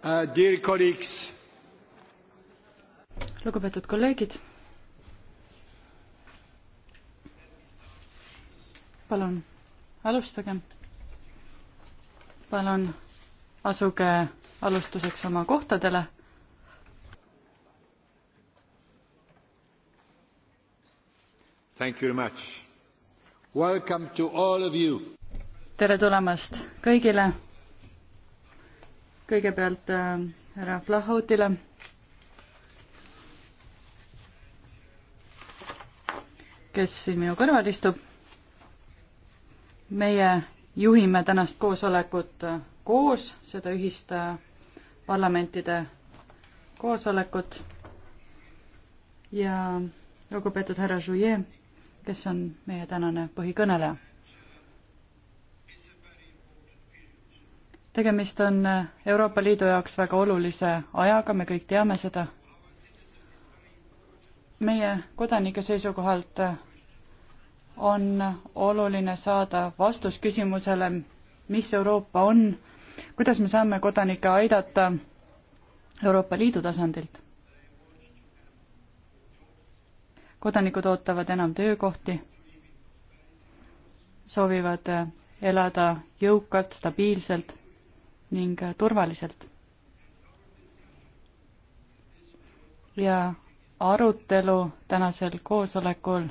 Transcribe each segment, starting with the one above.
Uh, lugupeetud kolleegid palun alustage palun asuge alustuseks oma kohtadele tere tulemast kõigile kõigepealt äh, härra Flahutile. kes siin minu kõrval istub. meie juhime tänast koosolekut äh, koos, seda ühist äh, parlamentide koosolekut. ja lugupeetud härra Jouyer, kes on meie tänane põhikõneleja tegemist on Euroopa Liidu jaoks väga olulise ajaga, me kõik teame seda. meie kodanike seisukohalt on oluline saada vastus küsimusele, mis Euroopa on, kuidas me saame kodanikke aidata Euroopa Liidu tasandilt. kodanikud ootavad enam töökohti, soovivad elada jõukalt, stabiilselt ning äh, turvaliselt. ja arutelu tänasel koosolekul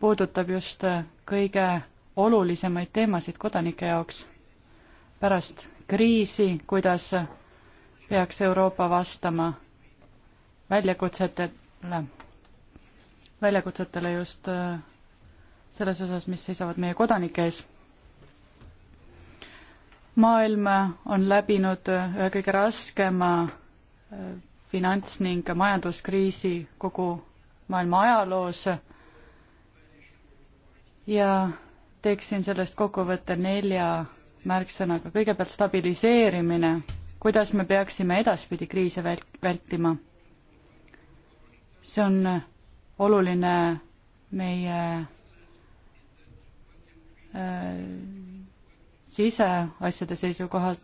puudutab just äh, kõige olulisemaid teemasid kodanike jaoks pärast kriisi, kuidas peaks Euroopa vastama väljakutsetele, väljakutsetele just äh, selles osas, mis seisavad meie kodanike ees maailm on läbinud ühe äh, kõige raskema äh, finants- ning majanduskriisi kogu maailma ajaloos ja teeksin sellest kokkuvõtte nelja märksõnaga. kõigepealt stabiliseerimine, kuidas me peaksime edaspidi kriise vält-, vältima. see on oluline meie äh, siseasjade seisukohalt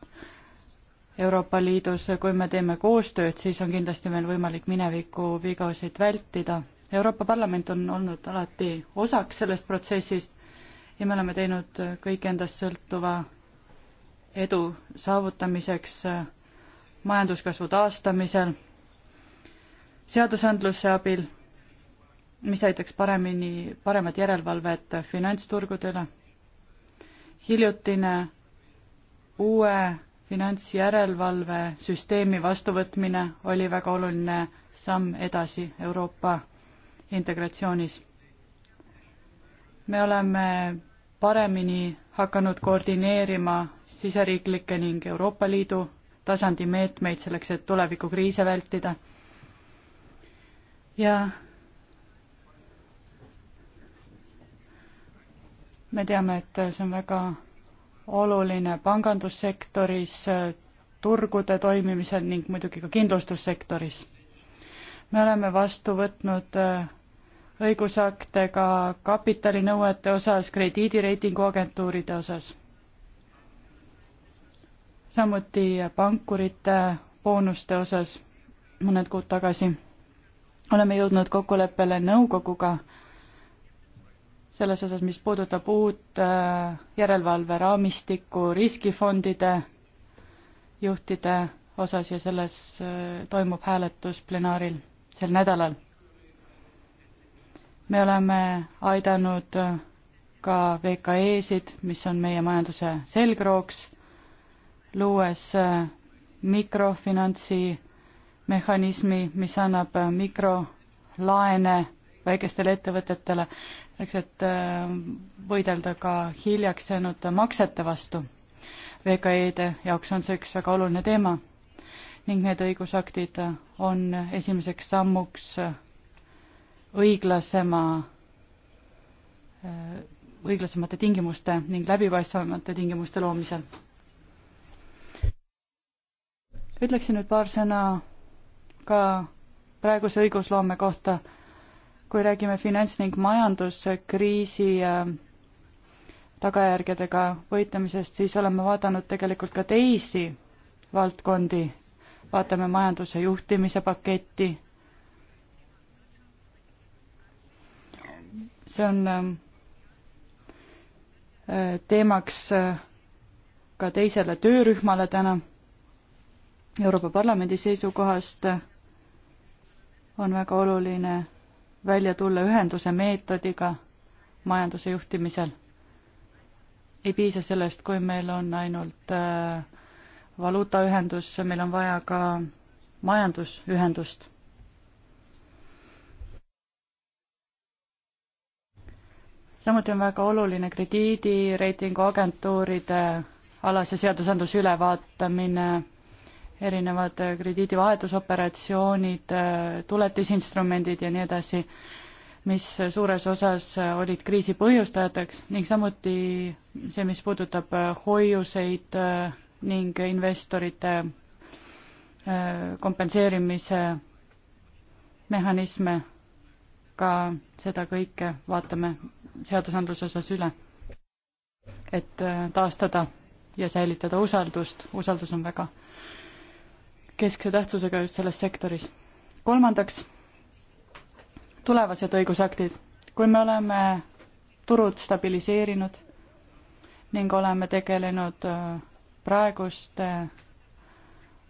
Euroopa Liidus, kui me teeme koostööd, siis on kindlasti meil võimalik mineviku vigasid vältida. Euroopa Parlament on olnud alati osaks sellest protsessist ja me oleme teinud kõik endast sõltuva edu saavutamiseks majanduskasvu taastamisel, seadusandluse abil, mis aitaks paremini, paremat järelevalvet finantsturgudele hiljutine uue finantsjärelevalve süsteemi vastuvõtmine oli väga oluline samm edasi Euroopa integratsioonis. me oleme paremini hakanud koordineerima siseriiklikke ning Euroopa Liidu tasandi meetmeid selleks, et tulevikukriise vältida. ja me teame, et see on väga oluline pangandussektoris, turgude toimimisel ning muidugi ka kindlustussektoris. me oleme vastu võtnud äh, õigusakte ka kapitalinõuete osas, krediidireitingu agentuuride osas. samuti pankurite boonuste osas mõned kuud tagasi oleme jõudnud kokkuleppele nõukoguga selles osas, mis puudutab uut äh, järelevalveraamistikku riskifondide juhtide osas ja selles äh, toimub hääletus plenaaril sel nädalal. me oleme aidanud äh, ka VKE-sid, mis on meie majanduse selgrooks, luues mikrofinantsi mehhanismi, mis annab mikrolaene väikestele ettevõtetele selleks, et äh, võidelda ka hiljaks jäänud maksete vastu. VKE-de jaoks on see üks väga oluline teema ning need õigusaktid on esimeseks sammuks äh, õiglasema, äh, õiglasemate tingimuste ning läbipaistvamate tingimuste loomisel. ütleksin nüüd paar sõna ka praeguse õigusloome kohta kui räägime finants- ning majanduskriisi äh, tagajärgedega võitlemisest, siis oleme vaadanud tegelikult ka teisi valdkondi, vaatame majanduse juhtimise paketti, see on äh, teemaks äh, ka teisele töörühmale täna. Euroopa Parlamendi seisukohast on väga oluline välja tulla ühenduse meetodiga majanduse juhtimisel. ei piisa sellest, kui meil on ainult äh, valuutaühendus, meil on vaja ka majandusühendust. samuti on väga oluline krediidireitinguagentuuride alase seadusandluse ülevaatamine erinevad äh, krediidivahetusoperatsioonid, äh, tuletisinstrumendid ja nii edasi, mis suures osas äh, olid kriisi põhjustajateks ning samuti see, mis puudutab hoiuseid ning investorite kompenseerimise mehhanisme, ka seda kõike vaatame seadusandluse osas üle, et taastada ja säilitada usaldust, usaldus on väga keskse tähtsusega just selles sektoris. kolmandaks, tulevased õigusaktid. kui me oleme turud stabiliseerinud ning oleme tegelenud äh, praeguste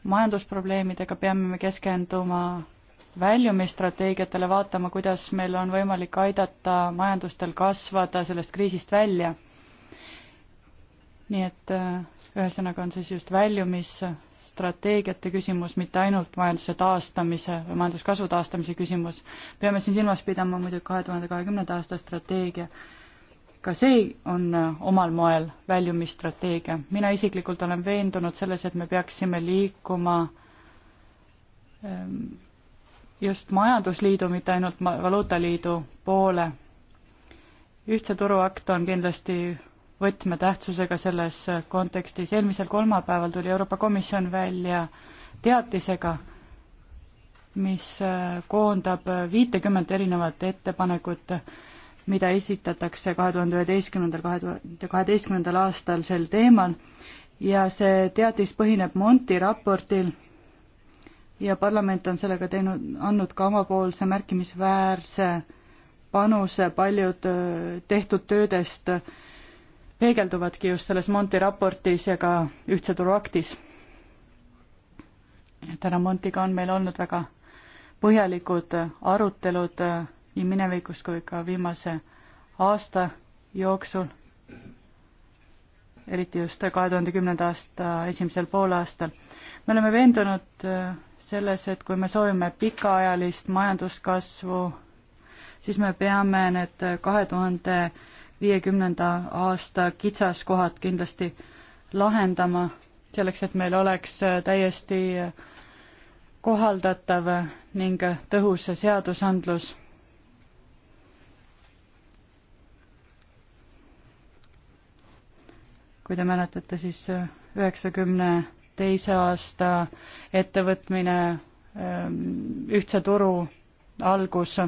majandusprobleemidega, peame me keskenduma väljumisstrateegiatele, vaatama, kuidas meil on võimalik aidata majandustel kasvada sellest kriisist välja. nii et äh, ühesõnaga on siis just väljumis strateegiate küsimus, mitte ainult majanduse taastamise või majanduskasvu taastamise küsimus. peame siin silmas pidama muidugi kahe tuhande kahekümnenda aasta strateegia. ka see on äh, omal moel väljumisstrateegia. mina isiklikult olen veendunud selles, et me peaksime liikuma ähm, just majandusliidu, mitte ainult valuutaliidu poole. ühtse turuakt on kindlasti võtmetähtsusega selles kontekstis. eelmisel kolmapäeval tuli Euroopa Komisjon välja teatisega, mis äh, koondab viitekümmet erinevat ettepanekut, mida esitatakse kahe tuhande üheteistkümnendal, kahe tuhande kaheteistkümnendal aastal sel teemal ja see teatis põhineb Monti raportil ja parlament on sellega teinud, andnud ka omapoolse märkimisväärse panuse, paljud äh, tehtud töödest äh, peegelduvadki just selles Monti raportis ja ka Ühtse turu aktis. et härra Montiga on meil olnud väga põhjalikud arutelud nii minevikus kui ka viimase aasta jooksul, eriti just kahe tuhande kümnenda aasta esimesel poolaastal. me oleme veendunud selles, et kui me soovime pikaajalist majanduskasvu, siis me peame need kahe tuhande 2000 viiekümnenda aasta kitsaskohad kindlasti lahendama, selleks et meil oleks äh, täiesti äh, kohaldatav ning tõhus seadusandlus kui te mäletate, siis äh, üheksakümne teise aasta ettevõtmine, ähm, ühtse turu algus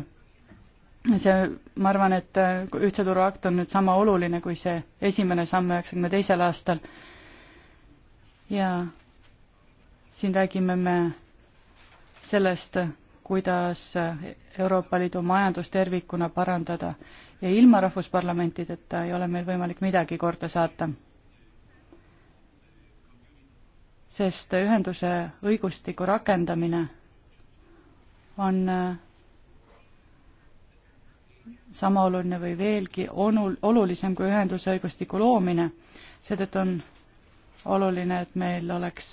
see, ma arvan, et äh, ühtse turu akt on nüüd sama oluline kui see esimene samm üheksakümne teisel aastal. ja siin räägime me sellest, kuidas Euroopa Liidu majandus tervikuna parandada ja ilma rahvusparlamentideta ei ole meil võimalik midagi korda saata. sest ühenduse õigustiku rakendamine on äh, sama oluline või veelgi onul-, olulisem kui ühenduse õigustiku loomine. seetõttu on oluline, et meil oleks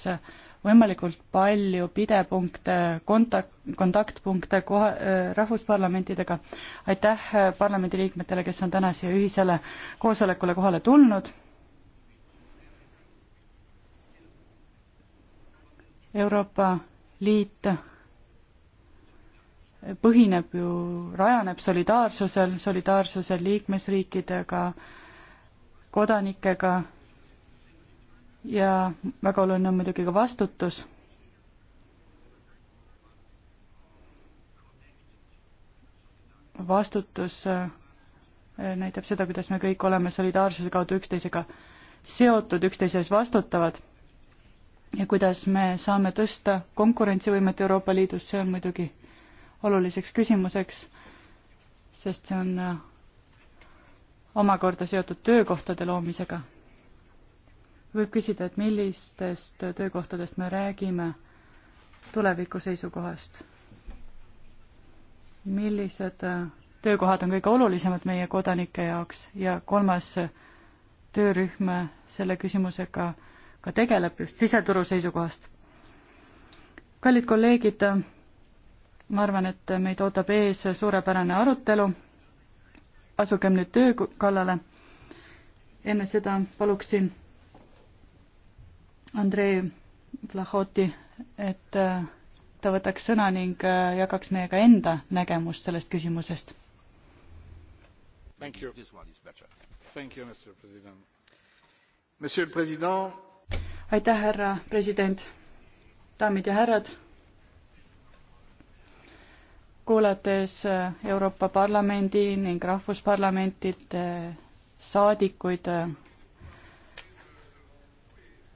võimalikult palju pidepunkte, kontak-, kontaktpunkte koha, rahvusparlamentidega. aitäh parlamendiliikmetele, kes on täna siia ühisele koosolekule kohale tulnud. Euroopa Liit põhineb ju, rajaneb solidaarsusel, solidaarsusel liikmesriikidega, kodanikega ja väga oluline on muidugi ka vastutus. vastutus äh, näitab seda, kuidas me kõik oleme solidaarsuse kaudu üksteisega seotud, üksteise ees vastutavad ja kuidas me saame tõsta konkurentsivõimet Euroopa Liidus, see on muidugi oluliseks küsimuseks, sest see on äh, omakorda seotud töökohtade loomisega. võib küsida, et millistest töökohtadest me räägime tuleviku seisukohast? millised äh, töökohad on kõige olulisemad meie kodanike jaoks ja kolmas äh, töörühm selle küsimusega ka tegeleb just siseturu seisukohast. kallid kolleegid, ma arvan, et meid ootab ees suurepärane arutelu. asugem nüüd töö kallale. enne seda paluksin Andrei Vlahoti, et äh, ta võtaks sõna ning äh, jagaks meiega enda nägemust sellest küsimusest. aitäh, härra president, daamid ja härrad kuulates äh, Euroopa Parlamendi ning rahvusparlamentide saadikuid, äh,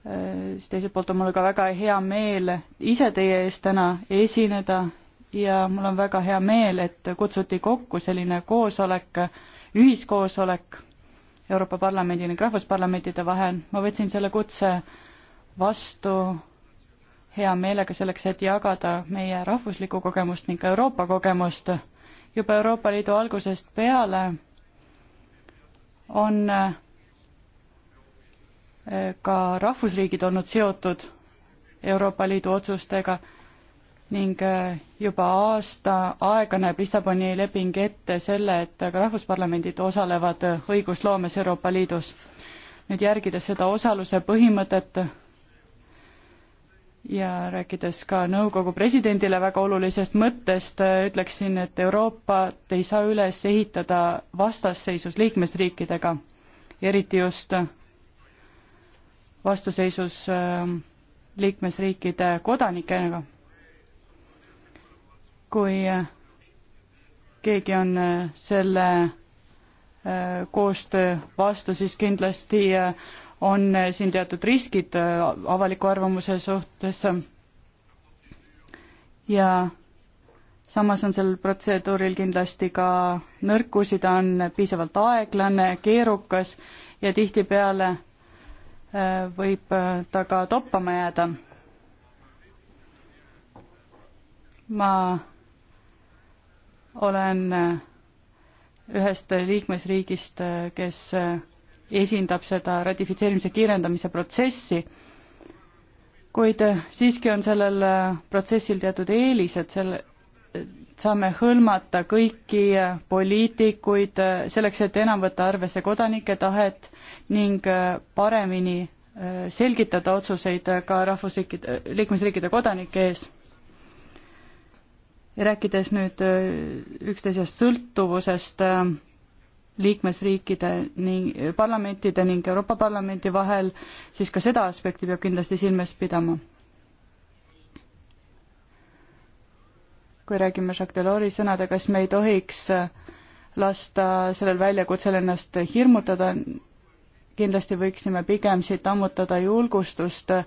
äh, siis teiselt poolt on mul ka väga hea meel ise teie ees täna esineda ja mul on väga hea meel, et kutsuti kokku selline koosolek, ühiskoosolek Euroopa Parlamendi ning rahvusparlamentide vahel. ma võtsin selle kutse vastu hea meelega selleks, et jagada meie rahvuslikku kogemust ning ka Euroopa kogemust. juba Euroopa Liidu algusest peale on eh, ka rahvusriigid olnud seotud Euroopa Liidu otsustega ning eh, juba aasta aega näeb Lissaboni leping ette selle, et ka rahvusparlamendid osalevad õigusloomes Euroopa Liidus. nüüd järgides seda osaluse põhimõtet, ja rääkides ka nõukogu presidendile väga olulisest mõttest, äh, ütleksin, et Euroopat ei saa üles ehitada vastasseisus liikmesriikidega, eriti just vastuseisus äh, liikmesriikide kodanikega. kui äh, keegi on selle koostöö vastu, siis kindlasti on siin teatud riskid äh, avaliku arvamuse suhtes ja samas on sel protseduuril kindlasti ka nõrkusi, ta on piisavalt aeglane, keerukas ja tihtipeale äh, võib äh, ta ka toppama jääda. ma olen ühest liikmesriigist, kes esindab seda ratifitseerimise kiirendamise protsessi, kuid siiski on sellel protsessil teatud eelised, selle, saame hõlmata kõiki poliitikuid selleks, et enam võtta arvesse kodanike tahet ning paremini äh, selgitada otsuseid ka rahvusriikide, liikmesriikide kodanike ees. ja rääkides nüüd äh, üksteisest sõltuvusest äh, liikmesriikide ning parlamentide ning Euroopa Parlamendi vahel, siis ka seda aspekti peab kindlasti silmas pidama. kui räägime Jacques Delors'i sõnadega, siis me ei tohiks äh, lasta sellel väljakutsel ennast hirmutada, kindlasti võiksime pigem siit ammutada julgustust äh,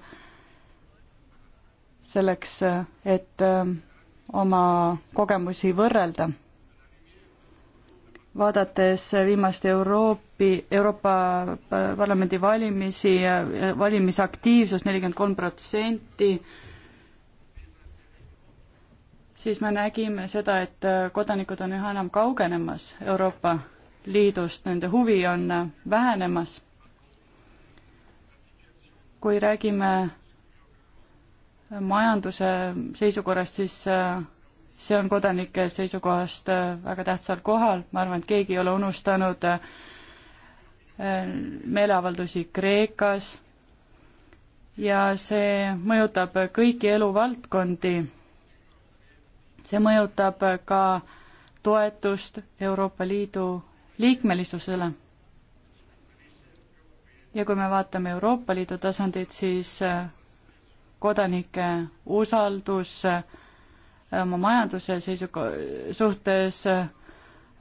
selleks, äh, et oma kogemusi võrrelda vaadates viimast Euroopi, Euroopa Parlamendi valimisi, valimisaktiivsus nelikümmend kolm protsenti, siis me nägime seda, et kodanikud on üha enam kaugenemas Euroopa Liidust, nende huvi on vähenemas. kui räägime majanduse seisukorrast, siis see on kodanike seisukohast äh, väga tähtsal kohal, ma arvan, et keegi ei ole unustanud äh, meeleavaldusi Kreekas ja see mõjutab kõiki eluvaldkondi. see mõjutab ka toetust Euroopa Liidu liikmelisusele. ja kui me vaatame Euroopa Liidu tasandit, siis äh, kodanike usaldus äh, oma majanduse seisuko-, suhtes äh,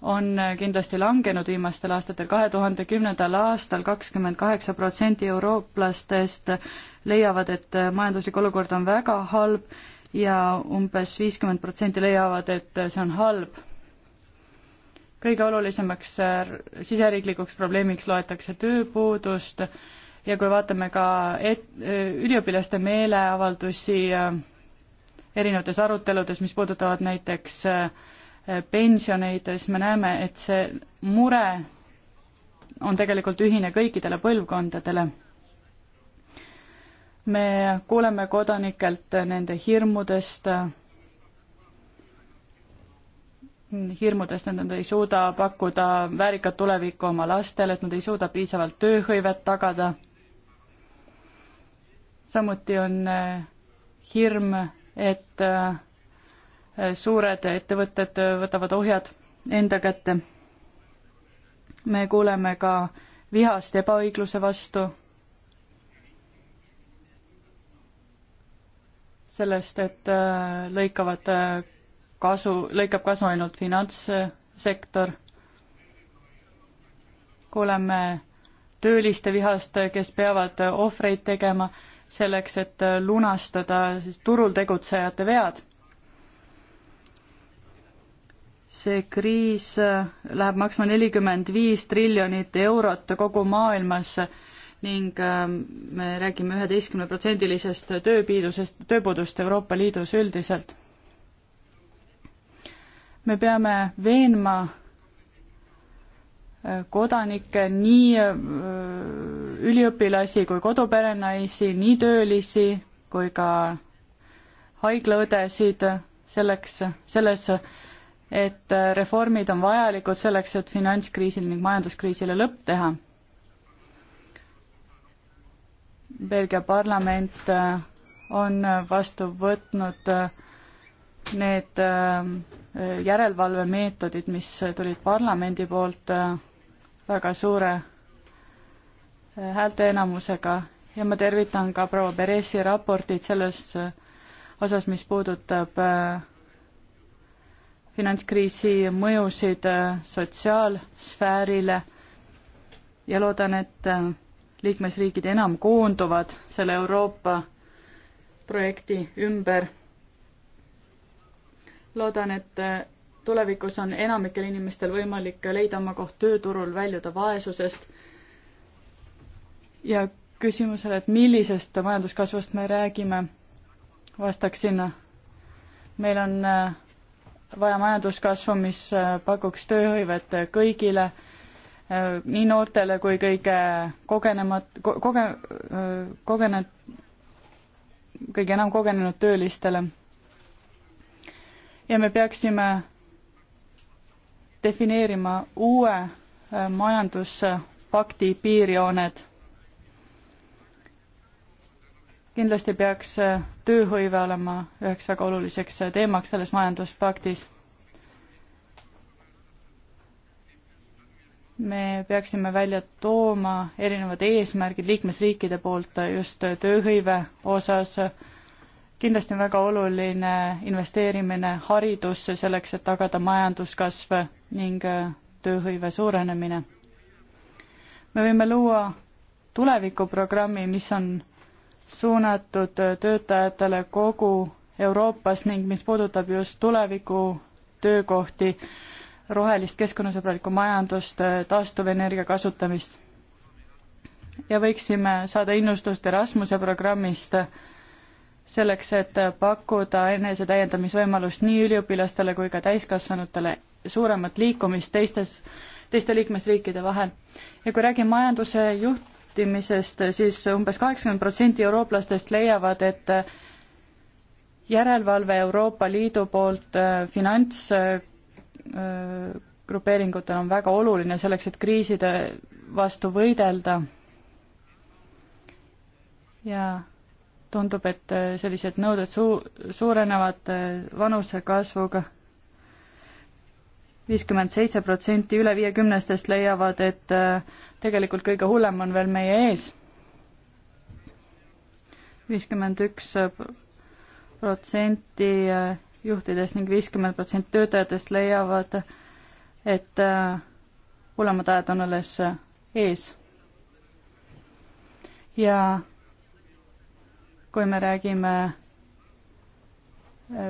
on kindlasti langenud viimastel aastatel, kahe tuhande kümnendal aastal kakskümmend kaheksa protsenti eurooplastest leiavad, et majanduslik olukord on väga halb ja umbes viiskümmend protsenti leiavad, et see on halb. kõige olulisemaks äh, siseriiklikuks probleemiks loetakse tööpuudust ja kui vaatame ka et-, üliõpilaste meeleavaldusi äh, erinevates aruteludes, mis puudutavad näiteks äh, pensioneid, siis me näeme, et see mure on tegelikult ühine kõikidele põlvkondadele. me kuuleme kodanikelt nende hirmudest, hirmudest, et nad ei suuda pakkuda väärikat tulevikku oma lastele, et nad ei suuda piisavalt tööhõivet tagada. samuti on äh, hirm et äh, suured ettevõtted võtavad ohjad enda kätte. me kuuleme ka vihast ebaõigluse vastu, sellest, et äh, lõikavad äh, kasu, lõikab kasu ainult finantssektor. kuuleme tööliste vihast, kes peavad ohvreid tegema selleks, et lunastada siis turul tegutsejate vead. see kriis äh, läheb maksma nelikümmend viis triljonit eurot kogu maailmas ning ähm, me räägime üheteistkümne protsendilisest tööpiidusest, tööpuudust Euroopa Liidus üldiselt. me peame veenma äh, kodanikke nii äh, üliõpilasi kui koduperenaisi, nii töölisi kui ka haiglaõdesid selleks, selles, et reformid on vajalikud selleks, et finantskriisile ning majanduskriisile lõpp teha. Belgia parlament on vastu võtnud need järelevalvemeetodid, mis tulid parlamendi poolt väga suure häälteenamusega ja ma tervitan ka proua Peresi raportit selles äh, osas, mis puudutab äh, finantskriisi mõjusid äh, sotsiaalsfäärile ja loodan, et liikmesriigid enam koonduvad selle Euroopa projekti ümber. loodan, et tulevikus on enamikel inimestel võimalik leida oma koht tööturul, väljuda vaesusest ja küsimusele, et millisest majanduskasvust me räägime, vastaksin, meil on äh, vaja majanduskasvu, mis äh, pakuks tööhõivet kõigile, äh, nii noortele kui kõige kogenemat-, koge-, kogene-, kõige enam kogenenud töölistele. ja me peaksime defineerima uue majanduspakti piirjooned kindlasti peaks äh, tööhõive olema üheks väga oluliseks äh, teemaks selles majanduspaktis. me peaksime välja tooma erinevad eesmärgid liikmesriikide poolt äh, just tööhõive osas. kindlasti on väga oluline investeerimine haridusse selleks, et tagada majanduskasv ning tööhõive suurenemine. me võime luua tulevikuprogrammi, mis on suunatud töötajatele kogu Euroopas ning mis puudutab just tuleviku töökohti, rohelist keskkonnasõbralikku majandust, taastuvenergia kasutamist. ja võiksime saada innustust Erasmuse programmist selleks, et pakkuda enesetäiendamisvõimalust nii üliõpilastele kui ka täiskasvanutele suuremat liikumist teistes, teiste liikmesriikide vahel. ja kui räägin majanduse juht-, juhtimisest, siis umbes kaheksakümmend protsenti eurooplastest leiavad, et järelevalve Euroopa Liidu poolt äh, finantsgrupeeringutel on väga oluline selleks, et kriiside vastu võidelda. ja tundub, et äh, sellised nõuded suu-, suurenevad äh, vanuse kasvuga viiskümmend seitse protsenti üle viiekümnestest leiavad, et äh, tegelikult kõige hullem on veel meie ees. viiskümmend üks äh, protsenti äh, juhtidest ning viiskümmend protsenti töötajatest leiavad, et hullemad ajad on alles ees. ja kui me räägime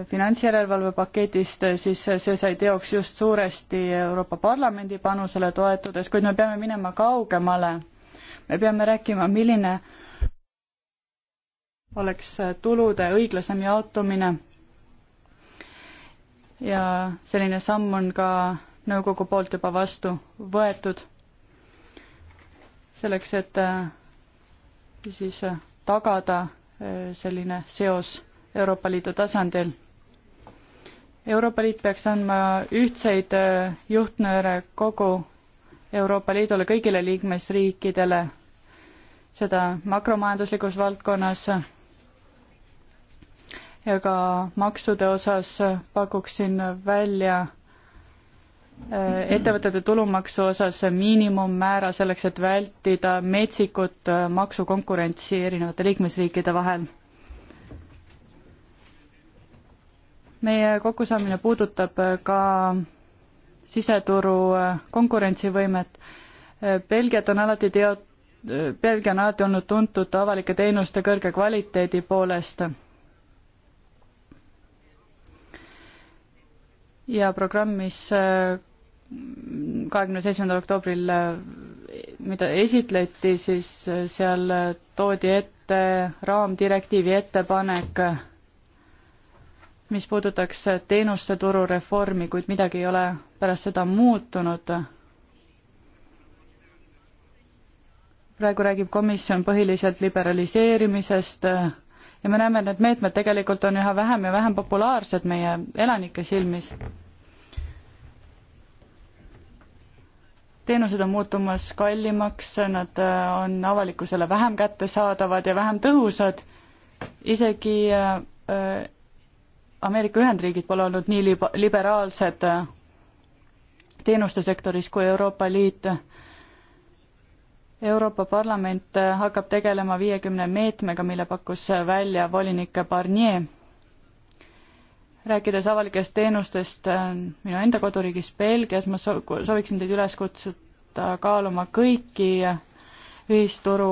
finantsjärelevalve paketist, eh, siis see sai teoks just suuresti Euroopa Parlamendi panusele toetudes, kuid me peame minema kaugemale. me peame rääkima, milline oleks tulude õiglasem jaotumine. ja selline samm on ka nõukogu poolt juba vastu võetud. selleks, et eh, siis eh, tagada selline seos Euroopa Liidu tasandil. Euroopa Liit peaks andma ühtseid äh, juhtnööre kogu Euroopa Liidule, kõigile liikmesriikidele, seda makromajanduslikus valdkonnas ja ka maksude osas pakuksin välja äh, ettevõtete tulumaksu osas miinimummäära selleks, et vältida metsikut äh, maksukonkurentsi erinevate liikmesriikide vahel. meie kokkusaamine puudutab äh, ka siseturu äh, konkurentsivõimet. Äh, Belgiat on alati teo-, Belgia on alati olnud tuntud avalike teenuste kõrge kvaliteedi poolest. ja programm, mis kahekümne seitsmendal oktoobril, mida esitleti, siis seal toodi ette raamdirektiivi ettepanek mis puudutaks teenuste turu reformi, kuid midagi ei ole pärast seda muutunud. praegu räägib komisjon põhiliselt liberaliseerimisest ja me näeme, et need meetmed tegelikult on üha vähem ja vähem populaarsed meie elanike silmis. teenused on muutumas kallimaks, nad on avalikkusele vähem kättesaadavad ja vähem tõhusad, isegi äh, Ameerika Ühendriigid pole olnud nii liba-, liberaalsed äh, teenuste sektoris kui Euroopa Liit. Euroopa Parlament äh, hakkab tegelema viiekümne meetmega, mille pakkus äh, välja volinik Barnier. rääkides avalikest teenustest minu enda koduriigis Belgias, ma sooviksin teid üles kutsuda kaaluma kõiki ühisturu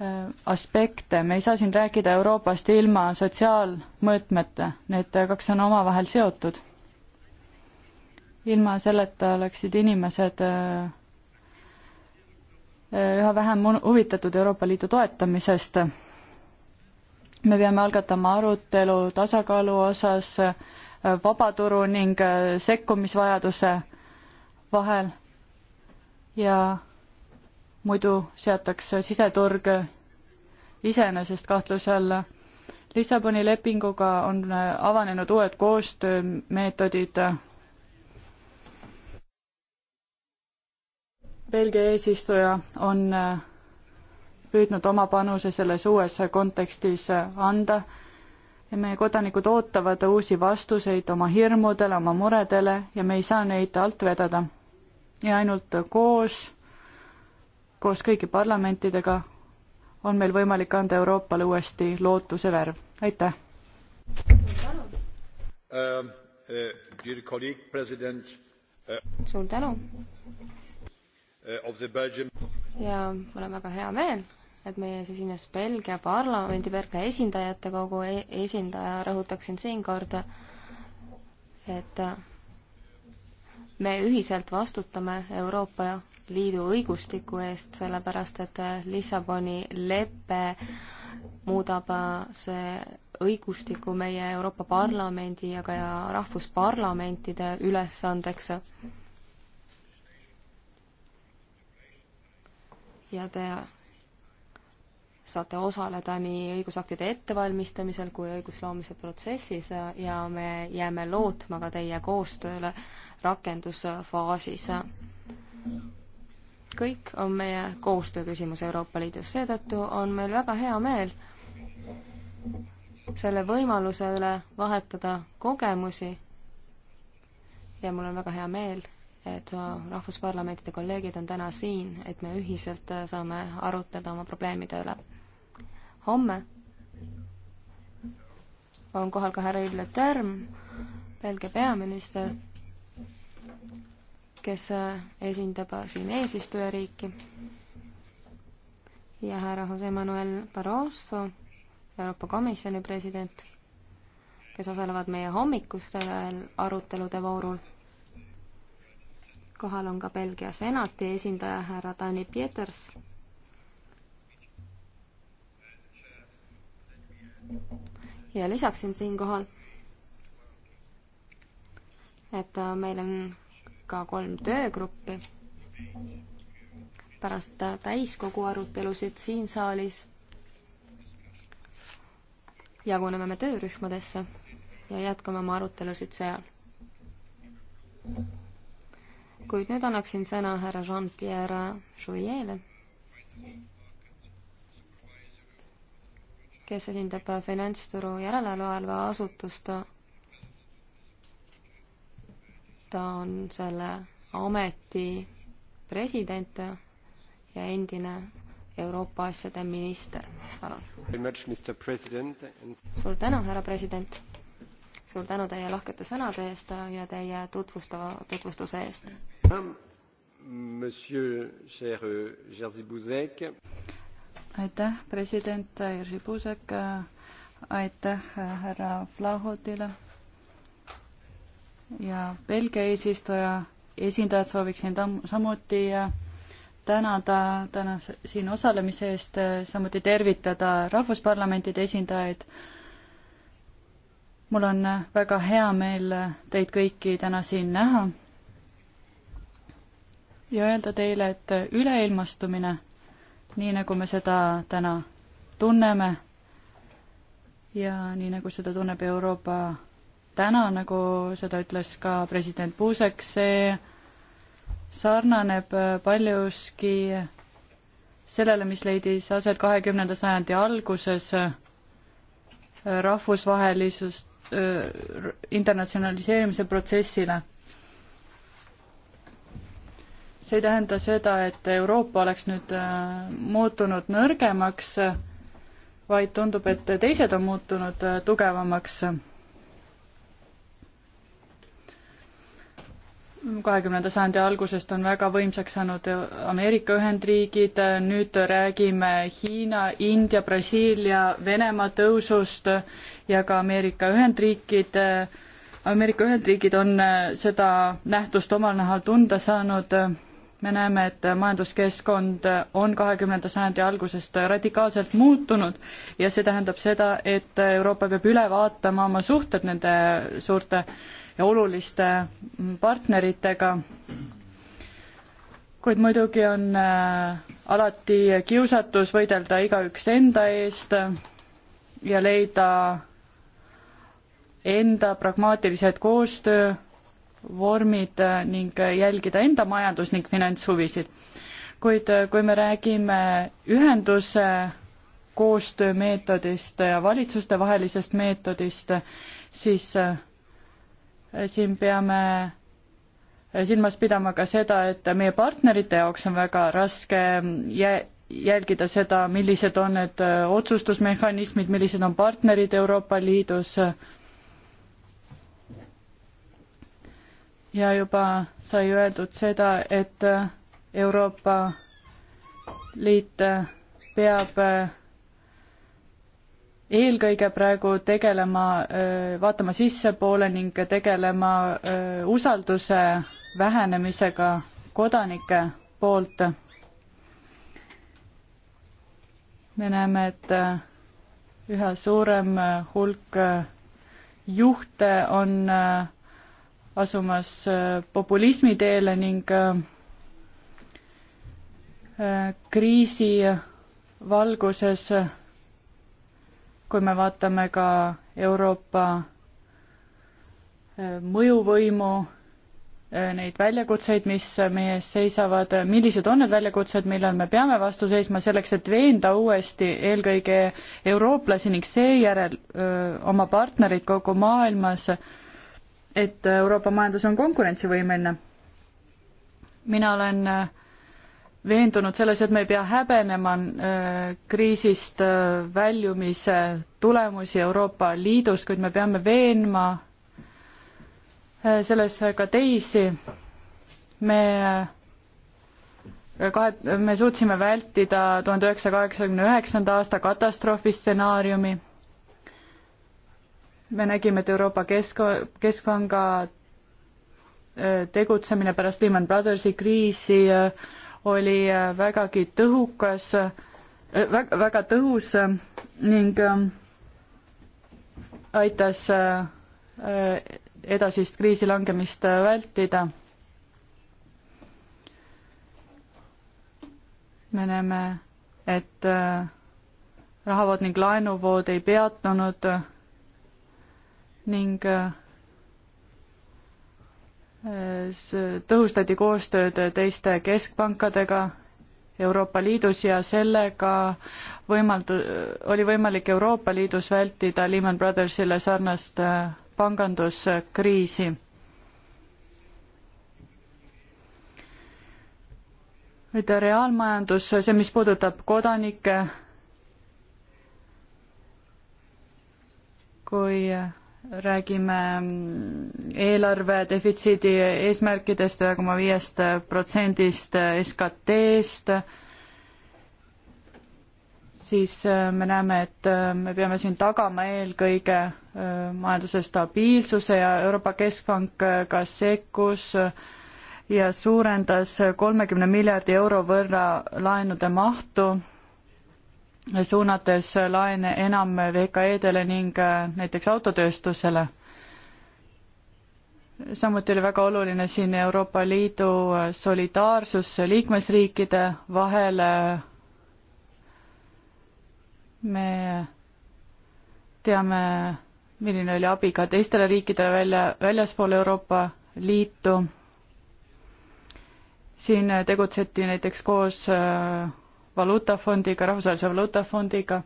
Äh, aspekte, me ei saa siin rääkida Euroopast ilma sotsiaalmõõtmeta, need kaks on omavahel seotud. ilma selleta oleksid inimesed äh, äh, üha vähem huvitatud Euroopa Liidu toetamisest. me peame algatama arutelu tasakaalu osas vabaturu ning sekkumisvajaduse vahel ja muidu seatakse siseturg iseenesest kahtluse alla. Lissaboni lepinguga on äh, avanenud uued koostöömeetodid. Belgia eesistuja on äh, püüdnud oma panuse selles uues kontekstis äh, anda ja meie kodanikud ootavad uusi vastuseid oma hirmudele, oma muredele ja me ei saa neid alt vedada. ja ainult koos koos kõigi parlamentidega on meil võimalik anda Euroopale uuesti lootuse värv. aitäh! Ähm, äh, äh, suur tänu! Äh, ja mul on väga hea meel, et meie esines Belgia parlamendi, Belgia esindajate kogu e-, esindaja, rõhutaksin siinkord, et me ühiselt vastutame Euroopa Liidu õigustiku eest, sellepärast et äh, Lissaboni lepe muudab äh, see õigustiku meie Euroopa Parlamendi ja ka rahvusparlamentide ülesandeks. ja te saate osaleda nii õigusaktide ettevalmistamisel kui õigusloomise protsessis ja me jääme lootma ka teie koostööle rakendusfaasis. kõik on meie koostööküsimus Euroopa Liidus, seetõttu on meil väga hea meel selle võimaluse üle vahetada kogemusi ja mul on väga hea meel, et rahvusparlamentide kolleegid on täna siin, et me ühiselt saame arutleda oma probleemide üle homme on kohal ka härra Yves Le Terme, Belgia peaminister, kes äh, esindab äh, siin eesistujariiki ja härra Jose Manuel Barroso, Euroopa Komisjoni president, kes osalevad meie hommikustel arutelude voorul. kohal on ka Belgia senati esindaja härra Dani Pieters ja lisaksin siinkohal, et äh, meil on ka kolm töögruppi pärast äh, täiskogu arutelusid siin saalis jaguneme me töörühmadesse ja jätkame oma arutelusid seal. kuid nüüd annaksin sõna härra Jean-Pierre Jouyele, kes esindab äh, finantsturu järelevalve asutust. ta on selle ameti president ja endine Euroopa asjade minister, palun. suur tänu, härra president. suur tänu teie lahkete sõnade eest ja teie tutvustava, tutvustuse eest. Monsieur Cher Jerzy Buzek aitäh, president Jerzy Puusek, aitäh härra Flahotile ja Belgia eesistuja esindajad sooviksin tam-, samuti äh, tänada tänase siin osalemise eest, äh, samuti tervitada rahvusparlamentide esindajaid. mul on äh, väga hea meel teid kõiki täna siin näha ja öelda teile, et üleilmastumine nii nagu me seda täna tunneme ja nii nagu seda tunneb Euroopa täna, nagu seda ütles ka president Puusek, see sarnaneb paljuski sellele, mis leidis aset kahekümnenda sajandi alguses rahvusvahelisust, äh, internatsionaliseerimise protsessile see ei tähenda seda, et Euroopa oleks nüüd äh, muutunud nõrgemaks, vaid tundub, et teised on muutunud äh, tugevamaks. kahekümnenda sajandi algusest on väga võimsaks saanud Ameerika Ühendriigid, nüüd räägime Hiina, India, Brasiilia, Venemaa tõusust ja ka Ameerika Ühendriikide Ameerika Ühendriigid on äh, seda nähtust omal nahal tunda saanud me näeme, et majanduskeskkond on kahekümnenda sajandi algusest radikaalselt muutunud ja see tähendab seda, et Euroopa peab üle vaatama oma suhted nende suurte ja oluliste partneritega. kuid muidugi on äh, alati kiusatus võidelda igaüks enda eest ja leida enda pragmaatilised koostöö vormid äh, ning äh, jälgida enda majandus- ning finantshuvisid. kuid äh, kui me räägime ühenduse koostöömeetodist ja valitsustevahelisest meetodist, siis siin peame silmas pidama ka seda, et meie partnerite jaoks on väga raske mm, jä-, jälgida seda, millised on need otsustusmehhanismid, millised on partnerid Euroopa Liidus äh, ja juba sai öeldud seda, et Euroopa Liit peab eelkõige praegu tegelema, vaatama sissepoole ning tegelema usalduse vähenemisega kodanike poolt. me näeme, et üha suurem hulk juhte on äh, asumas äh, populismi teele ning äh, äh, kriisi valguses, kui me vaatame ka Euroopa mõjuvõimu, neid väljakutseid, mis meie ees seisavad, millised on need väljakutsed, millal me peame vastu seisma selleks, et veenda uuesti eelkõige eurooplasi ning seejärel öö, oma partnerid kogu maailmas öö, et Euroopa majandus on konkurentsivõimeline. mina olen äh, veendunud selles, et me ei pea häbenema äh, kriisist äh, väljumise tulemusi Euroopa Liidus, kuid me peame veenma selles ka teisi. me kahe, me suutsime vältida tuhande üheksasaja kaheksakümne üheksanda aasta katastroofi stsenaariumi me nägime, et Euroopa Kesk, Keskpanga äh, tegutsemine pärast Lehman Brothersi kriisi äh, oli äh, vägagi tõhukas, väga, väga tõhus ning aitas edasist kriisi langemist vältida. me näeme, et rahavood ning laenuvood ei peatunud ning äh, tõhustati koostööd teiste keskpankadega Euroopa Liidus ja sellega võimaldu-, oli võimalik Euroopa Liidus vältida Lehman Brothersile sarnast äh, panganduskriisi. nüüd reaalmajandus, see, mis puudutab kodanikke, kui räägime eelarve defitsiidi eesmärkidest ühe koma viiest protsendist SKT-st, siis äh, me näeme, et äh, me peame siin tagama eelkõige äh, majanduse stabiilsuse ja Euroopa Keskpank ka sekkus ja suurendas kolmekümne miljardi euro võrra laenude mahtu suunates laene enam VKE-dele ning äh, näiteks autotööstusele. samuti oli väga oluline siin Euroopa Liidu äh, solidaarsus liikmesriikide vahel. me teame, milline oli abi ka teistele riikidele välja, väljaspool Euroopa Liitu. siin tegutseti näiteks koos äh, valuutafondiga, Rahvusvahelise Valuutafondiga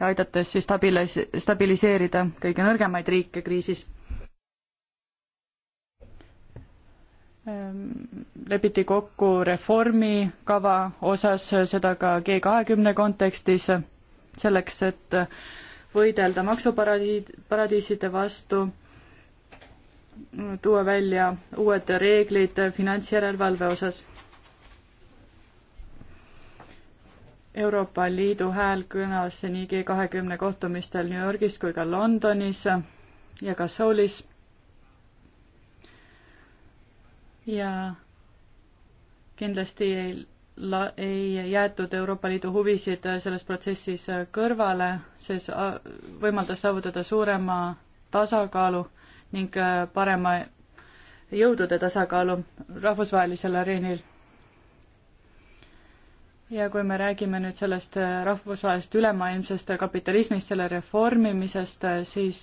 ja aidates siis stabilis-, stabiliseerida kõige nõrgemaid riike kriisis. lepiti kokku reformikava osas, seda ka G kahekümne kontekstis, selleks, et võidelda maksuparadiid, paradiiside vastu, tuua välja uued reeglid finantsjärelevalve osas Euroopa Liidu hääl kõlas nii G kahekümne kohtumistel New Yorgis kui ka Londonis ja ka Soulis. ja kindlasti ei la-, ei jäetud Euroopa Liidu huvisid selles protsessis kõrvale, see võimaldas saavutada suurema tasakaalu ning äh, parema jõudude tasakaalu rahvusvahelisel areenil ja kui me räägime nüüd sellest äh, rahvusvahelisest ülemaailmsest äh, kapitalismist, selle reformimisest, äh, siis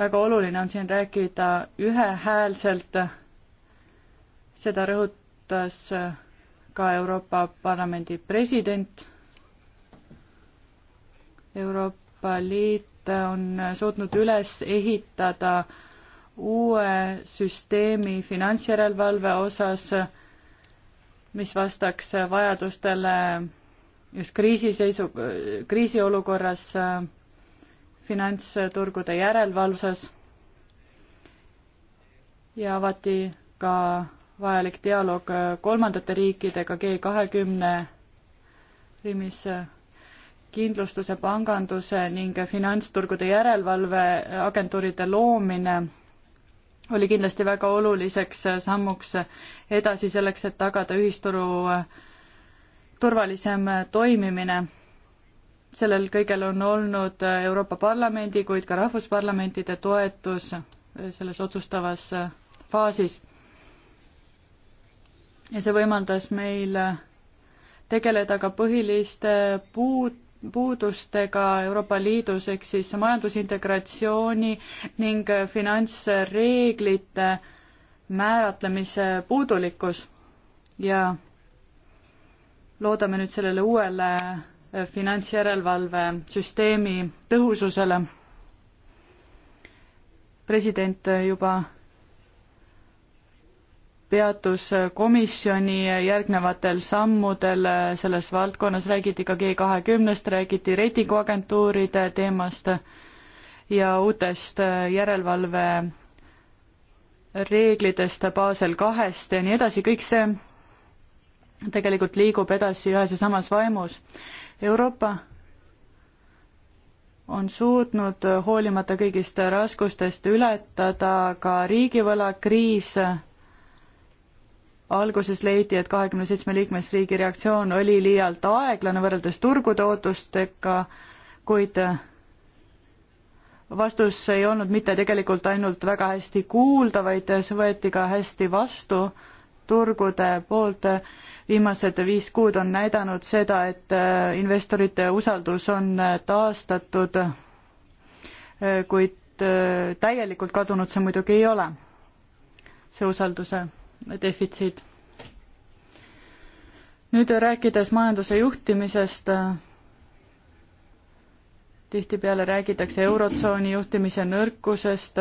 väga oluline on siin rääkida ühehäälselt, seda rõhutas ka Euroopa Parlamendi president. Euroopa Liit on suutnud üles ehitada uue süsteemi finantsjärelevalve osas mis vastaks vajadustele just kriisiseisu, kriisiolukorras äh, finantsturgude järelevalves ja avati ka vajalik dialoog äh, kolmandate riikidega G kahekümne riimis äh, kindlustuse, panganduse ning finantsturgude järelevalve agentuuride loomine oli kindlasti väga oluliseks sammuks edasi selleks, et tagada ühisturu äh, turvalisem äh, toimimine. sellel kõigel on olnud äh, Euroopa Parlamendi, kuid ka rahvusparlamentide toetus selles otsustavas faasis. ja see võimaldas meil tegeleda ka põhiliste puud, puudustega Euroopa Liidus ehk siis majandusintegratsiooni ning finantsreeglite määratlemise puudulikkus ja loodame nüüd sellele uuele finantsjärelevalve süsteemi tõhususele. president juba peatus komisjoni järgnevatel sammudel selles valdkonnas, räägiti ka G kahekümnest, räägiti reitinguagentuuride teemast ja uutest järelevalve reeglidest, baasel kahest ja nii edasi, kõik see tegelikult liigub edasi ühes ja samas vaimus. Euroopa on suutnud hoolimata kõigist raskustest ületada ka riigivõlakriis alguses leiti, et kahekümne seitsme liikmesriigi reaktsioon oli liialt aeglane võrreldes turgude ootustega, kuid vastus ei olnud mitte tegelikult ainult väga hästi kuulda, vaid see võeti ka hästi vastu turgude poolt. viimased viis kuud on näidanud seda, et äh, investorite usaldus on äh, taastatud, äh, kuid täielikult kadunud see muidugi ei ole, see usalduse defitsiit. nüüd rääkides majanduse juhtimisest, tihtipeale räägitakse Eurotsooni juhtimise nõrkusest,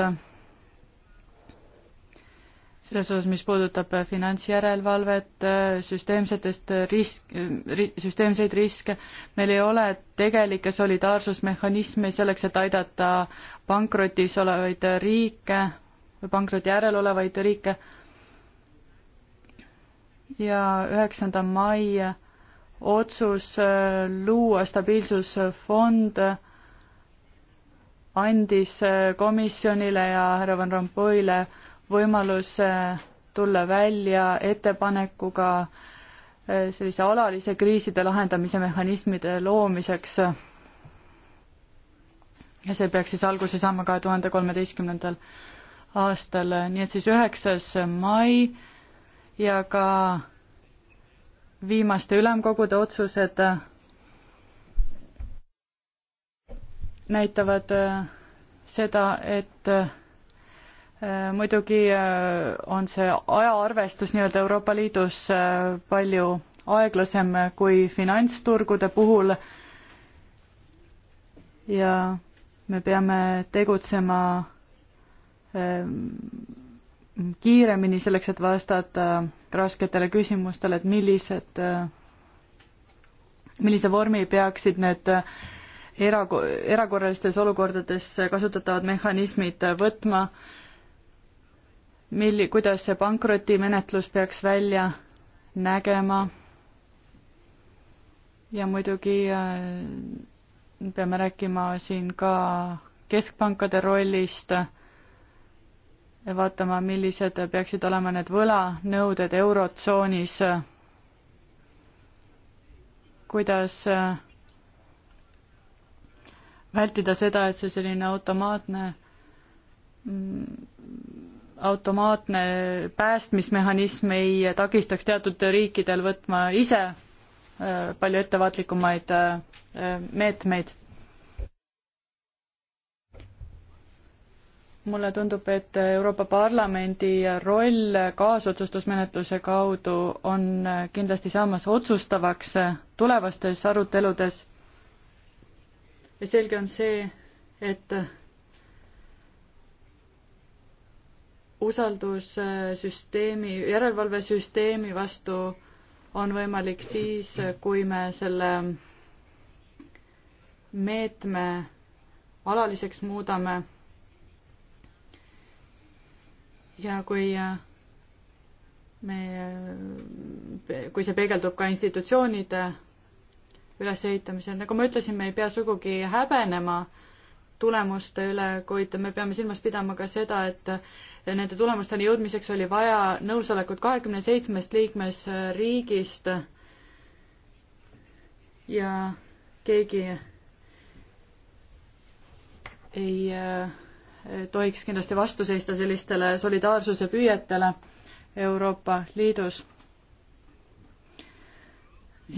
selles osas, mis puudutab finantsjärelevalvet, süsteemsetest risk ri,, süsteemseid riske, meil ei ole tegelikke solidaarsusmehhanisme selleks, et aidata pankrotis olevaid riike või pankroti järel olevaid riike ja üheksanda mai otsus äh, luua stabiilsusfond andis äh, komisjonile ja härra Van Rompuyle võimaluse äh, tulla välja ettepanekuga sellise alalise kriiside lahendamise mehhanismide loomiseks. ja see peaks siis alguse saama kahe tuhande kolmeteistkümnendal aastal, nii et siis üheksas mai ja ka viimaste ülemkogude otsused näitavad äh, seda, et äh, muidugi äh, on see ajaarvestus nii-öelda Euroopa Liidus palju aeglasem kui finantsturgude puhul ja me peame tegutsema kiiremini selleks, et vastata rasketele küsimustele, et millised, millise vormi peaksid need era-, erakorralistes olukordades kasutatavad mehhanismid võtma, milli-, kuidas see pankrotimenetlus peaks välja nägema ja muidugi äh, peame rääkima siin ka keskpankade rollist ja vaatama, millised peaksid olema need võlanõuded Eurotsoonis, kuidas äh, vältida seda, et see selline automaatne, mm, automaatne päästmismehhanism ei takistaks teatud riikidel võtma ise äh, palju ettevaatlikumaid äh, meetmeid mulle tundub, et Euroopa Parlamendi roll kaasotsustusmenetluse kaudu on kindlasti saamas otsustavaks tulevastes aruteludes. ja selge on see, et usaldussüsteemi, järelevalvesüsteemi vastu on võimalik siis, kui me selle meetme alaliseks muudame ja kui äh, me, äh, kui see peegeldub ka institutsioonide ülesehitamisel, nagu ma ütlesin, me ei pea sugugi häbenema tulemuste üle, kuid me peame silmas pidama ka seda, et äh, nende tulemusteni jõudmiseks oli vaja nõusolekut kahekümne seitsmest liikmesriigist ja keegi ei äh, tohiks kindlasti vastu seista sellistele solidaarsuse püüetele Euroopa Liidus.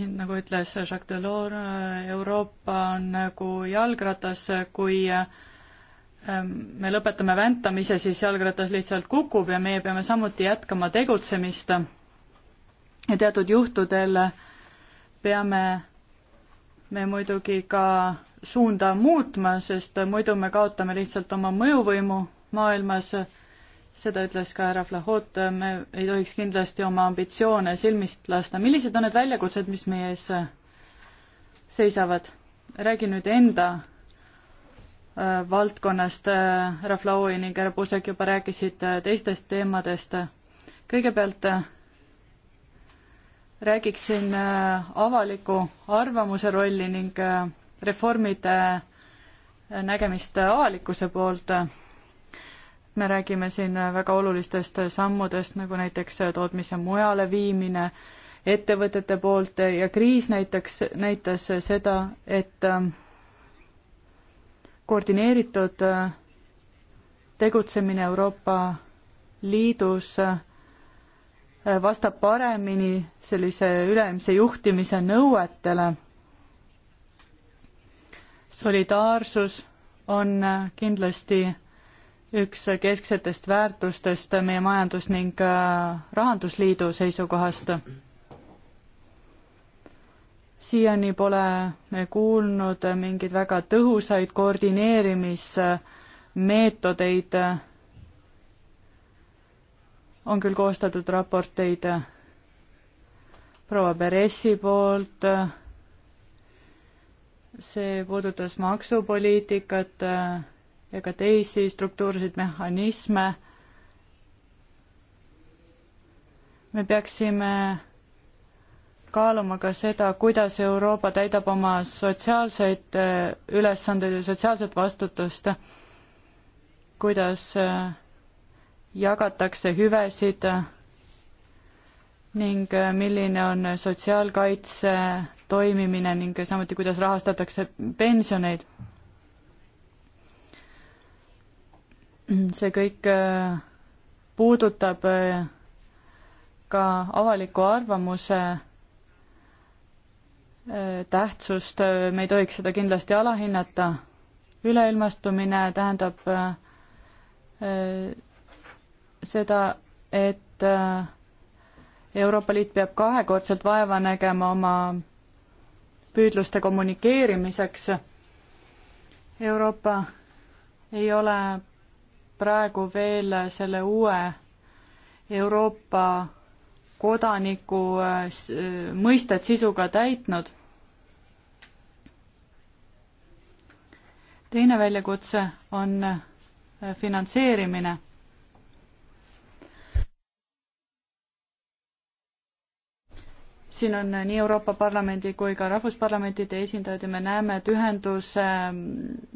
nagu ütles Jacques Delors, Euroopa on nagu jalgratas, kui ähm, me lõpetame väntamise, siis jalgratas lihtsalt kukub ja meie peame samuti jätkama tegutsemist. ja teatud juhtudel peame me muidugi ka suunda muutma, sest muidu me kaotame lihtsalt oma mõjuvõimu maailmas. seda ütles ka härra Flahot, me ei tohiks kindlasti oma ambitsioone silmist lasta. millised on need väljakutsed, mis meie ees seisavad? räägi nüüd enda äh, valdkonnast äh,, härra Flaui ning härra Pusek juba rääkisid äh, teistest teemadest. kõigepealt äh, räägiksin äh, avaliku arvamuse rolli ning äh, reformide äh, nägemist avalikkuse poolt. me räägime siin väga olulistest sammudest, nagu näiteks tootmise mujale viimine ettevõtete poolt ja kriis näiteks näitas seda, et koordineeritud tegutsemine Euroopa Liidus vastab paremini sellise ülemise juhtimise nõuetele. solidaarsus on kindlasti üks kesksetest väärtustest meie majandus- ning äh, rahandusliidu seisukohast. siiani pole me kuulnud mingeid väga tõhusaid koordineerimismeetodeid on küll koostatud raporteid äh, proua Peressi poolt, äh, see puudutas maksupoliitikat äh, ja ka teisi struktuurseid mehhanisme. me peaksime kaaluma ka seda, kuidas Euroopa täidab oma sotsiaalseid ülesandeid ja sotsiaalset vastutust, kuidas äh, jagatakse hüvesid ning äh, milline on sotsiaalkaitse toimimine ning samuti, kuidas rahastatakse pensioneid. see kõik äh, puudutab äh, ka avaliku arvamuse tähtsust, me ei tohiks seda kindlasti alahinnata. üleilmastumine tähendab seda, et äh, Euroopa Liit peab kahekordselt vaeva nägema oma püüdluste kommunikeerimiseks. Euroopa ei ole praegu veel selle uue Euroopa kodaniku äh, mõistet sisuga täitnud. teine väljakutse on äh, finantseerimine siin on nii Euroopa Parlamendi kui ka rahvusparlamentide esindajad ja me näeme, et ühenduse ähm,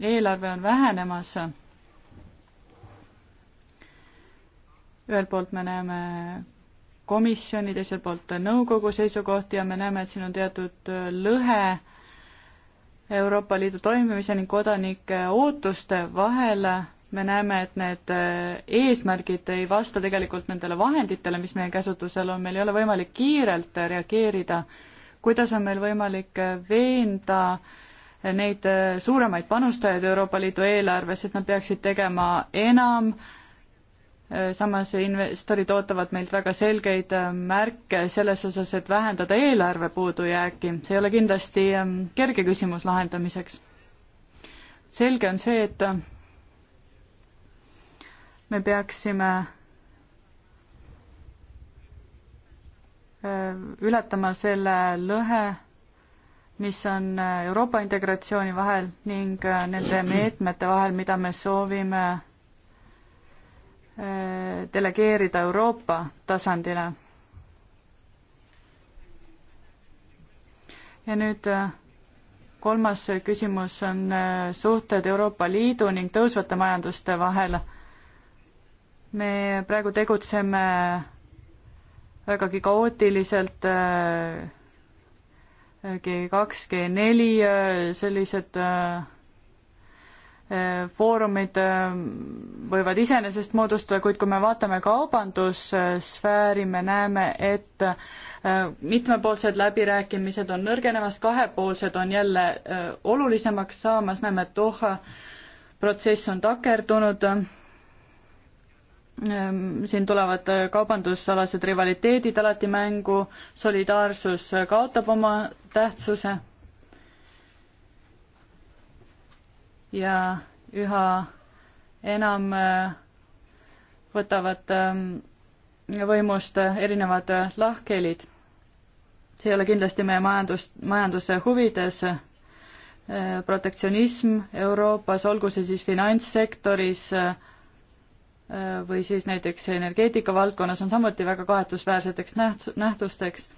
eelarve on vähenemas. ühelt poolt me näeme komisjoni, teiselt poolt nõukogu seisukohti ja me näeme, et siin on teatud äh, lõhe Euroopa Liidu toimimise ning kodanike ootuste vahel me näeme, et need äh, eesmärgid ei vasta tegelikult nendele vahenditele, mis meie käsutusel on, meil ei ole võimalik kiirelt äh, reageerida. kuidas on meil võimalik äh, veenda neid suuremaid panustajaid Euroopa Liidu eelarves, et nad peaksid tegema enam, samas investorid ootavad meilt väga selgeid märke selles osas, et vähendada eelarve puudujääki, see ei ole kindlasti ähm, kerge küsimus lahendamiseks. selge on see, et me peaksime äh, ületama selle lõhe, mis on äh, Euroopa integratsiooni vahel ning äh, nende meetmete vahel, mida me soovime delegeerida Euroopa tasandile. ja nüüd kolmas küsimus on suhted Euroopa Liidu ning tõusvate majanduste vahel me praegu tegutseme vägagi kaootiliselt G2, äh, G4 äh, sellised äh, foorumid võivad iseenesest moodustada, kuid kui me vaatame kaubandussfääri, me näeme, et mitmepoolsed läbirääkimised on nõrgenemas, kahepoolsed on jälle olulisemaks saamas, näeme, et Doha protsess on takerdunud Ehm, siin tulevad äh, kaubandusalased rivaliteedid alati mängu, solidaarsus äh, kaotab oma tähtsuse. ja üha enam äh, võtavad ähm, võimust erinevad lahkhelid. see ei ole kindlasti meie majandus, majanduse huvides. protektsionism Euroopas, olgu see siis finantssektoris, või siis näiteks energeetika valdkonnas on samuti väga kahetsusväärseteks näht-, nähtusteks.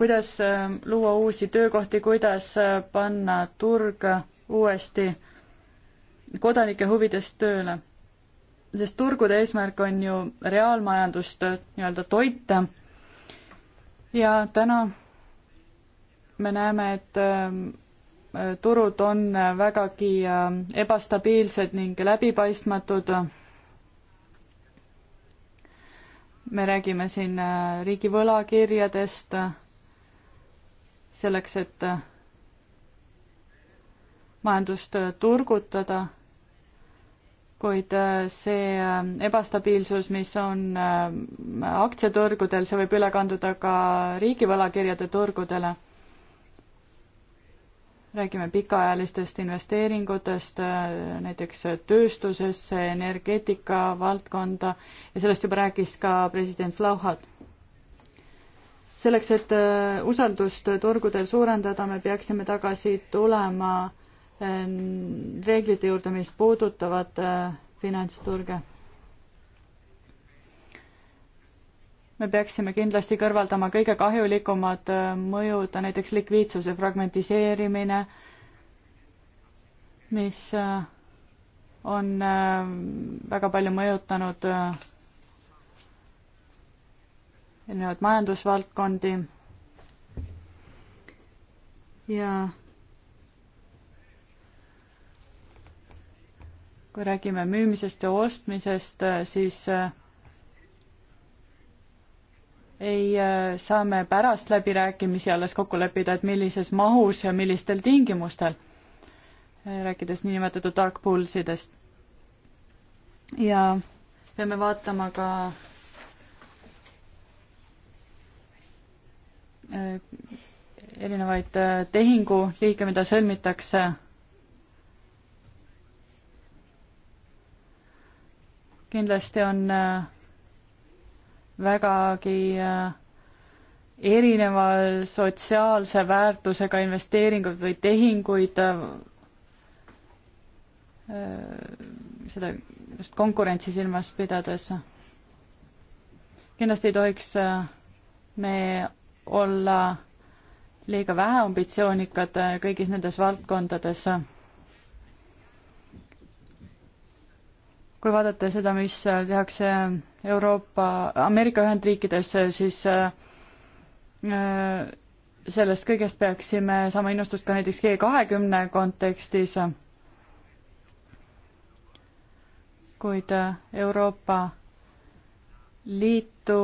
kuidas ähm, luua uusi töökohti, kuidas äh, panna turg äh, uuesti kodanike huvides tööle? sest turgude eesmärk on ju reaalmajandust äh, nii-öelda toita ja täna me näeme, et ähm, turud on vägagi äh, ebastabiilsed ning läbipaistmatud. me räägime siin äh, riigi võlakirjadest äh, selleks, et majandust turgutada, kuid see ebastabiilsus, mis on aktsiaturgudel, see võib üle kanduda ka riigi võlakirjade turgudele räägime pikaajalistest investeeringutest äh, näiteks tööstusesse, energeetika valdkonda ja sellest juba rääkis ka president Flauhad. selleks, et äh, usaldust turgudel suurendada, me peaksime tagasi tulema äh, reeglite juurde, mis puudutavad finantsturge me peaksime kindlasti kõrvaldama kõige kahjulikumad äh, mõjud, näiteks likviidsuse fragmentiseerimine, mis äh, on äh, väga palju mõjutanud erinevaid majandusvaldkondi ja kui räägime müümisest ja ostmisest, siis ei äh, saa me pärast läbirääkimisi alles kokku leppida, et millises mahus ja millistel tingimustel, äh, rääkides niinimetatud dark pool sidest. ja peame vaatama ka äh, erinevaid tehinguliike, mida sõlmitakse kindlasti on äh, vägagi äh, erineva sotsiaalse väärtusega investeeringuid või tehinguid, äh, äh, seda just konkurentsi silmas pidades. kindlasti ei tohiks me olla liiga väheambitsioonikad kõigis nendes valdkondades kui vaadata seda, mis äh, tehakse Euroopa, Ameerika Ühendriikides, äh, siis äh, sellest kõigest peaksime saama innustust ka näiteks G kahekümne kontekstis. kuid Euroopa Liitu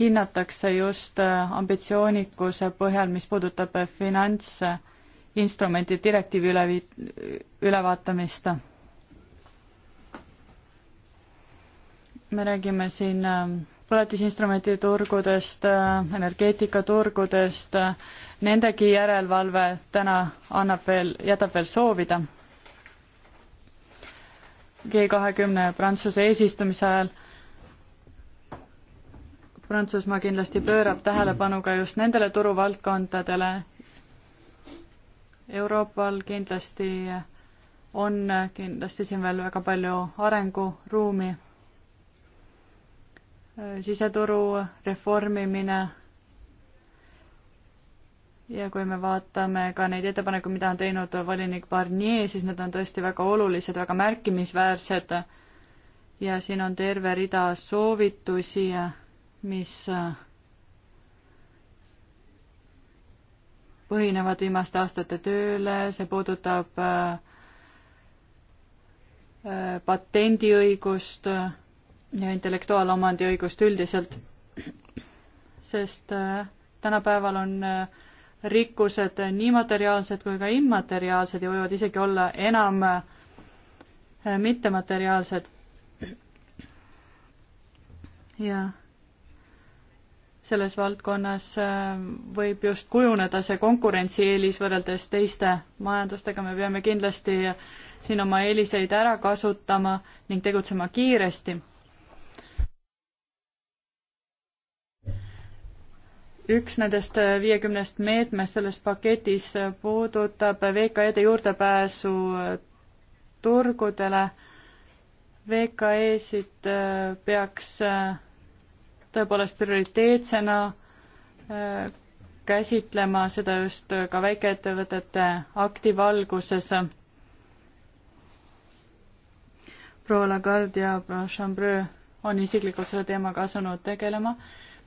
hinnatakse just ambitsioonikuse põhjal, mis puudutab finantsinstrumendi direktiivi üle, ülevaatamist me räägime siin ähm, põletisinstrumentide turgudest, äh, energeetikaturgudest, nendegi järelevalve täna annab veel, jätab veel soovida. G kahekümne Prantsuse eesistumise ajal Prantsusmaa kindlasti pöörab tähelepanu ka just nendele turuvaldkondadele. Euroopal kindlasti on kindlasti siin veel väga palju arenguruumi siseturu reformimine. ja kui me vaatame ka neid ettepanekuid, mida on teinud volinik Barnier, siis need on tõesti väga olulised, väga märkimisväärsed. ja siin on terve rida soovitusi, mis põhinevad viimaste aastate tööle, see puudutab äh, äh, patendiõigust äh, ja intellektuaalomandi õigust üldiselt, sest äh, tänapäeval on äh, rikkused nii materiaalsed kui ka immateriaalsed ja võivad isegi olla enam äh, mittemateriaalsed. ja selles valdkonnas võib just kujuneda see konkurentsieelis võrreldes teiste majandustega, me peame kindlasti siin oma eeliseid ära kasutama ning tegutsema kiiresti üks nendest äh, viiekümnest meetmest selles paketis äh, puudutab VKE-de juurdepääsu äh, turgudele. VKE-sid peaks tõepoolest prioriteetsena käsitlema, seda just ka väikeettevõtete akti valguses. proua Lagarde ja proua Chambreux on isiklikult selle teemaga asunud tegelema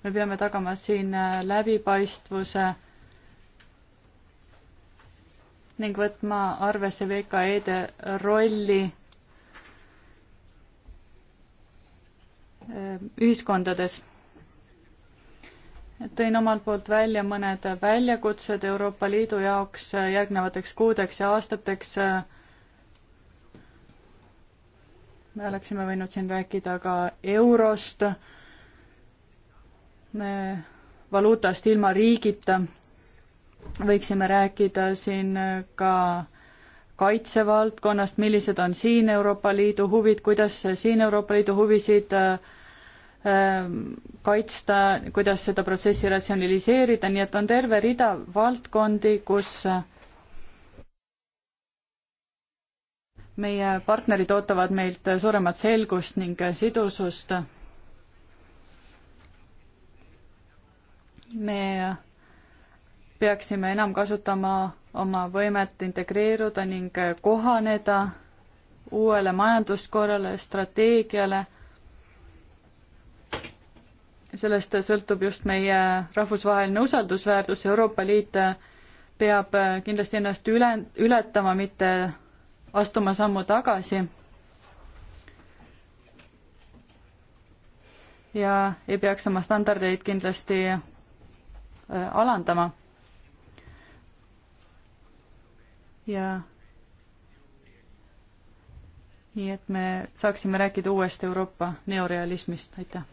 me peame tagama siin äh, läbipaistvuse ning võtma arvesse VKE-de rolli äh, ühiskondades. tõin omalt poolt välja mõned väljakutsed Euroopa Liidu jaoks äh, järgnevateks kuudeks ja aastateks. me oleksime võinud siin rääkida ka eurost valuutast ilma riigita. võiksime rääkida siin ka kaitsevaldkonnast, millised on siin Euroopa Liidu huvid, kuidas siin Euroopa Liidu huvisid ähm, kaitsta, kuidas seda protsessi ratsionaliseerida, nii et on terve rida valdkondi, kus meie partnerid ootavad meilt suuremat selgust ning sidusust me peaksime enam kasutama oma võimet integreeruda ning kohaneda uuele majanduskorrale, strateegiale. sellest sõltub just meie rahvusvaheline usaldusväärtus, Euroopa Liit peab kindlasti ennast üle, ületama, mitte astuma sammu tagasi. ja ei peaks oma standardeid kindlasti Äh, alandama. ja nii et me saaksime rääkida uuest Euroopa neorealismist, aitäh.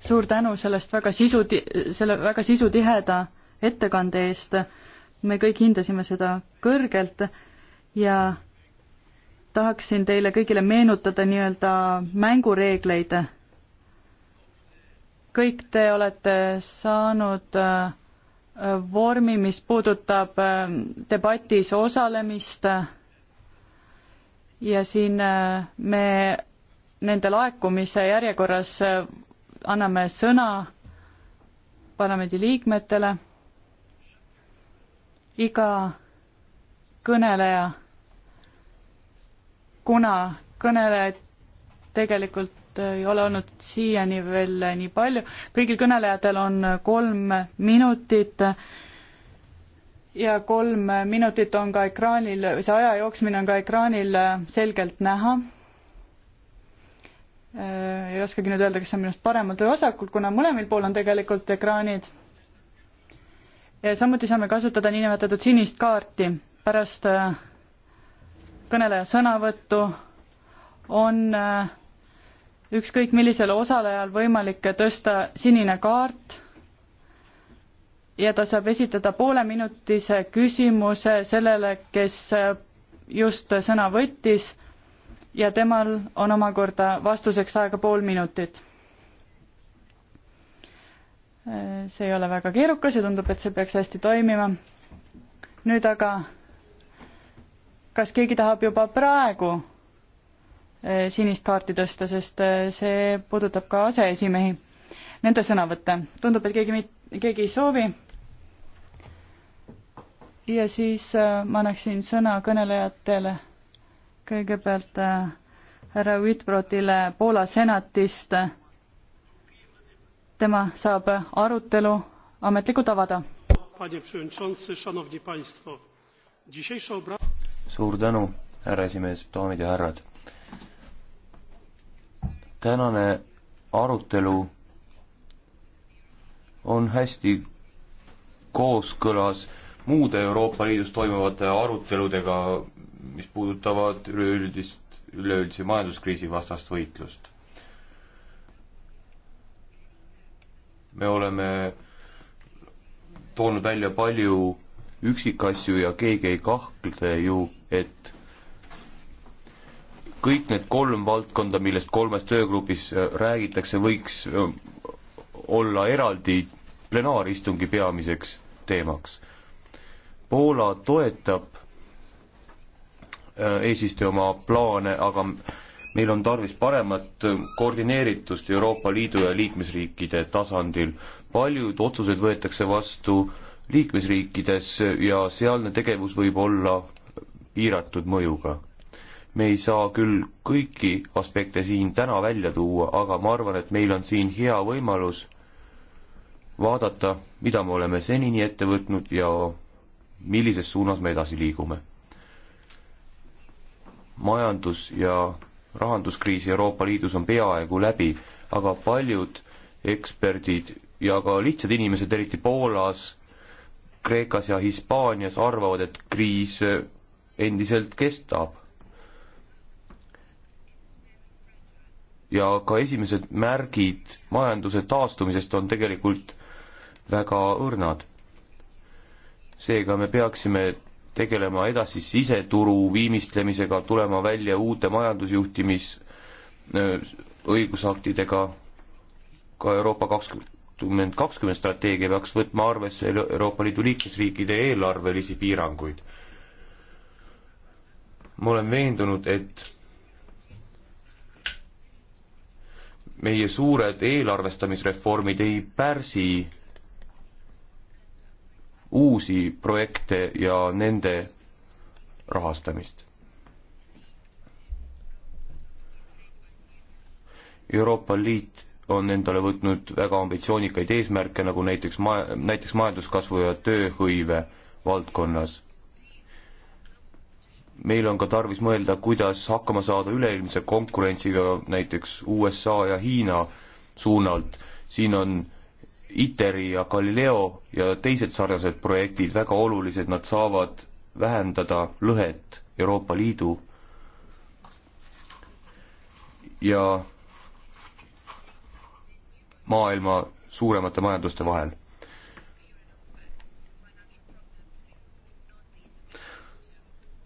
suur tänu sellest väga sisu, selle väga sisutiheda ettekande eest. me kõik hindasime seda kõrgelt ja tahaksin teile kõigile meenutada nii-öelda mängureegleid. kõik te olete saanud äh, vormi, mis puudutab äh, debatis osalemist ja siin äh, me nende laekumise järjekorras anname sõna parlamendi liikmetele. iga kõneleja kuna kõnelejaid tegelikult ei ole olnud siiani veel nii palju, kõigil kõnelejatel on kolm minutit ja kolm minutit on ka ekraanil, see aja jooksmine on ka ekraanil selgelt näha. Äh, ei oskagi nüüd öelda, kas see on minust paremalt või vasakult, kuna mõlemal pool on tegelikult ekraanid. samuti saame kasutada niinimetatud sinist kaarti. pärast äh, kõneleja sõnavõttu, on äh, ükskõik millisel osalejal võimalik tõsta sinine kaart ja ta saab esitada pooleminutise küsimuse sellele, kes äh, just sõna võttis ja temal on omakorda vastuseks aega pool minutit. Äh, see ei ole väga keerukas ja tundub, et see peaks hästi toimima. nüüd aga kas keegi tahab juba praegu eh, sinist kaarti tõsta, sest eh, see puudutab ka aseesimehi, nende sõnavõtte. tundub, et keegi, keegi ei soovi. ja siis eh, ma annaksin sõna kõnelejatele. kõigepealt härra Whitbrotile Poola senatist. tema saab arutelu ametlikult avada. Panie przewodniczący, szanowni państwo, dzisiejsze obrady suur tänu, härra esimees, daamid ja härrad. tänane arutelu on hästi kooskõlas muude Euroopa Liidus toimuvate aruteludega, mis puudutavad üleüldist, üleüldise majanduskriisi vastast võitlust. me oleme toonud välja palju üksikasju ja keegi ei kahtle ju et kõik need kolm valdkonda, millest kolmes töögrupis äh, räägitakse, võiks äh, olla eraldi plenaaristungi peamiseks teemaks. Poola toetab äh, eesistuja oma plaane, aga meil on tarvis paremat koordineeritust Euroopa Liidu ja liikmesriikide tasandil. paljud otsused võetakse vastu liikmesriikides ja sealne tegevus võib olla piiratud mõjuga. me ei saa küll kõiki aspekte siin täna välja tuua, aga ma arvan, et meil on siin hea võimalus vaadata, mida me oleme senini ette võtnud ja millises suunas me edasi liigume. majandus ja rahanduskriis Euroopa Liidus on peaaegu läbi, aga paljud eksperdid ja ka lihtsad inimesed, eriti Poolas, Kreekas ja Hispaanias arvavad, et kriis endiselt kestab. ja ka esimesed märgid majanduse taastumisest on tegelikult väga õrnad. seega me peaksime tegelema edasi siseturu viimistlemisega, tulema välja uute majandusjuhtimisõigusaktidega, ka Euroopa kakskümmend kakskümmend strateegia peaks võtma arvesse Euroopa Liidu liikmesriikide eelarvelisi piiranguid ma olen veendunud, et meie suured eelarvestamisreformid ei pärsi uusi projekte ja nende rahastamist. Euroopa Liit on endale võtnud väga ambitsioonikaid eesmärke, nagu näiteks ma-, näiteks majanduskasvu ja tööhõive valdkonnas meil on ka tarvis mõelda, kuidas hakkama saada üleilmse konkurentsiga näiteks USA ja Hiina suunalt. siin on ITER-i ja Galileo ja teised sarnased projektid väga olulised, nad saavad vähendada lõhet Euroopa Liidu ja maailma suuremate majanduste vahel.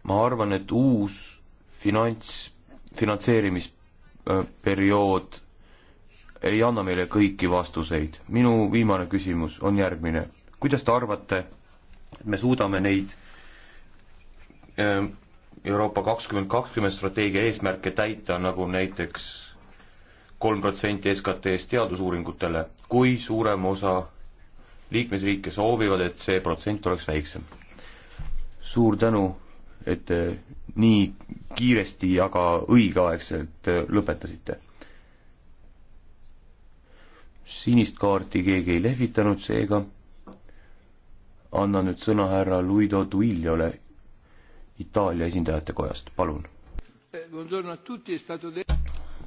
ma arvan, et uus finants, finantseerimisperiood ei anna meile kõiki vastuseid. minu viimane küsimus on järgmine. kuidas te arvate, et me suudame neid eh, Euroopa kakskümmend kakskümmend strateegia eesmärke täita, nagu näiteks kolm protsenti SKT-st teadusuuringutele, kui suurem osa liikmesriike soovivad, et see protsent oleks väiksem? suur tänu et te äh, nii kiiresti, aga õigeaegselt äh, lõpetasite. sinist kaarti keegi ei lehvitanud, seega annan nüüd sõna härra Luido Tuiljole Itaalia esindajate kojast, palun.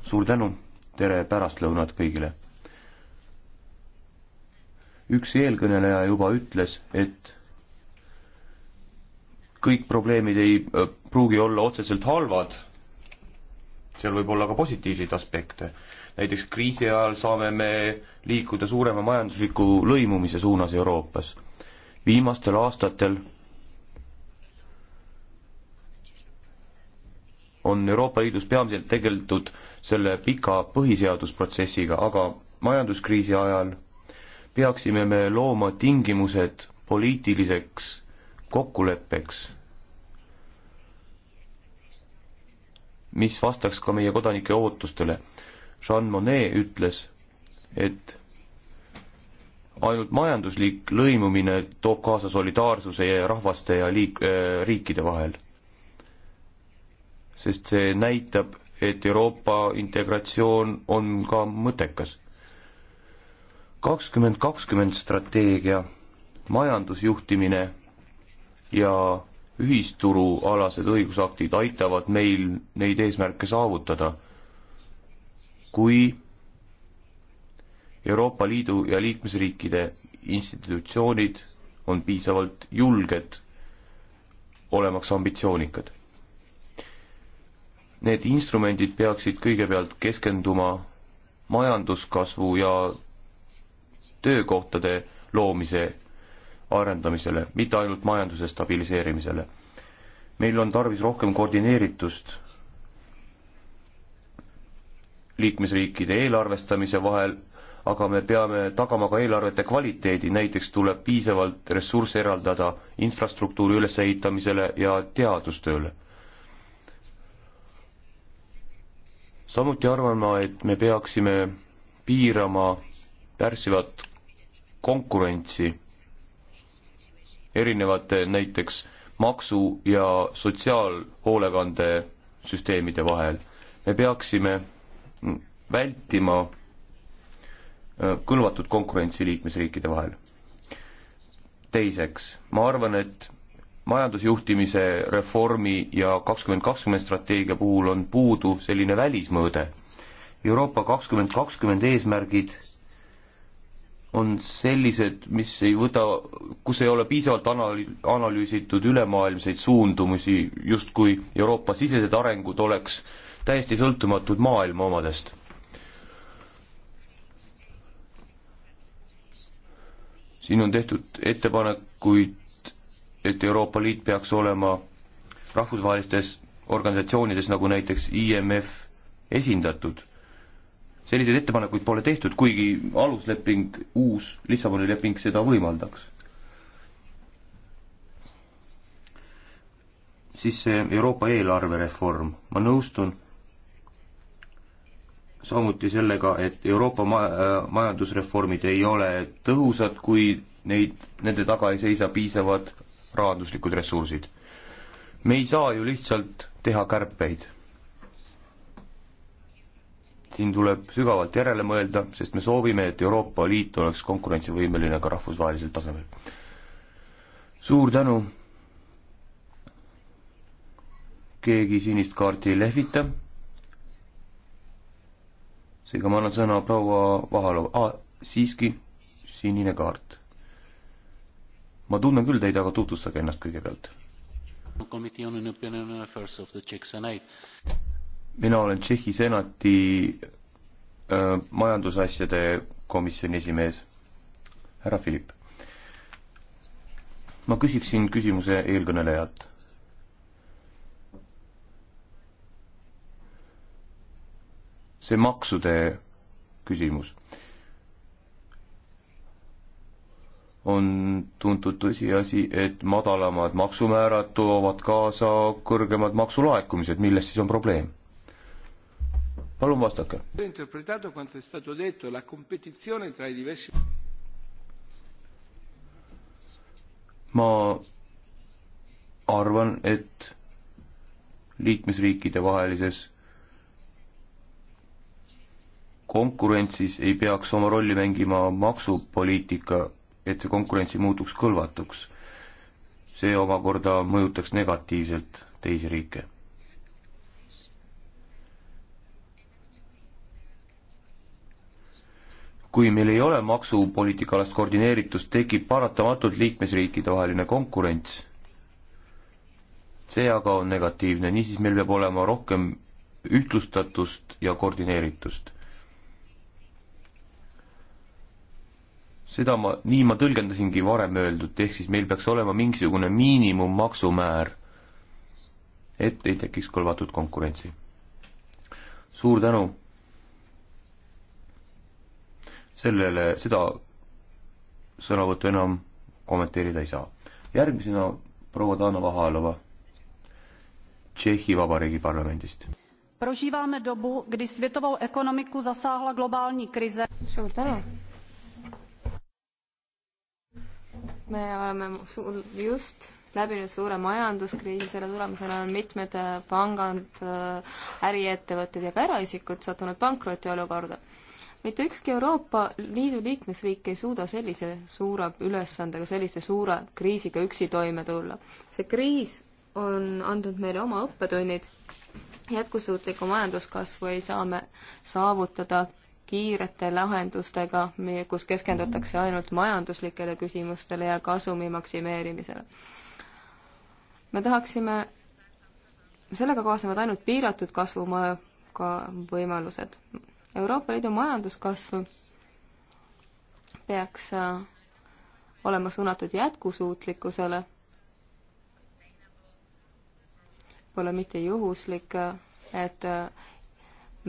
suur tänu, tere pärastlõunat kõigile. üks eelkõneleja juba ütles, et kõik probleemid ei äh, pruugi olla otseselt halvad, seal võib olla ka positiivseid aspekte. näiteks kriisi ajal saame me liikuda suurema majandusliku lõimumise suunas Euroopas. viimastel aastatel on Euroopa Liidus peamiselt tegeldud selle pika põhiseadusprotsessiga, aga majanduskriisi ajal peaksime me looma tingimused poliitiliseks kokkuleppeks, mis vastaks ka meie kodanike ootustele. Jean Monnet ütles, et ainult majanduslik lõimumine toob kaasa solidaarsuse ja rahvaste ja liik- äh,, riikide vahel. sest see näitab, et Euroopa integratsioon on ka mõttekas. kakskümmend kakskümmend strateegia, majandusjuhtimine ja ühisturualased õigusaktid aitavad meil neid eesmärke saavutada. kui Euroopa Liidu ja liikmesriikide institutsioonid on piisavalt julged, olemaks ambitsioonikad. Need instrumendid peaksid kõigepealt keskenduma majanduskasvu ja töökohtade loomise arendamisele, mitte ainult majanduse stabiliseerimisele. meil on tarvis rohkem koordineeritust liikmesriikide eelarvestamise vahel, aga me peame tagama ka eelarvete kvaliteedi, näiteks tuleb piisavalt ressursse eraldada infrastruktuuri ülesehitamisele ja teadustööle. samuti arvan ma, et me peaksime piirama pärssivat konkurentsi erinevate näiteks maksu- ja sotsiaalhoolekandesüsteemide vahel. me peaksime vältima äh, kõlvatut konkurentsi liikmesriikide vahel. teiseks, ma arvan, et majandusjuhtimise reformi ja kakskümmend kakskümmend strateegia puhul on puudu selline välismõõde. Euroopa kakskümmend kakskümmend eesmärgid on sellised, mis ei võta, kus ei ole piisavalt anal-, analüüsitud ülemaailmseid suundumusi, justkui Euroopa-sisesed arengud oleks täiesti sõltumatud maailma omadest. siin on tehtud ettepanekuid, et Euroopa Liit peaks olema rahvusvahelistes organisatsioonides, nagu näiteks IMF, esindatud selliseid ettepanekuid pole tehtud, kuigi alusleping, uus Lissaboni leping seda võimaldaks. siis see Euroopa eelarvereform, ma nõustun samuti sellega, et Euroopa ma-, äh, majandusreformid ei ole tõhusad, kui neid, nende taga ei seisa piisavad rahanduslikud ressursid. me ei saa ju lihtsalt teha kärpeid siin tuleb sügavalt järele mõelda, sest me soovime, et Euroopa Liit oleks konkurentsivõimeline ka rahvusvahelisel tasemel. suur tänu. keegi sinist kaarti ei lehvita. seega ma annan sõna proua Vahalova ah,, siiski sinine kaart. ma tunnen küll teid, aga tutvustage ennast kõigepealt. committee on independent affairs of the Czech Senate mina olen Tšehhi senati öö, äh, majandusasjade komisjoni esimees, härra Philipp. ma küsiksin küsimuse eelkõnelejalt. see maksude küsimus on tuntud tõsiasi, et madalamad maksumäärad toovad kaasa kõrgemad maksulaekumised, milles siis on probleem? palun vastake. ma arvan, et liikmesriikide vahelises konkurentsis ei peaks oma rolli mängima maksupoliitika, et see konkurentsi muutuks kõlvatuks. see omakorda mõjutaks negatiivselt teisi riike kui meil ei ole maksupoliitika alast koordineeritust, tekib paratamatult liikmesriikide vaheline konkurents. see aga on negatiivne, niisiis meil peab olema rohkem ühtlustatust ja koordineeritust. seda ma, nii ma tõlgendasingi varem öeldut, ehk siis meil peaks olema mingisugune miinimummaksumäär, et ei tekiks kõlvatut konkurentsi. suur tänu! sellele, seda sõnavõttu enam kommenteerida ei saa. järgmisena proua Dana Vahalova Tšehhi Vabariigi parlamendist. Prožíváme dobu, kdy světovou ekonomiku zasáhla globální krize. Suur tänu. me oleme just läbinud suure majanduskriisi, selle tulemusena on mitmed äh, pangad, äh, äriettevõtted ja ka eraisikud sattunud pankrotiolukorda mitte ükski Euroopa Liidu liikmesriik ei suuda sellise suure ülesandega, sellise suure kriisiga üksi toime tulla. see kriis on andnud meile oma õppetunnid, jätkusuutlikku majanduskasvu ei saa me saavutada kiirete lahendustega, kus keskendutakse ainult majanduslikele küsimustele ja kasumi maksimeerimisele. me tahaksime, sellega kaasnevad ainult piiratud kasvu ka võimalused Euroopa Liidu majanduskasv peaks äh, olema suunatud jätkusuutlikkusele. Pole mitte juhuslik, äh, et äh,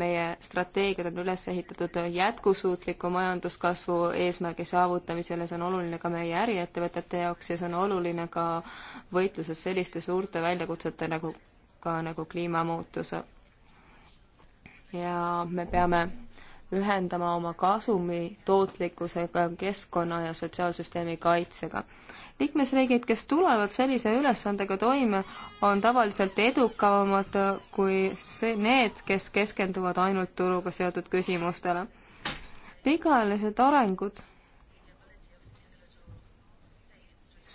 meie strateegiad on üles ehitatud jätkusuutliku majanduskasvu eesmärgi saavutamisele, see on oluline ka meie äriettevõtete jaoks ja see on oluline ka võitluses selliste suurte väljakutsetega nagu, ka nagu kliimamuutus ja me peame ühendama oma kasumi tootlikkusega, keskkonna ja sotsiaalsüsteemi kaitsega. liikmesriigid, kes tulevad sellise ülesandega toime, on tavaliselt edukamad kui see, need, kes keskenduvad ainult turuga seotud küsimustele. pikaajalised arengud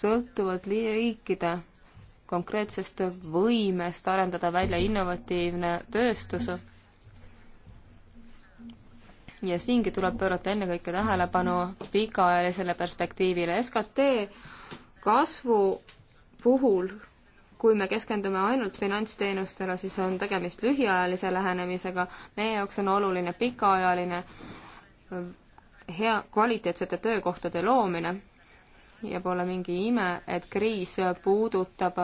sõltuvad riikide konkreetsest võimest arendada välja innovatiivne tööstus ja siingi tuleb pöörata ennekõike tähelepanu pikaajalisele perspektiivile. SKT kasvu puhul, kui me keskendume ainult finantsteenustele, siis on tegemist lühiajalise lähenemisega, meie jaoks on oluline pikaajaline äh, hea, kvaliteetsete töökohtade loomine ja pole mingi ime, et kriis puudutab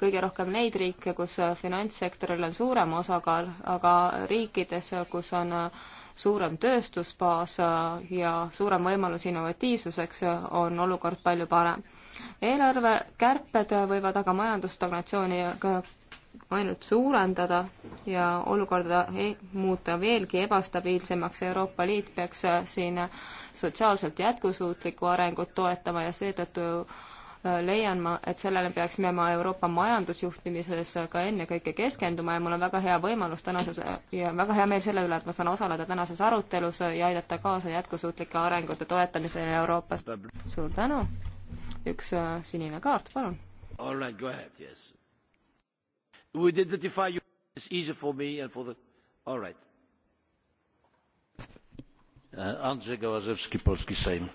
kõige rohkem neid riike, kus finantssektoril on suurem osakaal, aga riikides, kus on äh, suurem tööstusbaas äh, ja suurem võimalus innovatiivsuseks, äh, on olukord palju parem. eelarvekärped äh, võivad aga majandusstagnatsiooni ainult suurendada ja olukorda e-, muuta veelgi ebastabiilsemaks. Euroopa Liit peaks siin sotsiaalselt jätkusuutlikku arengut toetama ja seetõttu leian ma, et sellele peaksime ma Euroopa majandusjuhtimises ka ennekõike keskenduma ja mul on väga hea võimalus tänases ja väga hea meel selle üle, et ma saan osaleda tänases arutelus ja aidata kaasa jätkusuutlike arengute toetamisele Euroopas. suur tänu. üks äh, sinine kaart, palun. All right, go ahead, yes. We identify you, it's easier for me and for the, all right. Andrzej Gołazewski, Polski Sejm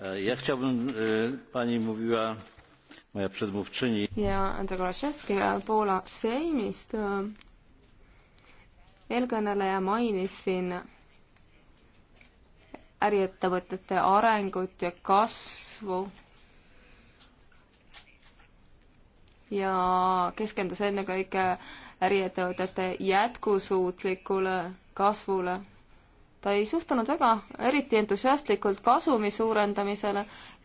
E, ja chciałbym, e, pani mówiła, moja przedmówczyni. Ja Andrzej Kolaszewskile Poola Seimist. E, eelkõneleja mainis siin äriettevõtete arengut ja kasvu ja keskendus ennekõike äriettevõtete jätkusuutlikule kasvule ta ei suhtunud väga eriti entusiastlikult kasumi suurendamisele,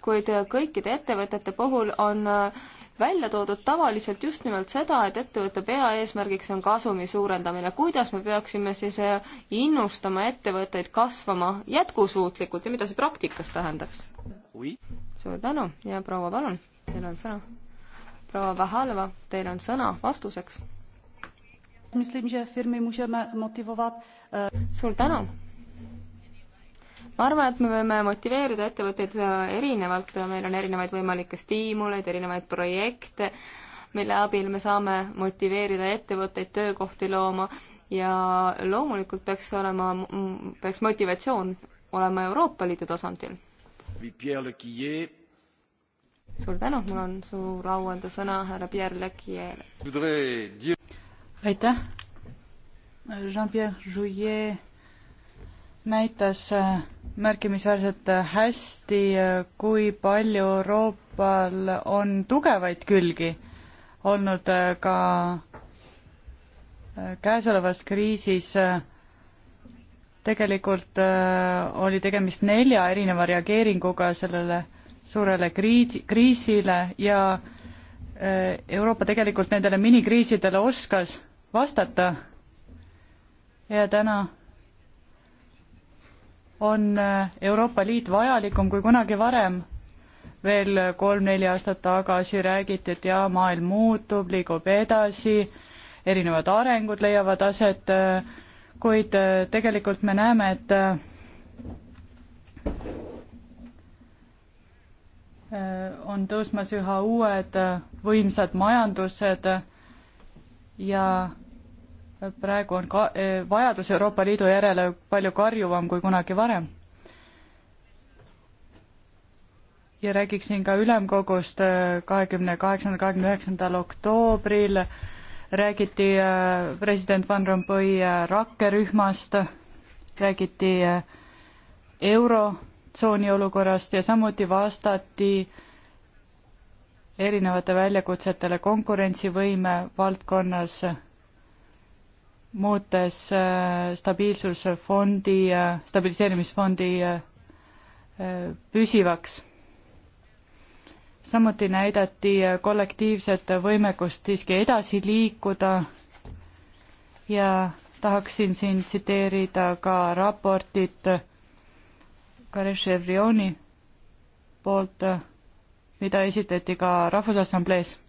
kuid kõikide ettevõtete puhul on äh, välja toodud tavaliselt just nimelt seda, et ettevõtte peaeesmärgiks on kasumi suurendamine. kuidas me peaksime siis äh, innustama ettevõtteid kasvama jätkusuutlikult ja mida see praktikas tähendaks? suur tänu ja proua, palun, teil on sõna. proua Vahaleva, teil on sõna vastuseks. suur tänu ma arvan, et me võime motiveerida ettevõtteid äh, erinevalt, meil on erinevaid võimalikke stiimuleid, erinevaid projekte, mille abil me saame motiveerida ettevõtteid töökohti looma ja loomulikult peaks olema, peaks motivatsioon olema Euroopa Liidu tasandil. suur tänu, mul on suur au anda sõna härra Pierre Lequiele. aitäh, Jean-Pierre Jouyet näitas äh, märkimisväärselt hästi, kui palju Euroopal on tugevaid külgi olnud äh, ka äh, käesolevas kriisis. Äh, tegelikult oli tegemist nelja erineva reageeringuga sellele suurele kriisi, kriisile ja Euroopa tegelikult nendele minikriisidele oskas vastata. ja täna on äh, Euroopa Liit vajalikum kui kunagi varem. veel kolm-neli aastat tagasi räägiti, et jaa, maailm muutub, liigub edasi, erinevad arengud leiavad aset, äh, kuid äh, tegelikult me näeme, et on tõusmas üha uued võimsad majandused ja praegu on ka eh, vajadus Euroopa Liidu järele palju karjuvam kui kunagi varem. ja räägiksin ka ülemkogust eh, kahekümne kaheksandal, kahekümne üheksandal oktoobril räägiti eh, president Van Rompuy rakkerühmast, räägiti eurotsooni olukorrast ja samuti vastati erinevate väljakutsetele konkurentsivõime valdkonnas muutes äh, stabiilsusfondi, äh, stabiliseerimisfondi äh, püsivaks. samuti näidati kollektiivset võimekust siiski edasi liikuda ja tahaksin siin tsiteerida ka raportit Kareševrioni poolt, mida esitleti ka Rahvusassamblees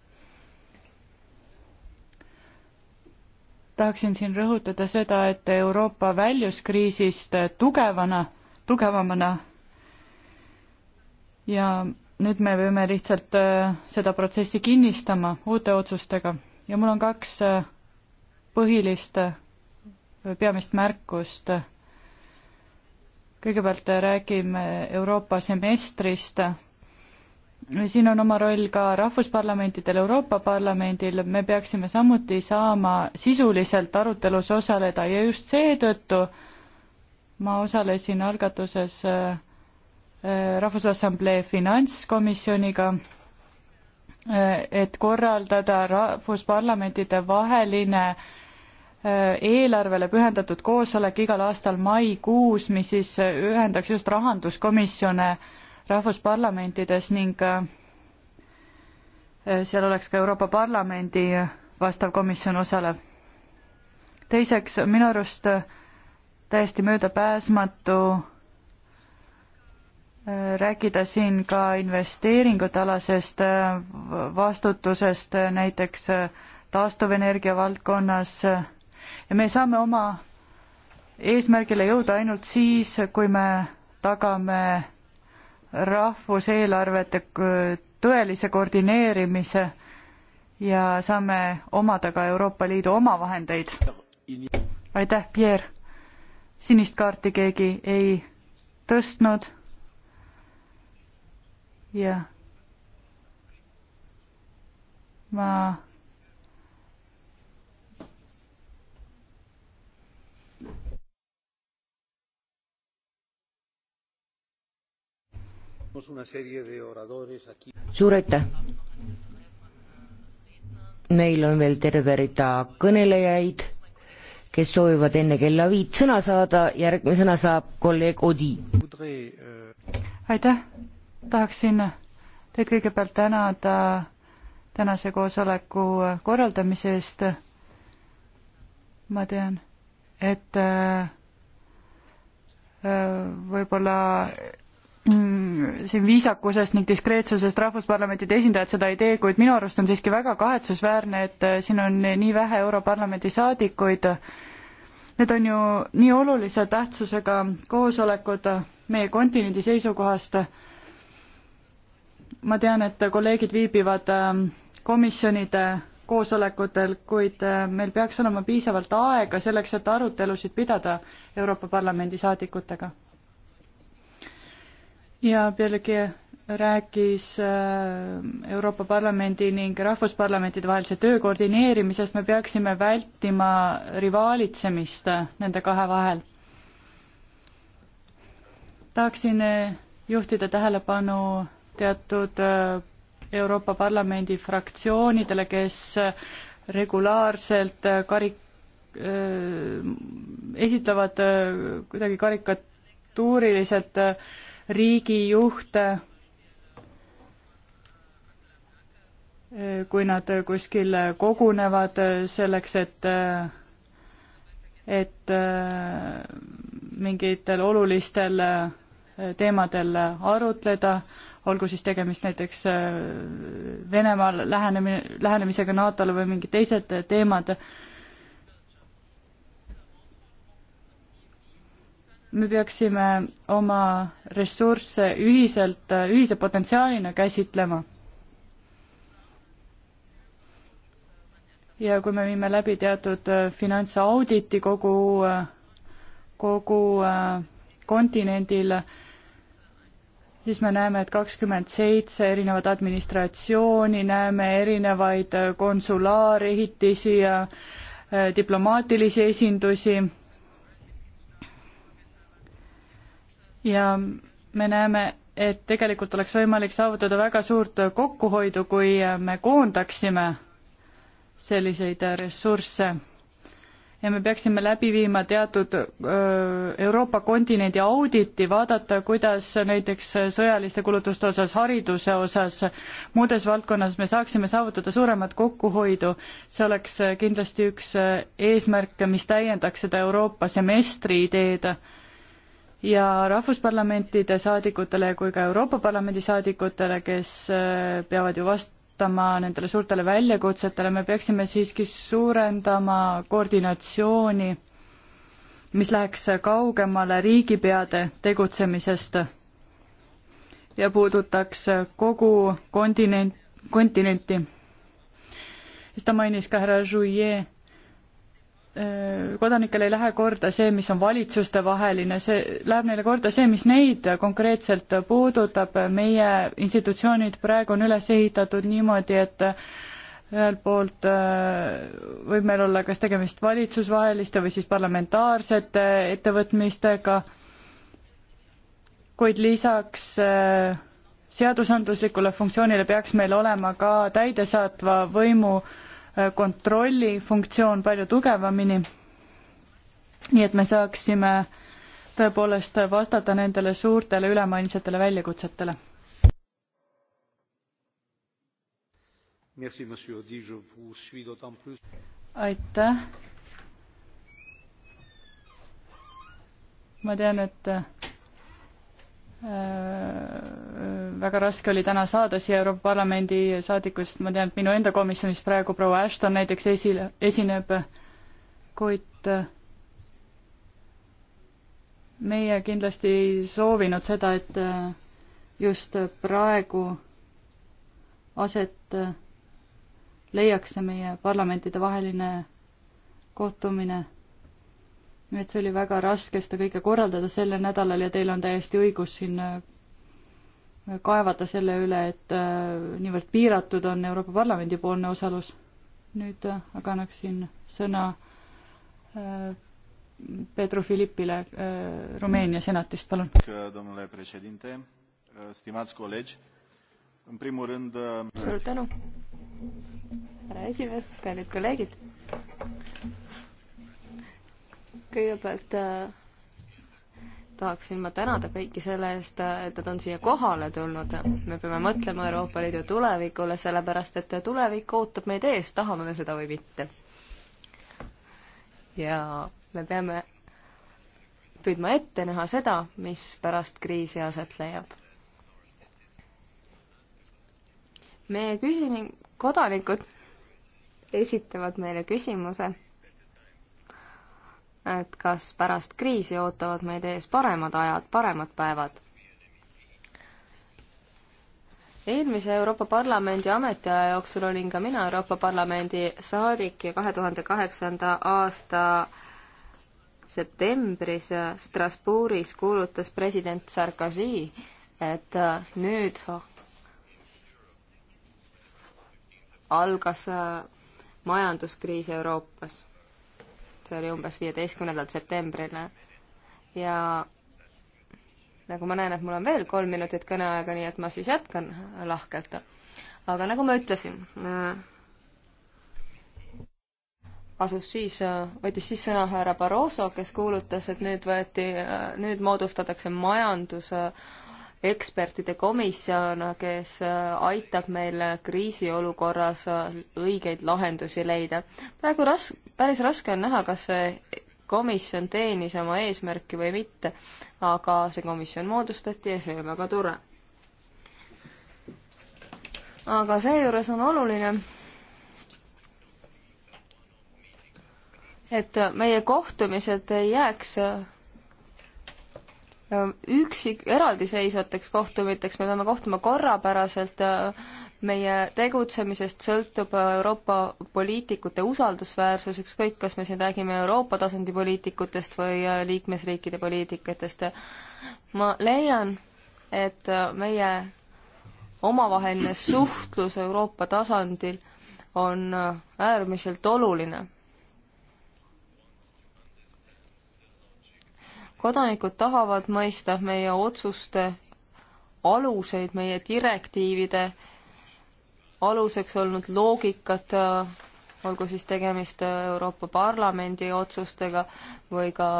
tahaksin siin rõhutada seda, et Euroopa väljus kriisist tugevana, tugevamana ja nüüd me peame lihtsalt äh, seda protsessi kinnistama uute otsustega ja mul on kaks äh, põhilist äh, peamist märkust. kõigepealt räägime Euroopa semestrist siin on oma roll ka rahvusparlamentidel, Euroopa Parlamendil, me peaksime samuti saama sisuliselt arutelus osaleda ja just seetõttu ma osalesin algatuses äh, äh, Rahvusassamblee finantskomisjoniga, äh, et korraldada rahvusparlamentide vaheline eelarvele pühendatud koosolek igal aastal maikuus, mis siis ühendaks just rahanduskomisjone äh, rahvusparlamentides ning äh, äh, seal oleks ka Euroopa Parlamendi äh, vastav komisjon osalev. teiseks, minu arust täiesti möödapääsmatu rääkida siin ka investeeringute alasest vastutusest näiteks taastuvenergia valdkonnas ja me saame oma eesmärgile jõuda ainult siis, kui me tagame rahvuseelarvete tõelise koordineerimise ja saame omada ka Euroopa Liidu omavahendeid. aitäh, Pierre! sinist kaarti keegi ei tõstnud. jah. ma suur aitäh! meil on veel terve rida kõnelejaid, kes soovivad enne kella viit sõna saada, järgmisena saab kolleeg Odi. aitäh, tahaksin teid kõigepealt tänada tänase koosoleku korraldamise eest. ma tean, et äh, võib-olla siin viisakusest ning diskreetsusest rahvusparlamentide esindajad seda ei tee, kuid minu arust on siiski väga kahetsusväärne, et äh, siin on nii vähe Europarlamendi saadikuid. Need on ju nii olulise tähtsusega koosolekud meie kontinendi seisukohast. ma tean, et kolleegid viibivad ähm, komisjonide koosolekutel, kuid äh, meil peaks olema piisavalt aega selleks, et arutelusid pidada Euroopa Parlamendi saadikutega ja pealegi rääkis äh, Euroopa Parlamendi ning rahvusparlamentide vahelise töö koordineerimisest, me peaksime vältima rivaalitsemist nende kahe vahel. tahaksin äh, juhtida tähelepanu teatud äh, Euroopa Parlamendi fraktsioonidele, kes regulaarselt karik-, esitlevad kuidagi karikatuuriliselt äh, riigijuhte, kui nad kuskil kogunevad selleks, et et mingitel olulistel teemadel arutleda, olgu siis tegemist näiteks Venemaal lähenemine, lähenemisega NATO-le või mingid teised teemad, me peaksime oma ressursse ühiselt, ühise potentsiaalina käsitlema. ja kui me viime läbi teatud äh, finantsauditi kogu, äh, kogu äh, kontinendil, siis me näeme, et kakskümmend seitse erinevat administratsiooni, näeme erinevaid konsulaarehitisi ja diplomaatilisi esindusi ja me näeme, et tegelikult oleks võimalik saavutada väga suurt kokkuhoidu, kui me koondaksime selliseid ressursse ja me peaksime läbi viima teatud Euroopa kontinendi auditi, vaadata, kuidas näiteks sõjaliste kulutuste osas, hariduse osas, muudes valdkonnas me saaksime saavutada suuremat kokkuhoidu. see oleks kindlasti üks eesmärke, mis täiendaks seda Euroopa semestri ideed ja rahvusparlamentide saadikutele kui ka Euroopa Parlamendi saadikutele, kes äh, peavad ju vastama nendele suurtele väljakutsetele, me peaksime siiski suurendama koordinatsiooni, mis läheks kaugemale riigipeade tegutsemisest ja puudutaks kogu kontinent, kontinenti. siis ta mainis ka härra Jouillet kodanikele ei lähe korda see, mis on valitsustevaheline, see läheb neile korda see, mis neid konkreetselt puudutab, meie institutsioonid praegu on üles ehitatud niimoodi, et ühelt poolt võib meil olla kas tegemist valitsusvaheliste või siis parlamentaarsete ettevõtmistega, kuid lisaks seadusandluslikule funktsioonile peaks meil olema ka täidesaatva võimu äh, kontrolli funktsioon palju tugevamini. nii et me saaksime tõepoolest vastata nendele suurtele ülemaailmsetele väljakutsetele. aitäh. ma tean, et Äh, väga raske oli täna saada siia Euroopa Parlamendi saadikust, ma tean, et minu enda komisjonis praegu proua Ashton näiteks esile, esineb, kuid äh, meie kindlasti ei soovinud seda, et äh, just praegu aset leiaks see meie parlamentidevaheline kohtumine nii et see oli väga raske seda kõike korraldada sellel nädalal ja teil on täiesti õigus siin äh, kaevata selle üle, et äh, niivõrd piiratud on Euroopa Parlamendi poolne osalus. nüüd äh, aga annaksin sõna Petru Filippile Rumeenia senatist, palun. suur tänu, härra esimees, kallid kolleegid kõigepealt äh, tahaksin ma tänada kõiki selle eest, äh, et nad on siia kohale tulnud. me peame mõtlema Euroopa Liidu tulevikule, sellepärast et tulevik ootab meid ees, tahame me seda või mitte. ja me peame püüdma ette näha seda, mis pärast kriisi aset leiab. meie küsimi-, kodanikud esitavad meile küsimuse et kas pärast kriisi ootavad meid ees paremad ajad, paremad päevad. eelmise Euroopa Parlamendi ametiaja jooksul olin ka mina Euroopa Parlamendi saadik ja kahe tuhande kaheksanda aasta septembris Strasbourgis kuulutas president Sarkozy, et nüüd algas majanduskriis Euroopas see oli umbes viieteistkümnendal septembril. ja nagu ma näen, et mul on veel kolm minutit kõneaega, nii et ma siis jätkan lahkelt. aga nagu ma ütlesin, äh, asus siis, äh, võttis siis sõna härra Barroso, kes kuulutas, et nüüd võeti, äh, nüüd moodustatakse majandus- ekspertide komisjon, kes äh, aitab meil kriisiolukorras äh, õigeid lahendusi leida. praegu ras-, päris raske on näha, kas see komisjon teenis oma eesmärki või mitte, aga see komisjon moodustati ja see on väga tore. aga seejuures on oluline, et meie kohtumised ei jääks äh, üksik, eraldiseisvateks kohtumiteks, me peame kohtuma korrapäraselt, meie tegutsemisest sõltub Euroopa poliitikute usaldusväärsus, ükskõik, kas me siin räägime Euroopa tasandi poliitikutest või liikmesriikide poliitikatest. ma leian, et meie omavaheline suhtlus Euroopa tasandil on äärmiselt oluline kodanikud tahavad mõista meie otsuste aluseid, meie direktiivide aluseks olnud loogikat, olgu siis tegemist Euroopa Parlamendi otsustega või ka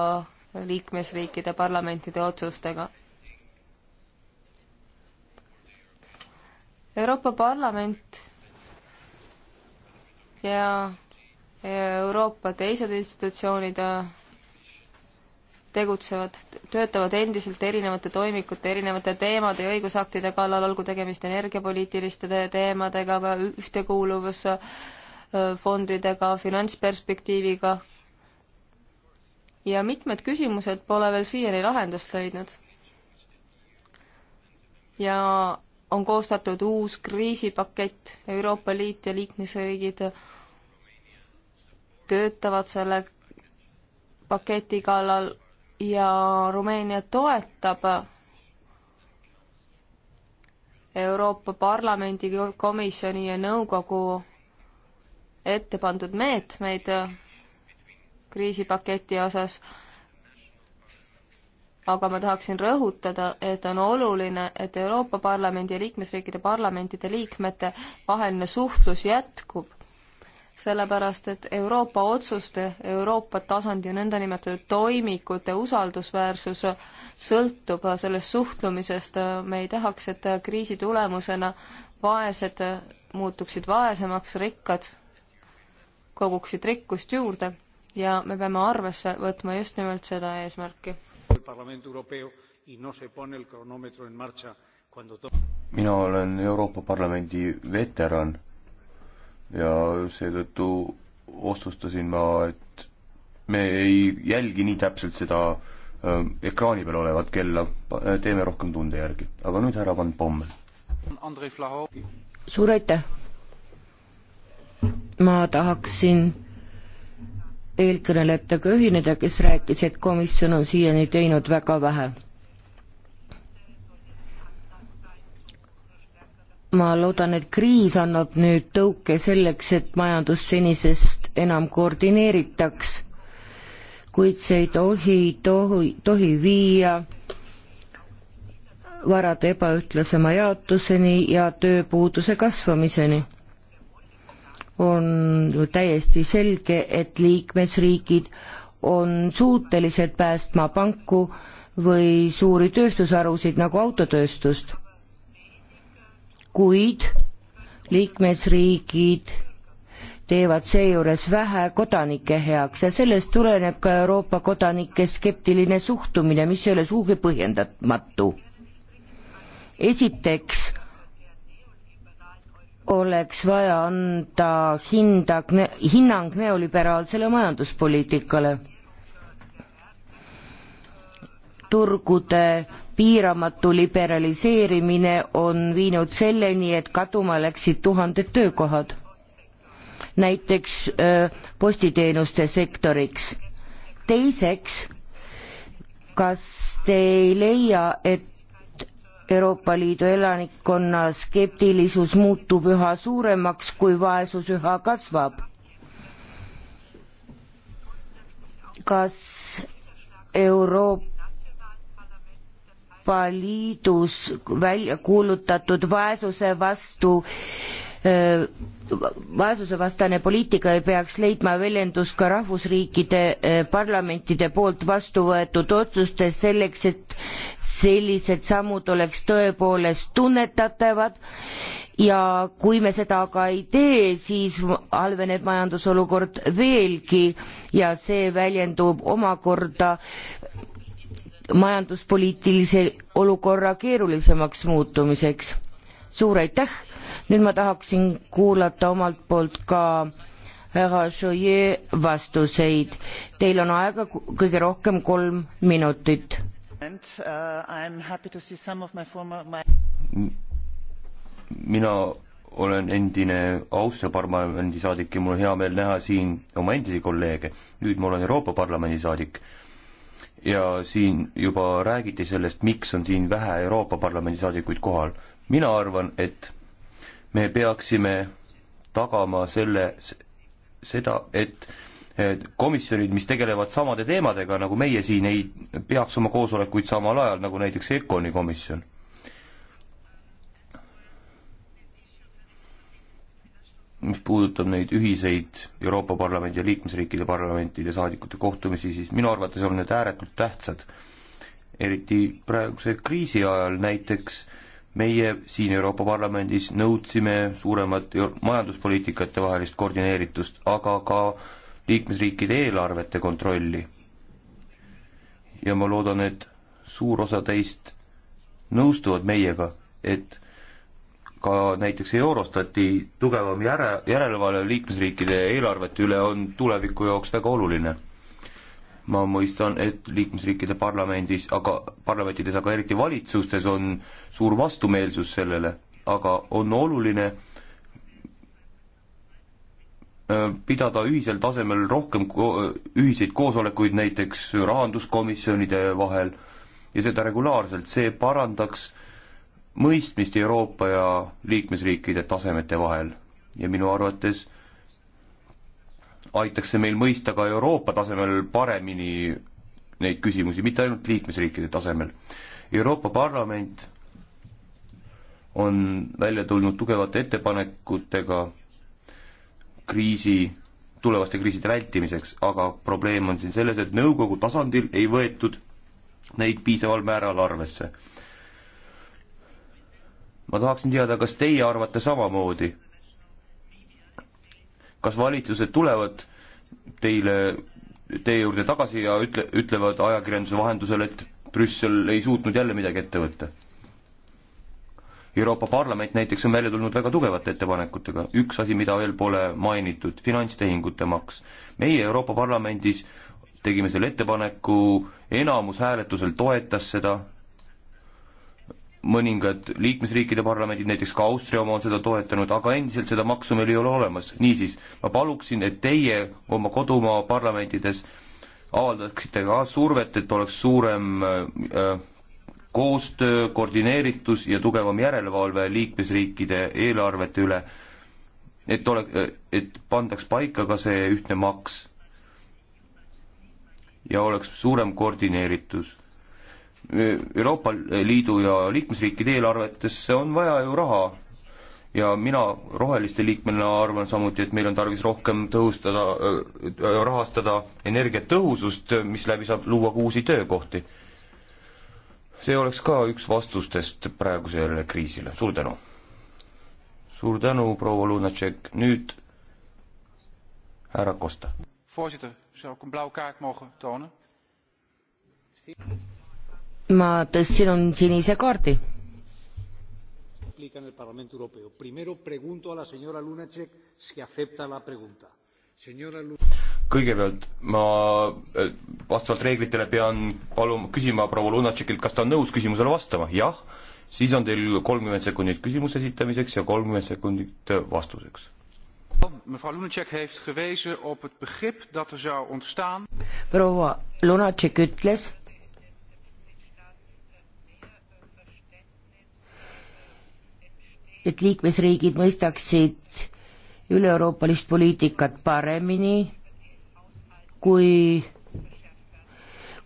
liikmesriikide parlamentide otsustega. Euroopa Parlament ja Euroopa teised institutsioonid tegutsevad, töötavad endiselt erinevate toimikute, erinevate teemade ja õigusaktide kallal, olgu tegemist energiapoliitiliste teemadega, ühtekuuluvusfondidega, finantsperspektiiviga. ja mitmed küsimused pole veel siiani lahendust leidnud. ja on koostatud uus kriisipakett, Euroopa Liit ja liikmesriigid töötavad selle paketi kallal ja Rumeenia toetab Euroopa Parlamendi komisjoni ja nõukogu ette pandud meetmeid kriisipaketi osas, aga ma tahaksin rõhutada, et on oluline, et Euroopa Parlamendi ja liikmesriikide parlamentide liikmete vaheline suhtlus jätkub sellepärast et Euroopa otsuste, Euroopa tasandi nõndanimetatud toimikute usaldusväärsus sõltub sellest suhtlumisest, me ei tahaks, et kriisi tulemusena vaesed muutuksid vaesemaks, rikkad koguksid rikkust juurde ja me peame arvesse võtma just nimelt seda eesmärki. mina olen Euroopa Parlamendi veteran ja seetõttu otsustasin ma, et me ei jälgi nii täpselt seda äh, ekraani peal olevat kella, äh, teeme rohkem tunde järgi. aga nüüd härra Van Pommel. suur aitäh! ma tahaksin eelkõnelejatega ühineda, kes rääkis, et komisjon on siiani teinud väga vähe ma loodan, et kriis annab nüüd tõuke selleks, et majandus senisest enam koordineeritaks, kuid see ei tohi, tohi, tohi viia varade ebaühtlasema jaotuseni ja tööpuuduse kasvamiseni. on ju täiesti selge, et liikmesriigid on suutelised päästma panku või suuri tööstusharusid nagu autotööstust kuid liikmesriigid teevad seejuures vähe kodanike heaks ja sellest tuleneb ka Euroopa kodanike skeptiline suhtumine, mis ei ole sugugi põhjendamatu. esiteks oleks vaja anda hinda, hinnang neoliberaalsele majanduspoliitikale. turgude piiramatu liberaliseerimine on viinud selleni, et kaduma läksid tuhanded töökohad, näiteks postiteenuste sektoriks. teiseks, kas te ei leia, et Euroopa Liidu elanikkonna skeptilisus muutub üha suuremaks, kui vaesus üha kasvab? kas Euroopa Euroopa Liidus välja kuulutatud vaesuse vastu vaesusevastane poliitika ei peaks leidma väljendust ka rahvusriikide parlamentide poolt vastu võetud otsustes selleks, et sellised sammud oleks tõepoolest tunnetatavad ja kui me seda aga ei tee, siis halveneb majandusolukord veelgi ja see väljendub omakorda majanduspoliitilise olukorra keerulisemaks muutumiseks. suur aitäh, nüüd ma tahaksin kuulata omalt poolt ka härra Joyer vastuseid. Teil on aega kõige rohkem kolm minutit. Uh, mina olen endine Austria parlamendi saadik ja mul on hea meel näha siin oma endisi kolleege. nüüd ma olen Euroopa Parlamendi saadik ja siin juba räägiti sellest, miks on siin vähe Euroopa Parlamendi saadikuid kohal. mina arvan, et me peaksime tagama selle, seda, et komisjonid, mis tegelevad samade teemadega, nagu meie siin, ei peaks oma koosolekuid samal ajal, nagu näiteks ECONi komisjon. mis puudutab neid ühiseid Euroopa Parlamendi ja liikmesriikide parlamentide saadikute kohtumisi, siis minu arvates on need ääretult tähtsad. eriti praeguse kriisi ajal näiteks meie siin Euroopa Parlamendis nõudsime suuremat majanduspoliitikate vahelist koordineeritust, aga ka liikmesriikide eelarvete kontrolli. ja ma loodan, et suur osa teist nõustuvad meiega, et ka näiteks Eurostati tugevam järe, järelevalve liikmesriikide eelarvete üle on tuleviku jaoks väga oluline. ma mõistan, et liikmesriikide parlamendis, aga parlamentides, aga eriti valitsustes on suur vastumeelsus sellele, aga on oluline äh, pidada ühisel tasemel rohkem ko-, ühiseid koosolekuid näiteks rahanduskomisjonide vahel ja seda regulaarselt, see parandaks äh, mõistmist Euroopa ja liikmesriikide tasemete vahel ja minu arvates aitaks see meil mõista ka Euroopa tasemel paremini neid küsimusi, mitte ainult liikmesriikide tasemel. Euroopa Parlament on välja tulnud tugevate ettepanekutega kriisi, tulevaste kriiside vältimiseks, aga probleem on siin selles, et nõukogu tasandil ei võetud neid piisaval määral arvesse ma tahaksin teada, kas teie arvate samamoodi? kas valitsused tulevad teile, teie juurde tagasi ja ütle, ütlevad ajakirjanduse vahendusel, et Brüssel ei suutnud jälle midagi ette võtta? Euroopa Parlament näiteks on välja tulnud väga tugevate ettepanekutega, üks asi, mida veel pole mainitud, finantstehingute maks. meie Euroopa Parlamendis tegime selle ettepaneku, enamus hääletusel toetas seda, mõningad liikmesriikide parlamendid, näiteks ka Austria oma on seda toetanud, aga endiselt seda maksu meil ei ole olemas. niisiis, ma paluksin, et teie oma kodumaa parlamentides avaldaksite ka survet, et oleks suurem äh, koostöö, koordineeritus ja tugevam järelevalve liikmesriikide eelarvete üle, et ole, et pandaks paika ka see ühtne maks ja oleks suurem koordineeritus Euroopa Liidu ja liikmesriikide eelarvetesse on vaja ju raha ja mina roheliste liikmena arvan samuti, et meil on tarvis rohkem tõhustada, äh, rahastada energiatõhusust, misläbi saab luua ka uusi töökohti. see oleks ka üks vastustest praegusele kriisile, suur tänu! suur tänu, proua Lunatšek, nüüd härra Kosta. voorzitter, zou ik een blauwe kaart mogen tonen? ma tõstsin sinise kaardi. en el Parlamento Europeo. Primero pregunto a la señora Lunacek si acepta la pregunta. Señora Lu- kõigepealt ma eh, vastavalt reeglitele pean paluma, küsima proua Lunatšekilt, kas ta on nõus küsimusele vastama, jah, siis on teil kolmkümmend sekundit küsimuse esitamiseks ja kolmkümmend sekundit eh, vastuseks. Er proua Lunatšek ütles, et liikmesriigid mõistaksid üle-euroopalist poliitikat paremini, kui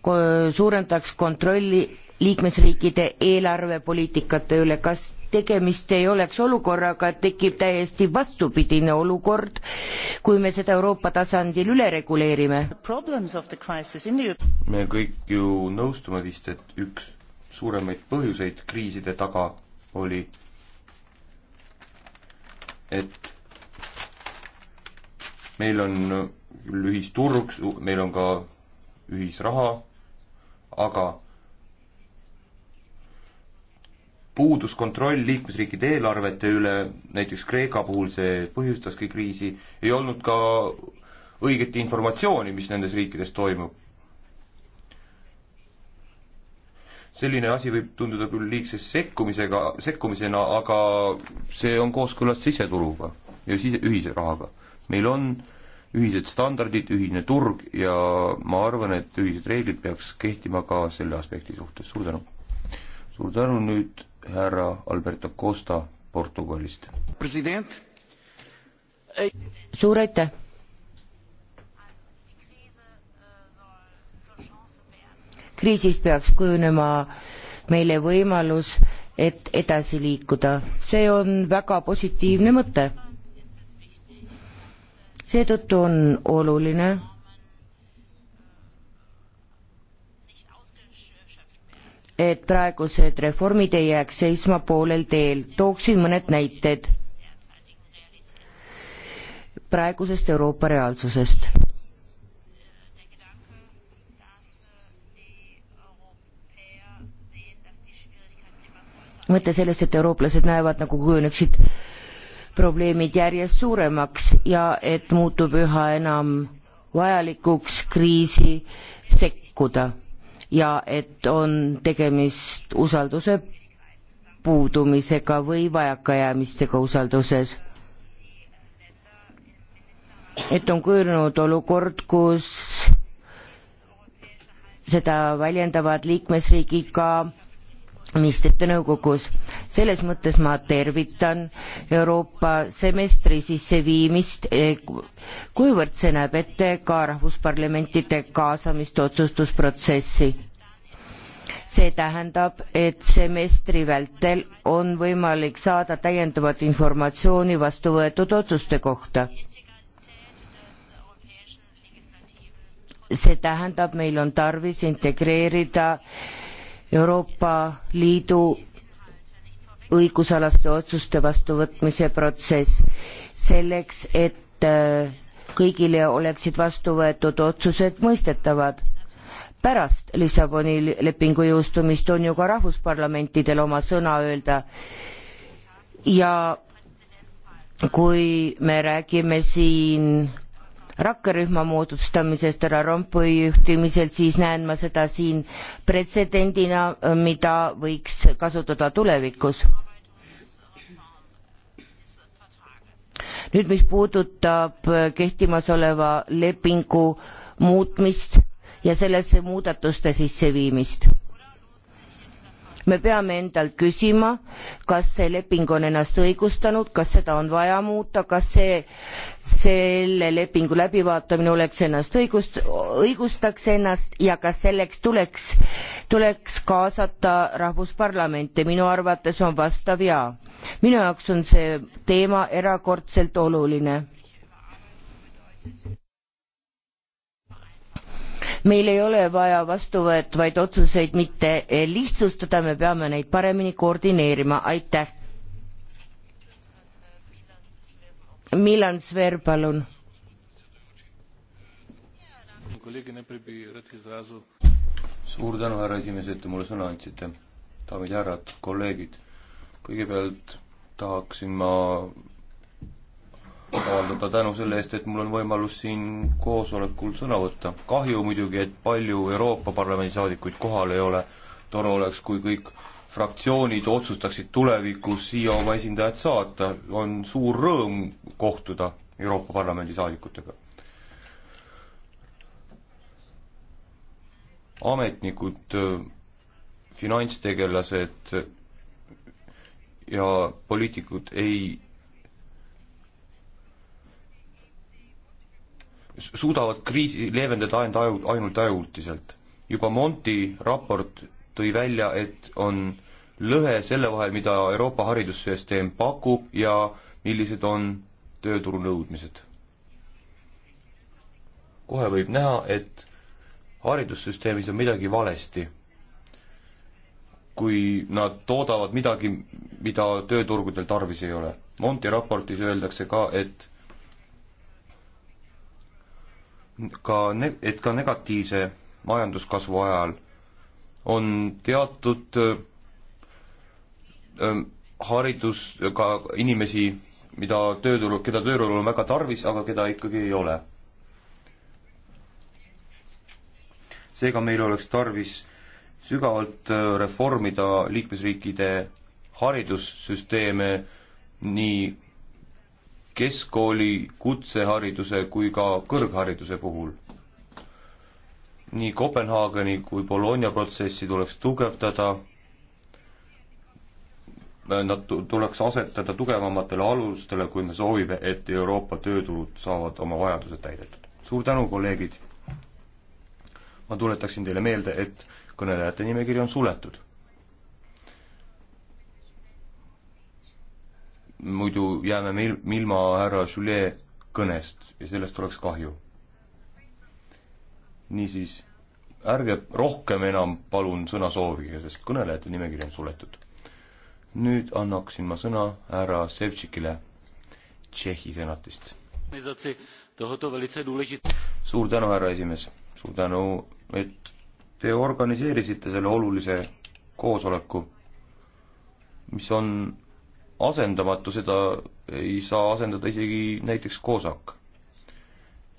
suurendaks kontrolli liikmesriikide eelarvepoliitikate üle, kas tegemist ei oleks olukorraga, et tekib täiesti vastupidine olukord, kui me seda Euroopa tasandil üle reguleerime? me kõik ju nõustume vist, et üks suuremaid põhjuseid kriiside taga oli et meil on küll ühisturg, meil on ka ühisraha, aga puudus kontroll liikmesriikide eelarvete üle, näiteks Kreeka puhul see põhjustaski kriisi, ei olnud ka õiget informatsiooni, mis nendes riikides toimub selline asi võib tunduda küll liigse sekkumisega, sekkumisena, aga see on kooskõlas siseturuga ja sise, ühise rahaga. meil on ühised standardid, ühine turg ja ma arvan, et ühised reeglid peaks kehtima ka selle aspekti suhtes, suur tänu. suur tänu nüüd härra Alberto Costa Portugalist. president. suur aitäh kriisist peaks kujunema meile võimalus, et edasi liikuda. see on väga positiivne mõte. seetõttu on oluline et praegused reformid ei jääks seisma poolel teel. tooksin mõned näited praegusest Euroopa reaalsusest mõte sellest, et eurooplased näevad, nagu kujuneksid probleemid järjest suuremaks ja et muutub üha enam vajalikuks kriisi sekkuda ja et on tegemist usalduse puudumisega või vajakajäämistega usalduses. et on kujunenud olukord, kus seda väljendavad liikmesriigid ka ministrite nõukogus. selles mõttes ma tervitan Euroopa semestri sisseviimist, e, kuivõrd see näeb ette ka rahvusparlamentide kaasamist otsustusprotsessi. see tähendab, et semestri vältel on võimalik saada täiendavat informatsiooni vastu võetud otsuste kohta see tähendab, meil on tarvis integreerida Euroopa Liidu õigusalaste otsuste vastuvõtmise protsess selleks, et äh, kõigile oleksid vastu võetud otsused mõistetavad. pärast Lissaboni lepingu jõustumist on ju ka rahvusparlamentidel oma sõna öelda ja kui me räägime siin rakkerühma moodustamisest härra Rompuy juhtimisel, siis näen ma seda siin pretsedendina, mida võiks kasutada tulevikus. nüüd, mis puudutab kehtimasoleva lepingu muutmist ja sellesse muudatuste sisseviimist me peame endalt küsima, kas see leping on ennast õigustanud, kas seda on vaja muuta, kas see, selle lepingu läbivaatamine oleks ennast õigust, õigustaks ennast ja kas selleks tuleks, tuleks kaasata rahvusparlamente, minu arvates on vastav jaa. minu jaoks on see teema erakordselt oluline meil ei ole vaja vastuvõetavaid otsuseid mitte lihtsustada, me peame neid paremini koordineerima, aitäh. Milan Sver, palun. suur tänu, härra esimees, et te mulle sõna andsite. daamid ja härrad, kolleegid, kõigepealt tahaksin ma avaldada tänu selle eest, et mul on võimalus siin koosolekul sõna võtta. kahju muidugi, et palju Euroopa Parlamendi saadikuid kohal ei ole. tore oleks, kui kõik fraktsioonid otsustaksid tulevikus siia oma esindajad saata, on suur rõõm kohtuda Euroopa Parlamendi saadikutega. ametnikud, finantstegelased ja poliitikud ei suudavad kriisi leevendada ainult aju, ainult ajutiselt. juba Monti raport tõi välja, et on lõhe selle vahel, mida Euroopa haridussüsteem pakub ja millised on tööturu nõudmised. kohe võib näha, et haridussüsteemis on midagi valesti. kui nad toodavad midagi, mida tööturgudel tarvis ei ole. Monti raportis öeldakse ka, et ka ne-, et ka negatiivse majanduskasvu ajal on teatud öö, ähm, haridusega inimesi, mida tööturul, keda tööturul on väga tarvis, aga keda ikkagi ei ole. seega meil oleks tarvis sügavalt äh, reformida liikmesriikide haridussüsteeme nii keskkooli, kutsehariduse kui ka kõrghariduse puhul. nii Kopenhaageni kui Bologna protsessi tuleks tugevdada, äh, nad tuleks asetada tugevamatele alustele, kui me soovime, et Euroopa tööturud saavad oma vajadused täidetud. suur tänu, kolleegid! ma tuletaksin teile meelde, et kõnelejate nimekiri on suletud muidu jääme me ilma härra Julie kõnest ja sellest oleks kahju. niisiis, ärge rohkem enam palun sõna soovige, sest kõnelejate nimekiri on suletud. nüüd annaksin ma sõna härra Sevtšikile Tšehhi senatist. suur tänu, härra esimees, suur tänu, et te organiseerisite selle olulise koosoleku, mis on asendamatu, seda ei saa asendada isegi näiteks COSAC.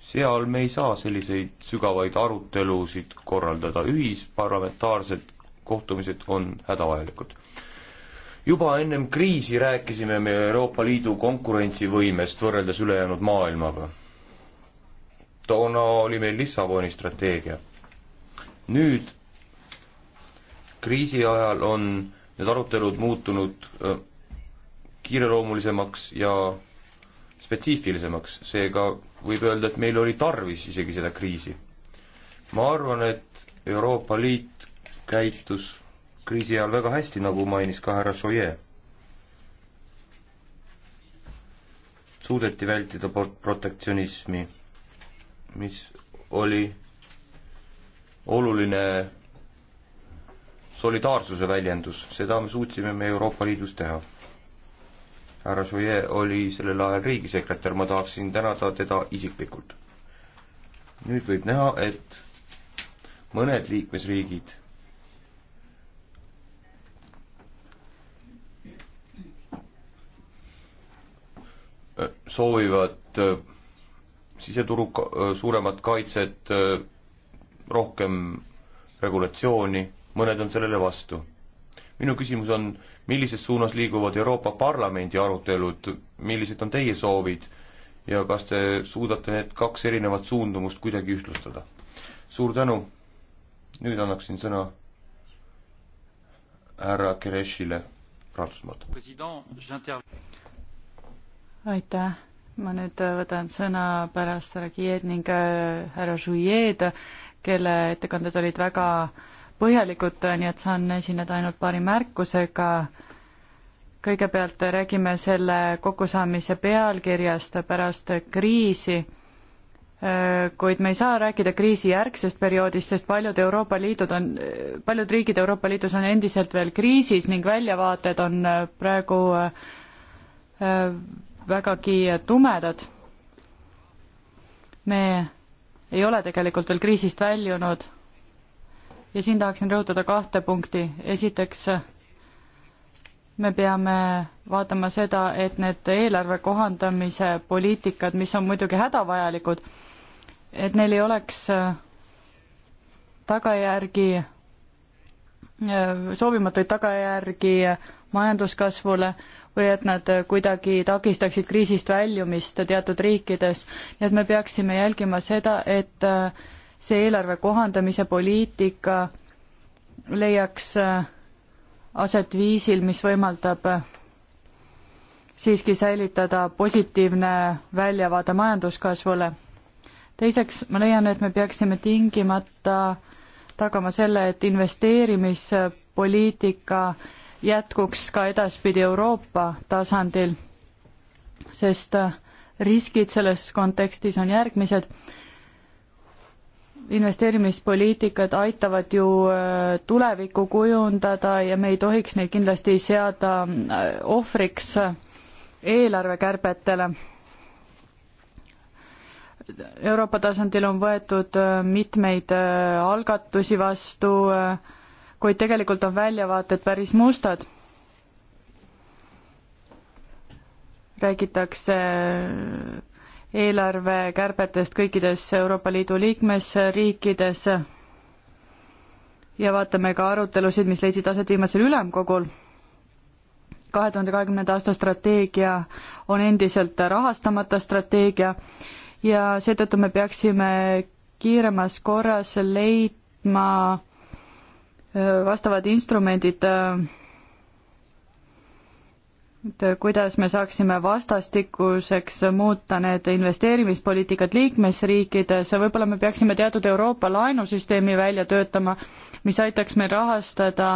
seal me ei saa selliseid sügavaid arutelusid korraldada, ühisparlamentaarsed kohtumised on hädavajalikud. juba ennem kriisi rääkisime me Euroopa Liidu konkurentsivõimest võrreldes ülejäänud maailmaga. toona oli meil Lissaboni strateegia. nüüd kriisi ajal on need arutelud muutunud äh, kiireloomulisemaks ja spetsiifilisemaks, seega võib öelda, et meil oli tarvis isegi seda kriisi. ma arvan, et Euroopa Liit käitus kriisi ajal väga hästi, nagu mainis ka härra Soje. suudeti vältida protektsionismi, mis oli oluline solidaarsuse väljendus, seda me suutsime me Euroopa Liidus teha härra Joye oli sellel ajal riigisekretär, ma tahaksin tänada teda isiklikult. nüüd võib näha, et mõned liikmesriigid soovivad äh, siseturu äh, suuremat kaitset, äh, rohkem regulatsiooni, mõned on sellele vastu minu küsimus on, millises suunas liiguvad Euroopa Parlamendi arutelud, millised on teie soovid ja kas te suudate need kaks erinevat suundumust kuidagi ühtlustada? suur tänu, nüüd annaksin sõna härra Kereshile Prantsusmaalt. aitäh, ma nüüd võtan sõna pärast härra Kiied ning äh, härra Jouied, kelle ettekanded olid väga äh, põhjalikud, nii et saan esineda ainult paari märkusega. kõigepealt räägime selle kokkusaamise pealkirjast pärast kriisi, kuid me ei saa rääkida kriisijärgsest perioodist, sest paljud Euroopa Liidud on, paljud riigid Euroopa Liidus on endiselt veel kriisis ning väljavaated on praegu äh, vägagi tumedad. me ei ole tegelikult veel kriisist väljunud ja siin tahaksin rõhutada kahte punkti, esiteks me peame vaatama seda, et need eelarve kohandamise poliitikad, mis on muidugi hädavajalikud, et neil ei oleks äh, tagajärgi, äh, soovimatuid tagajärgi majanduskasvule või et nad kuidagi takistaksid kriisist väljumist teatud riikides. nii et me peaksime jälgima seda, et äh, see eelarve kohandamise poliitika leiaks äh, aset viisil, mis võimaldab äh, siiski säilitada positiivne väljavaade majanduskasvule. teiseks, ma leian, et me peaksime tingimata tagama selle, et investeerimispoliitika jätkuks ka edaspidi Euroopa tasandil, sest äh, riskid selles kontekstis on järgmised investeerimispoliitikad aitavad ju äh, tulevikku kujundada ja me ei tohiks neid kindlasti seada äh, ohvriks äh, eelarvekärbetele. Euroopa tasandil on võetud mitmeid algatusi vastu, kuid tegelikult on väljavaated päris mustad. räägitakse eelarvekärbetest kõikides Euroopa Liidu liikmesriikides ja vaatame ka arutelusid, mis leidsid aset viimasel ülemkogul. kahe tuhande kahekümnenda aasta strateegia on endiselt rahastamata strateegia ja seetõttu me peaksime kiiremas korras leidma äh, vastavad instrumendid äh, et kuidas me saaksime vastastikuseks muuta need investeerimispoliitikad liikmesriikides, võib-olla me peaksime teatud Euroopa laenusüsteemi välja töötama, mis aitaks meil rahastada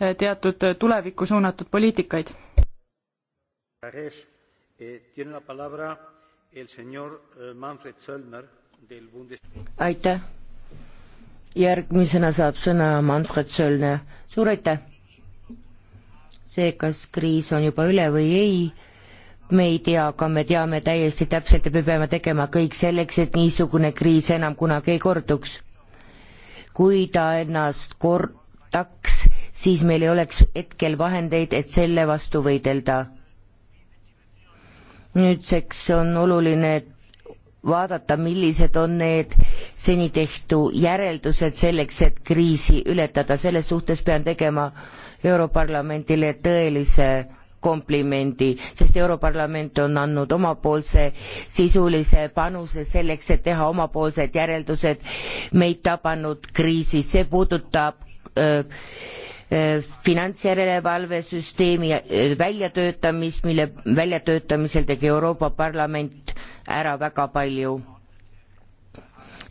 eh, teatud tulevikku suunatud poliitikaid. Eh, eh, aitäh. järgmisena saab sõna Manfred Sölner, suur aitäh see, kas kriis on juba üle või ei, me ei tea, aga me teame täiesti täpselt, et me peame tegema kõik selleks, et niisugune kriis enam kunagi ei korduks. kui ta ennast kordaks, siis meil ei oleks hetkel vahendeid, et selle vastu võidelda. nüüdseks on oluline vaadata, millised on need seni tehtu järeldused selleks, et kriisi ületada, selles suhtes pean tegema Europarlamendile tõelise komplimendi, sest Europarlament on andnud omapoolse sisulise panuse selleks, et teha omapoolsed järeldused meid tabanud kriisis, see puudutab öö, äh, äh, finantsjärelevalvesüsteemi äh, väljatöötamist, mille väljatöötamisel tegi Euroopa Parlament ära väga palju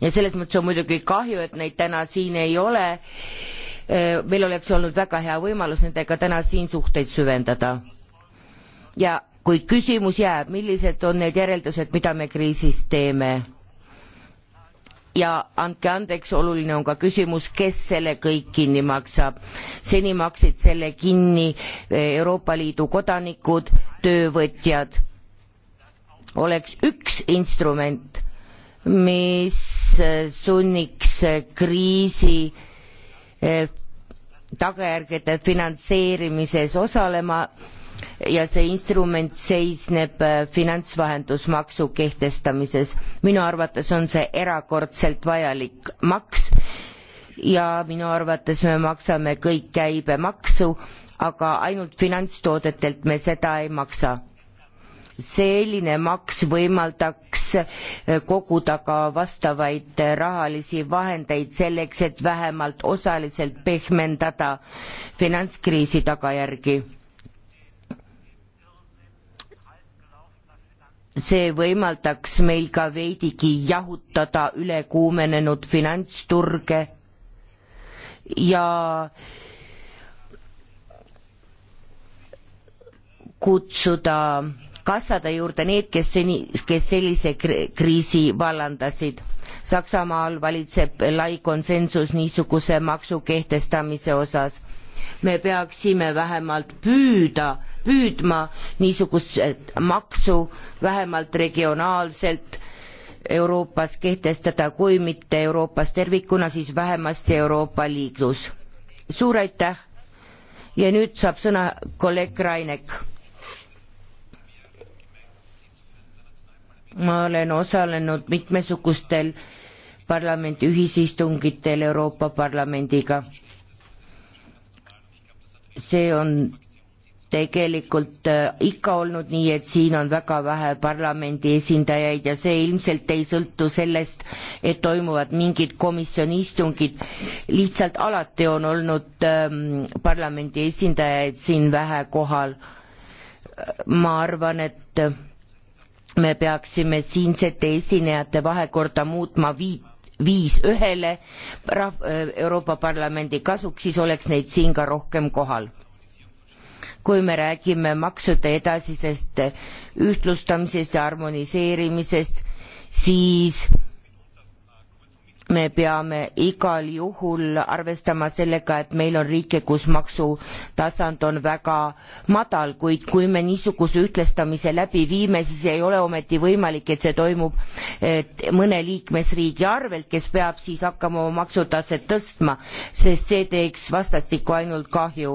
ja selles mõttes on muidugi kahju, et neid täna siin ei ole Äh, meil oleks olnud väga hea võimalus nendega täna siin suhteid süvendada. ja kuid küsimus jääb, millised on need järeldused, mida me kriisist teeme? ja andke andeks, oluline on ka küsimus, kes selle kõik kinni maksab. seni maksid selle kinni äh, Euroopa Liidu kodanikud, töövõtjad. oleks üks instrument, mis äh, sunniks kriisi Eh, tagajärgede finantseerimises osalema ja see instrument seisneb eh, finantsvahendusmaksu kehtestamises. minu arvates on see erakordselt vajalik maks ja minu arvates me maksame kõik käibemaksu, aga ainult finantstoodetelt me seda ei maksa selline maks võimaldaks eh, koguda ka vastavaid eh, rahalisi vahendeid selleks, et vähemalt osaliselt pehmendada finantskriisi tagajärgi. see võimaldaks meil ka veidigi jahutada ülekuumenenud finantsturge ja kutsuda kassade juurde need, kes seni, kes sellise kriisi vallandasid. Saksamaal valitseb lai konsensus niisuguse maksu kehtestamise osas. me peaksime vähemalt püüda, püüdma niisugust maksu vähemalt regionaalselt Euroopas kehtestada, kui mitte Euroopas tervikuna, siis vähemasti Euroopa Liidus. suur aitäh ja nüüd saab sõna kolleeg Rainek ma olen osalenud mitmesugustel parlamendi ühisistungitel Euroopa Parlamendiga. see on tegelikult äh, ikka olnud nii, et siin on väga vähe parlamendi esindajaid ja see ilmselt ei sõltu sellest, et toimuvad mingid komisjoni istungid. lihtsalt alati on olnud ähm, parlamendi esindajaid siin vähe kohal. Äh, ma arvan, et me peaksime siinsete esinejate vahekorda muutma viit, viis ühele rahv-, Euroopa Parlamendi kasuks, siis oleks neid siin ka rohkem kohal. kui me räägime maksude edasisest ühtlustamisest ja harmoniseerimisest, siis me peame igal juhul arvestama sellega, et meil on riike, kus maksutasand on väga madal, kuid kui me niisuguse ühtlustamise läbi viime, siis ei ole ometi võimalik, et see toimub et mõne liikmesriigi arvelt, kes peab siis hakkama oma maksutaset tõstma, sest see teeks vastastikku ainult kahju.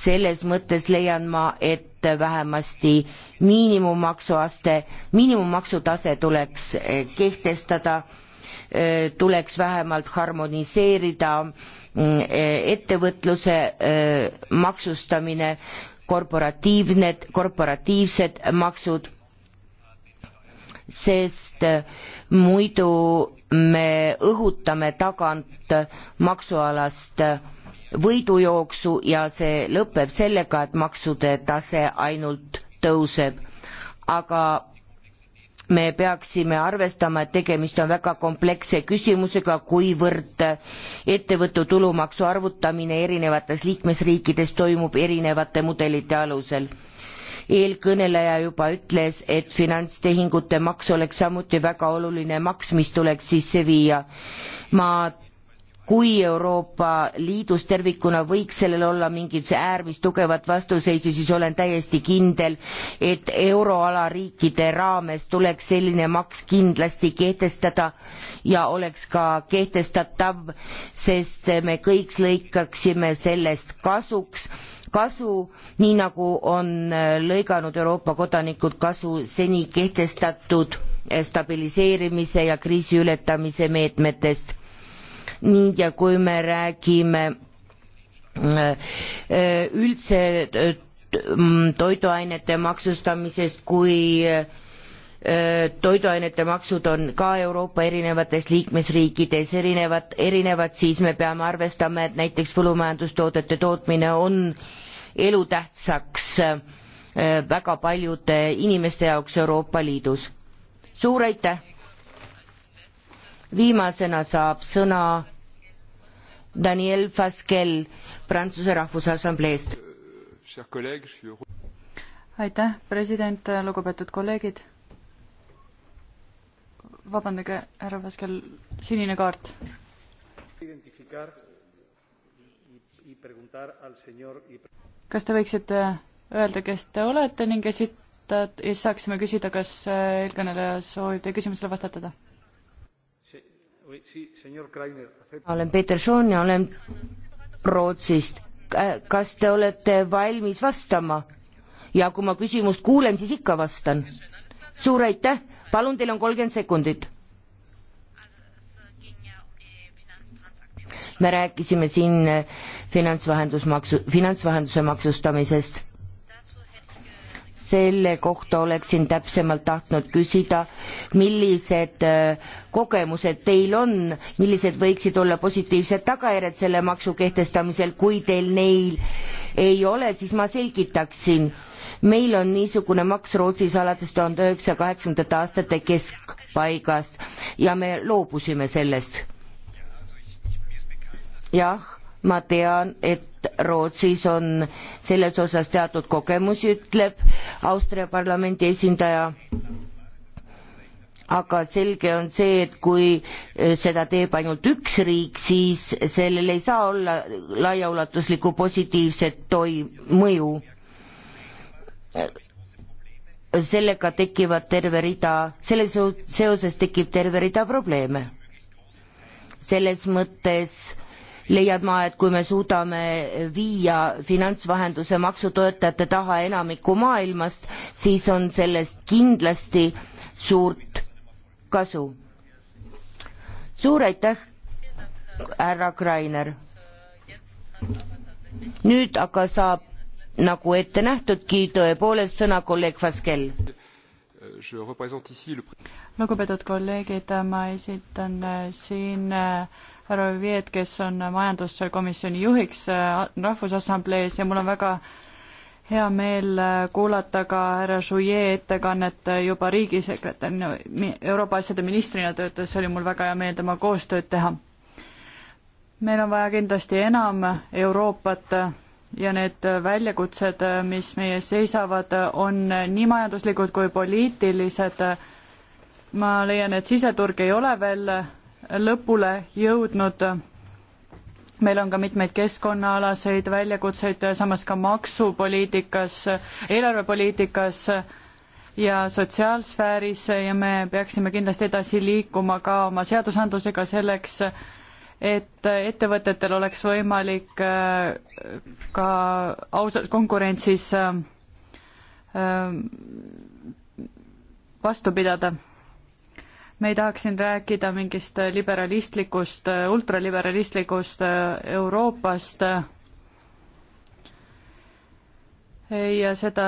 selles mõttes leian ma, et vähemasti miinimummaksuaste, miinimummaksutase tuleks kehtestada Eh, tuleks vähemalt harmoniseerida mm, eh, ettevõtluse eh, maksustamine, korporatiivne, korporatiivsed maksud, sest muidu me õhutame tagant maksualast võidujooksu ja see lõpeb sellega, et maksude tase ainult tõuseb. aga me peaksime arvestama, et tegemist on väga kompleksse küsimusega, kuivõrd ettevõtte tulumaksu arvutamine erinevates liikmesriikides toimub erinevate mudelite alusel. eelkõneleja juba ütles, et finantstehingute maks oleks samuti väga oluline maks, mis tuleks sisse viia. ma kui Euroopa Liidus tervikuna võiks sellel olla mingit äärmist tugevat vastuseisu, siis olen täiesti kindel, et euroala riikide raames tuleks selline maks kindlasti kehtestada ja oleks ka kehtestatav, sest me kõik lõikaksime sellest kasuks kasu, nii nagu on lõiganud Euroopa kodanikud kasu seni kehtestatud stabiliseerimise ja kriisi ületamise meetmetest ning ja kui me räägime äh, äh, üldse äh, toiduainete maksustamisest, kui toiduainete maksud on ka Euroopa erinevates liikmesriikides erinevad, erinevad, siis me peame arvestama, et näiteks põllumajandustoodete tootmine on elutähtsaks väga paljude inimeste jaoks Euroopa Liidus. suur aitäh! viimasena saab sõna Daniel Fasquel Prantsuse Rahvusassambleest. aitäh, president, lugupeetud kolleegid. vabandage, härra Fasquel, sinine kaart. kas te võiksite öelda, kes te olete ning esitada, siis saaksime küsida, kas äh, eelkõneleja soovib teie küsimusele vastatada? olen Peterson ja olen Rootsist. Äh, kas te olete valmis vastama? ja kui ma küsimust kuulen, siis ikka vastan. suur aitäh, palun, teil on kolmkümmend sekundit. me rääkisime siin äh, finantsvahendusmaksu, finantsvahenduse maksustamisest selle kohta oleksin täpsemalt tahtnud küsida, millised äh, kogemused teil on, millised võiksid olla positiivsed tagajärjed selle maksu kehtestamisel, kui teil neil ei ole, siis ma selgitaksin. meil on niisugune maks Rootsis alates tuhande üheksasaja kaheksakümnendate aastate keskpaigast ja me loobusime sellest. jah, ma tean, et Rootsis on selles osas teatud kogemusi, ütleb Austria parlamendi esindaja. aga selge on see, et kui eh, seda teeb ainult üks riik, siis sellel ei saa olla laiaulatuslikku positiivset toim-, mõju. sellega tekivad terve rida, selle seoses tekib terve rida probleeme. selles mõttes leiad ma, et kui me suudame viia finantsvahenduse maksutoetajate taha enamiku maailmast, siis on sellest kindlasti suurt kasu. suur aitäh, härra Kreiner. nüüd aga saab nagu ette nähtudki, tõepoolest sõna kolleeg Vaskel lugupeetud kolleegid, ma esitan äh, siin äh, härra Viet, kes on majanduskomisjoni juhiks äh, Rahvusassamblees ja mul on väga hea meel äh, kuulata ka härra Jouye ettekannet äh, juba riigisekretärina, Euroopa asjade ministrina töötades oli mul väga hea meel temaga koostööd teha. meil on vaja kindlasti enam Euroopat ja need väljakutsed, mis meie ees seisavad, on nii majanduslikud kui poliitilised. ma leian, et siseturg ei ole veel lõpule jõudnud. meil on ka mitmeid keskkonnaalaseid väljakutseid, samas ka maksupoliitikas, eelarvepoliitikas ja sotsiaalsfääris ja me peaksime kindlasti edasi liikuma ka oma seadusandlusega selleks, et ettevõtetel oleks võimalik äh, ka ausas konkurentsis äh, äh, vastu pidada me ei tahaks siin rääkida mingist liberalistlikust, ultraliberalistlikust äh, Euroopast. ei, seda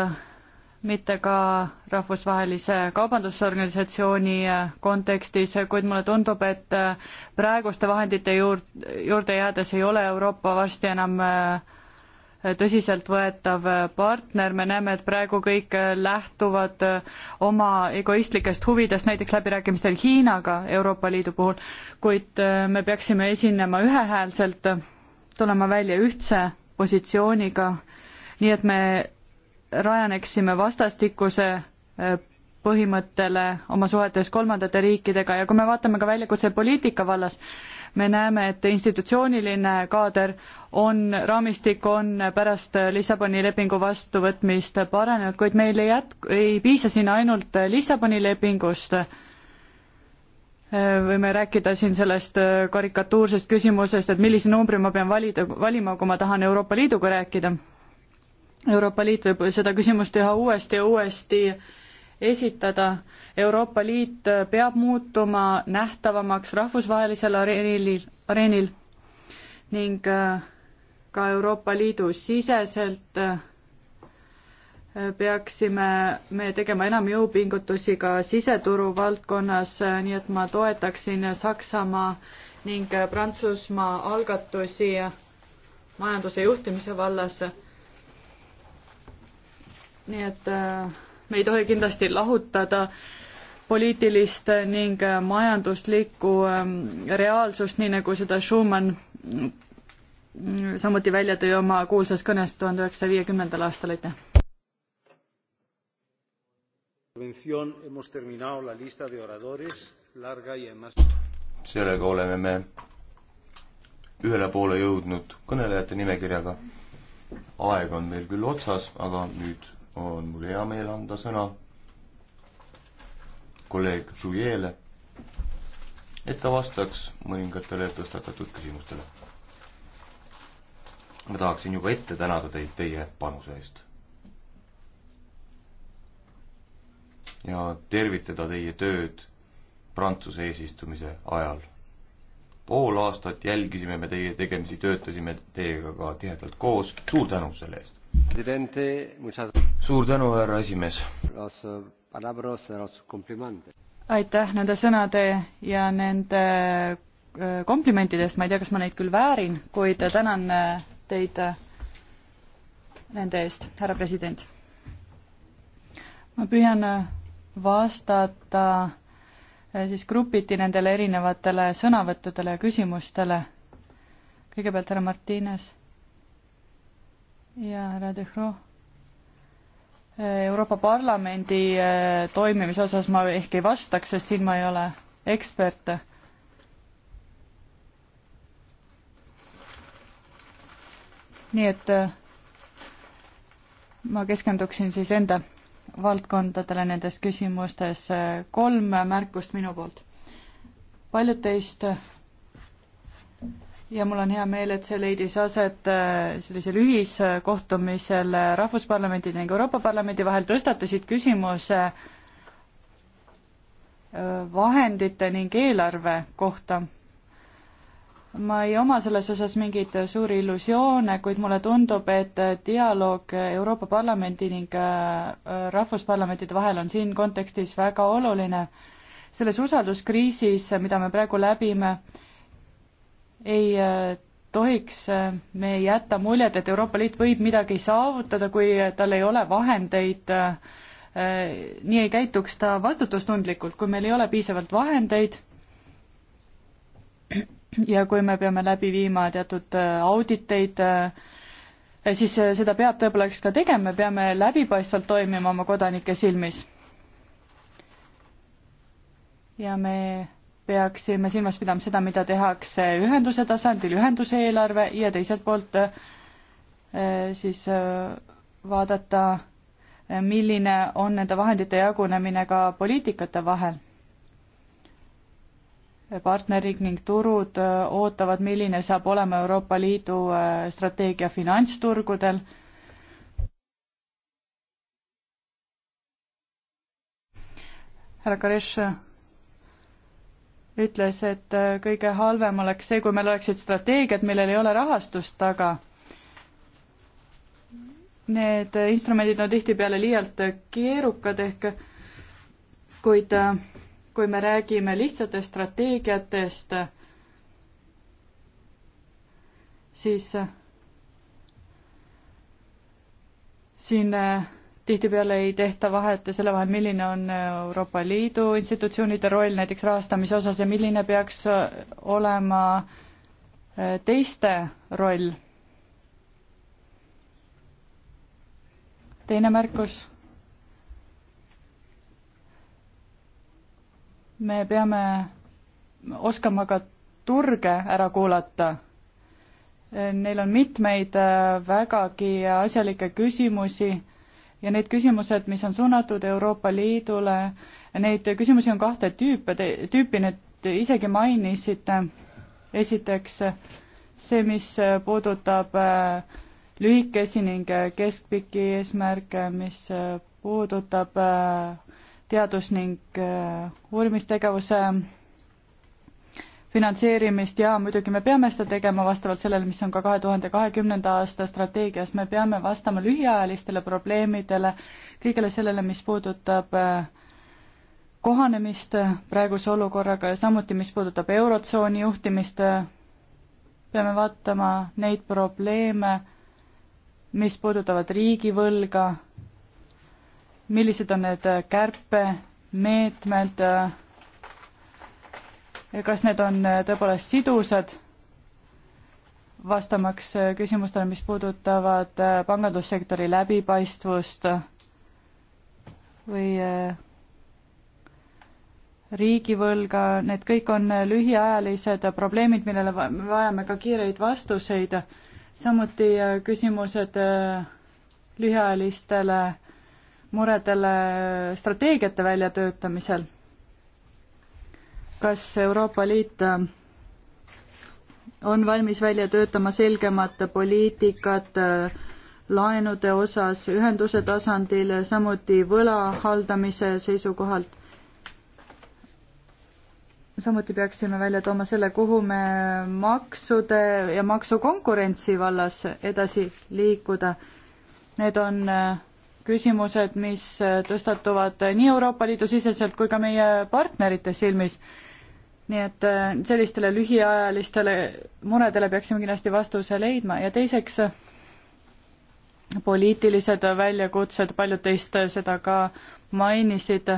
mitte ka rahvusvahelise kaubandusorganisatsiooni äh, kontekstis, kuid mulle tundub, et äh, praeguste vahendite juurde, juurde jäädes ei ole Euroopa varsti enam äh, tõsiseltvõetav partner, me näeme, et praegu kõik lähtuvad oma egoistlikest huvidest, näiteks läbirääkimistel Hiinaga Euroopa Liidu puhul, kuid äh, me peaksime esinema ühehäälselt, tulema välja ühtse positsiooniga, nii et me rajaneksime vastastikuse äh, põhimõttele oma suhetes kolmandate riikidega ja kui me vaatame ka väljakutse poliitika vallas, me näeme, et institutsiooniline kaader on, raamistik on pärast Lissaboni lepingu vastuvõtmist paranenud, kuid meil ei jätku, ei piisa siin ainult Lissaboni lepingust, võime rääkida siin sellest karikatuursest küsimusest, et millise numbri ma pean valida, valima, kui ma tahan Euroopa Liiduga rääkida. Euroopa Liit võib seda küsimust üha uuesti ja uuesti esitada Euroopa Liit peab muutuma nähtavamaks rahvusvahelisel areenil, areenil ning äh, ka Euroopa Liidu siseselt äh, peaksime me tegema enam jõupingutusi ka siseturu valdkonnas, äh, nii et ma toetaksin Saksamaa ning Prantsusmaa algatusi majanduse juhtimise vallas. nii et me ei tohi kindlasti lahutada äh, poliitilist ning äh, majanduslikku ähm, reaalsust, nii nagu seda Schumann mm, samuti välja tõi oma kuulsas kõnes tuhande üheksasaja viiekümnendal aastal, aitäh. sellega oleme me ühele poole jõudnud kõnelejate nimekirjaga. aeg on meil küll otsas, aga nüüd on mul hea meel anda sõna kolleeg Žujele, et ta vastaks mõningatele tõstatatud küsimustele. ma tahaksin juba ette tänada teid teie panuse eest. ja tervitada teie tööd Prantsuse eesistumise ajal. pool aastat jälgisime me teie tegemisi, töötasime teiega ka tihedalt koos, suur tänu selle eest! suur tänu, härra esimees! aitäh nende sõnade ja nende äh, komplimentide eest, ma ei tea, kas ma neid küll väärin, kuid tänan äh, teid äh, nende eest, härra president. ma püüan vastata siis grupiti nendele erinevatele sõnavõttudele ja küsimustele. kõigepealt härra Martines ja härra Tehro Euroopa Parlamendi äh, toimimise osas ma ehk ei vastaks, sest siin ma ei ole ekspert. nii et äh, ma keskenduksin siis enda valdkondadele nendes küsimustes. kolm märkust minu poolt. paljud teist ja mul on hea meel, et see leidis aset äh, sellisel ühiskohtumisel Rahvusparlamendi ning Euroopa Parlamendi vahel, tõstatasid küsimuse äh, vahendite ning eelarve kohta. ma ei oma selles osas mingeid suuri illusioone, kuid mulle tundub, et dialoog Euroopa Parlamendi ning äh, rahvusparlamentide vahel on siin kontekstis väga oluline. selles usalduskriisis, mida me praegu läbime, ei äh, tohiks äh, me jätta muljet, et Euroopa Liit võib midagi saavutada, kui tal ei ole vahendeid, äh, nii ei käituks ta vastutustundlikult, kui meil ei ole piisavalt vahendeid ja kui me peame läbi viima teatud auditeid, siis seda peab tõepoolest ka tegema, me peame läbipaistvalt toimima oma kodanike silmis. ja me peaksime silmas pidama seda, mida tehakse ühenduse tasandil, ühenduse eelarve ja teiselt poolt eh, siis eh, vaadata, eh, milline on nende vahendite jagunemine ka poliitikate vahel. partnerid ning turud ootavad, milline saab olema Euroopa Liidu strateegia finantsturgudel härra Karesh ütles, et äh, kõige halvem oleks see, kui meil oleksid strateegiad, millel ei ole rahastust taga. Need instrumendid on tihtipeale liialt keerukad ehk kuid äh, kui me räägime lihtsatest strateegiatest, siis äh, siin tihtipeale ei tehta vahet selle vahel, milline on Euroopa Liidu institutsioonide roll näiteks rahastamise osas ja milline peaks olema äh, teiste roll. teine märkus. me peame oskama ka turge ära kuulata äh, neil on mitmeid äh, vägagi asjalikke küsimusi, ja need küsimused, mis on suunatud Euroopa Liidule, neid küsimusi on kahte tüüpe, tüüpi, need te isegi mainisite. esiteks see, mis puudutab äh, lühikesi ning äh, keskpikki eesmärke, mis äh, puudutab teadus- ning uurimistegevuse finantseerimist ja muidugi me peame seda tegema vastavalt sellele, mis on ka kahe tuhande kahekümnenda aasta strateegias, me peame vastama lühiajalistele probleemidele, kõigele sellele, mis puudutab äh, kohanemist äh, praeguse olukorraga ja samuti, mis puudutab Eurotsooni juhtimist, äh, peame vaatama neid probleeme, mis puudutavad riigivõlga, millised on need kärpemeetmed, kas need on äh, tõepoolest sidusad, vastamaks äh, küsimustele, mis puudutavad äh, pangandussektori läbipaistvust või riigivõlga, need kõik on lühiajalised probleemid, millele vajame ka kiireid vastuseid. samuti küsimused lühiajalistele muredele strateegiate väljatöötamisel kas Euroopa Liit äh, on valmis välja töötama selgemat poliitikat äh, laenude osas ühenduse tasandil, samuti võla haldamise seisukohalt. samuti peaksime välja tooma selle, kuhu me maksude ja maksukonkurentsi vallas edasi liikuda. Need on äh, küsimused, mis tõstatuvad nii Euroopa Liidu siseselt kui ka meie partnerite silmis nii et äh, sellistele lühiajalistele muredele peaksime kindlasti vastuse leidma ja teiseks poliitilised väljakutsed, paljud teist seda ka mainisid.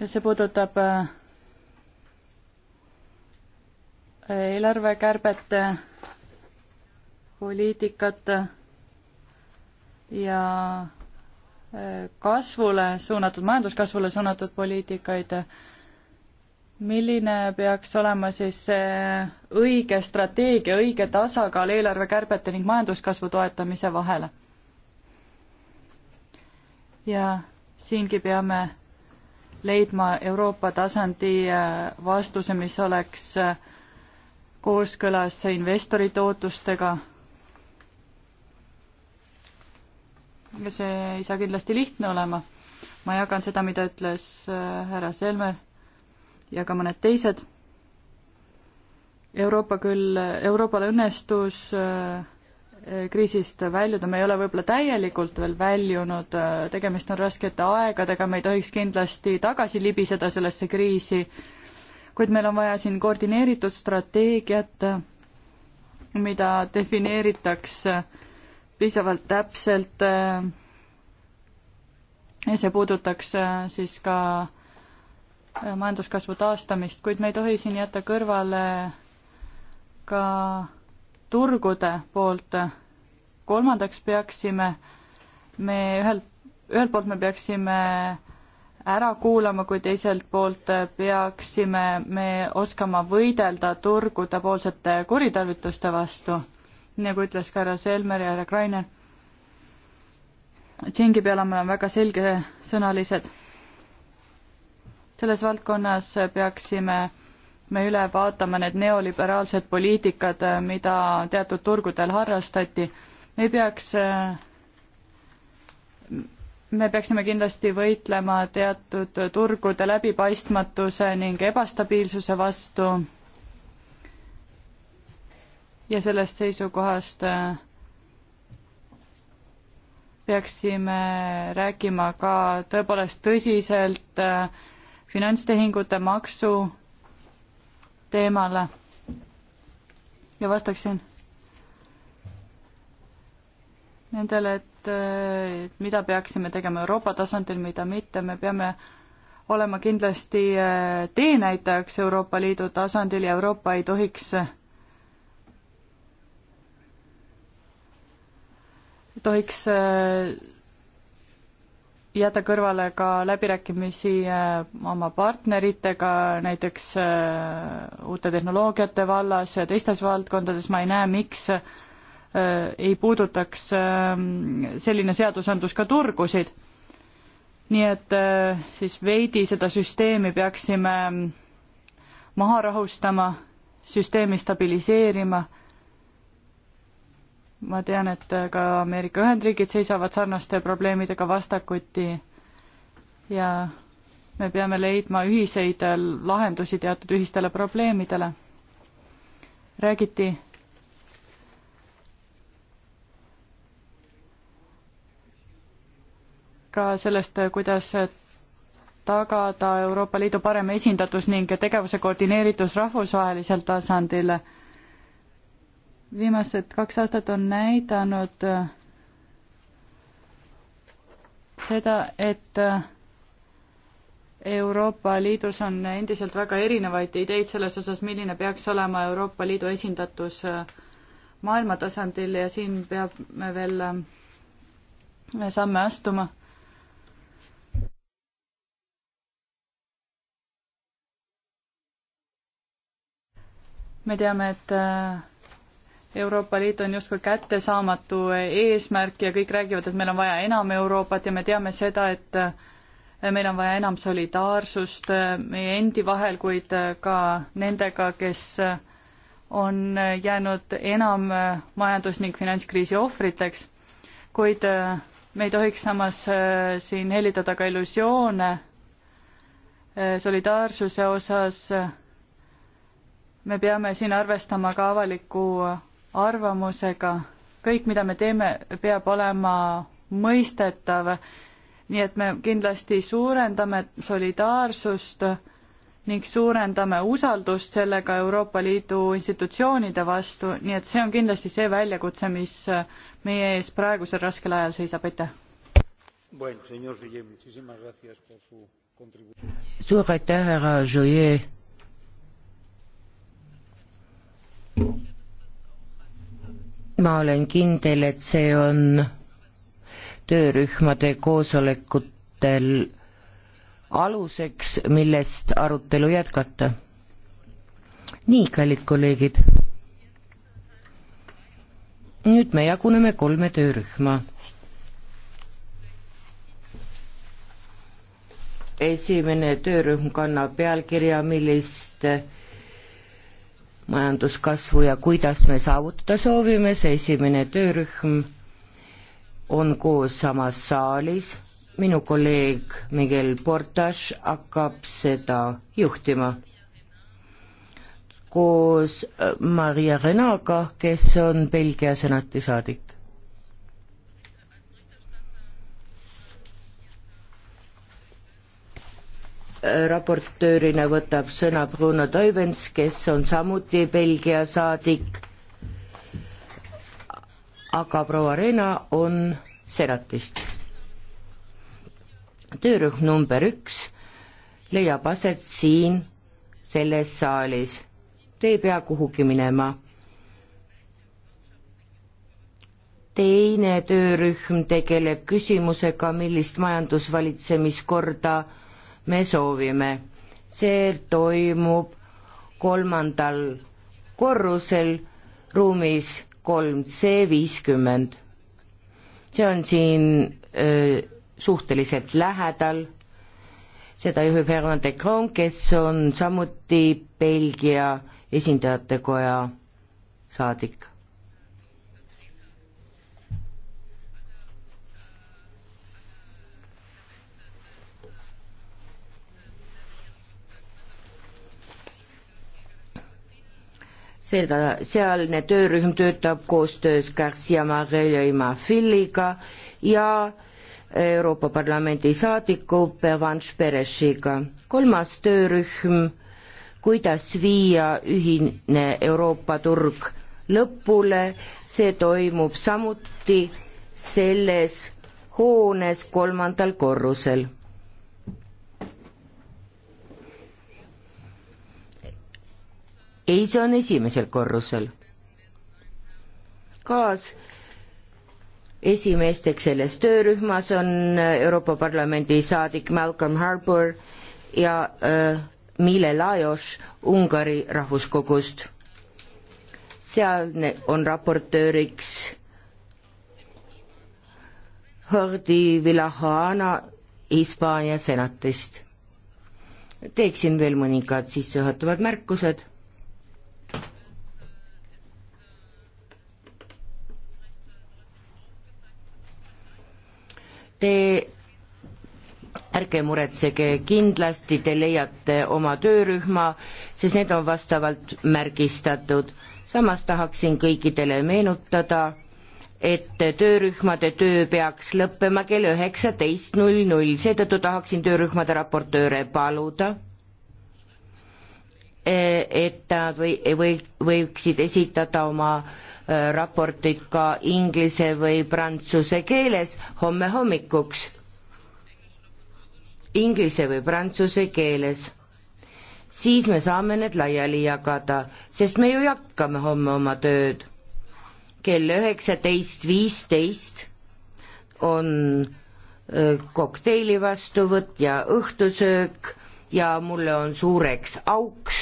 ja see puudutab äh, eelarvekärbete poliitikat ja äh, kasvule suunatud, majanduskasvule suunatud poliitikaid, milline peaks olema siis see õige strateegia, õige tasakaal eelarvekärbete ning majanduskasvu toetamise vahel? ja siingi peame leidma Euroopa tasandi äh, vastuse, mis oleks äh, kooskõlas investorite ootustega aga see ei saa kindlasti lihtne olema. ma jagan seda, mida ütles äh, härra Selmer ja ka mõned teised. Euroopa küll, Euroopal õnnestus äh, kriisist väljuda, me ei ole võib-olla täielikult veel väljunud, äh, tegemist on raskete aegadega, me ei tohiks kindlasti tagasi libiseda sellesse kriisi, kuid meil on vaja siin koordineeritud strateegiat, mida defineeritakse äh, piisavalt täpselt äh, ja see puudutaks äh, siis ka äh, majanduskasvu taastamist, kuid me ei tohi siin jätta kõrvale ka turgude poolt. kolmandaks peaksime me ühelt, ühelt poolt me peaksime ära kuulama, kui teiselt poolt peaksime me oskama võidelda turgude poolsete kuritarvituste vastu nagu ütles ka härra Selmer ja härra Krainer. Tšingi peale me oleme väga selgesõnalised. selles valdkonnas peaksime me üle vaatama need neoliberaalsed poliitikad, mida teatud turgudel harrastati. me ei peaks, me peaksime kindlasti võitlema teatud turgude läbipaistmatuse ning ebastabiilsuse vastu ja sellest seisukohast äh, peaksime rääkima ka tõepoolest tõsiselt äh, finantstehingute maksu teemale. ja vastaksin nendele, et, äh, et mida peaksime tegema Euroopa tasandil, mida mitte, me peame olema kindlasti teenäitajaks Euroopa Liidu tasandil ja Euroopa ei tohiks tohiks äh, jätta kõrvale ka läbirääkimisi äh, oma partneritega, näiteks äh, uute tehnoloogiate vallas ja teistes valdkondades, ma ei näe, miks ei puudutaks ähm, selline seadusandlus ka turgusid. nii et siis veidi seda süsteemi peaksime maha rahustama, süsteemi stabiliseerima ma tean, et ka Ameerika Ühendriigid seisavad sarnaste probleemidega vastakuti ja me peame leidma ühiseid lahendusi teatud ühistele probleemidele. räägiti ka sellest, kuidas tagada Euroopa Liidu parem esindatus ning tegevuse koordineeritus rahvusvahelisel tasandil viimased kaks aastat on näidanud äh, seda, et äh, Euroopa Liidus on endiselt väga erinevaid ideid selles osas, milline peaks olema Euroopa Liidu esindatus äh, maailma tasandil ja siin peab me veel samme astuma me teame, et Euroopa Liit on justkui kättesaamatu eesmärk ja kõik räägivad, et meil on vaja enam Euroopat ja me teame seda, et äh, meil on vaja enam solidaarsust äh, meie endi vahel, kuid äh, ka nendega, kes on jäänud enam majandus- ning finantskriisi ohvriteks. kuid me ei tohiks samas siin hellitada ka illusioone solidaarsuse osas. me peame siin arvestama ka avaliku arvamusega. kõik, mida me teeme, peab olema mõistetav. nii et me kindlasti suurendame solidaarsust ning suurendame usaldust sellega Euroopa Liidu institutsioonide vastu, nii et see on kindlasti see väljakutse, mis meie ees praegusel raskel ajal seisab, aitäh! suur aitäh, härra Jouyet! ma olen kindel, et see on töörühmade koosolekutel aluseks, millest arutelu jätkata. nii, kallid kolleegid. nüüd me jaguneme kolme töörühma. esimene töörühm kannab pealkirja, millist majanduskasvu ja kuidas me saavutada soovime, see esimene töörühm on koos samas saalis, minu kolleeg Miguel Portas hakkab seda juhtima. koos äh, Maria Renaga, kes on Belgia senati saadik. raportöörina võtab sõna Bruno Toivens, kes on samuti Belgia saadik, aga proua Reena on senatist. töörühm number üks leiab aset siin selles saalis. Te ei pea kuhugi minema. teine töörühm tegeleb küsimusega, millist majandusvalitsemiskorda me soovime. see toimub kolmandal korrusel ruumis kolm C viiskümmend. see on siin öö, suhteliselt lähedal, seda juhib Herman de Kroon, kes on samuti Belgia esindajate koja saadik seda, sealne töörühm töötab koostöös Garcia Marello ima Filliga ja Euroopa Parlamendi saadiku Pervanš Perešiga. kolmas töörühm, kuidas viia ühine Euroopa turg lõpule, see toimub samuti selles hoones kolmandal korrusel ei, see on esimesel korrusel. kaas esimeesteks selles töörühmas on äh, Euroopa Parlamendi saadik Malcolm Harbour ja äh, Mile Lajos Ungari rahvuskogust. seal on raportööriks Jordi Villahana Hispaania senatist. teeksin veel mõningad sissejuhatavad märkused ärge muretsege, kindlasti te leiate oma töörühma, sest need on vastavalt märgistatud. samas tahaksin kõikidele meenutada, et töörühmade töö peaks lõppema kell üheksateist null null, seetõttu tahaksin töörühmade raportööre paluda, et nad või, või võiksid esitada oma äh, raportid ka inglise või prantsuse keeles homme hommikuks inglise või prantsuse keeles. siis me saame need laiali jagada, sest me ju jätkame homme oma tööd. kell üheksateist viisteist on kokteili vastuvõtt ja õhtusöök ja mulle on suureks auks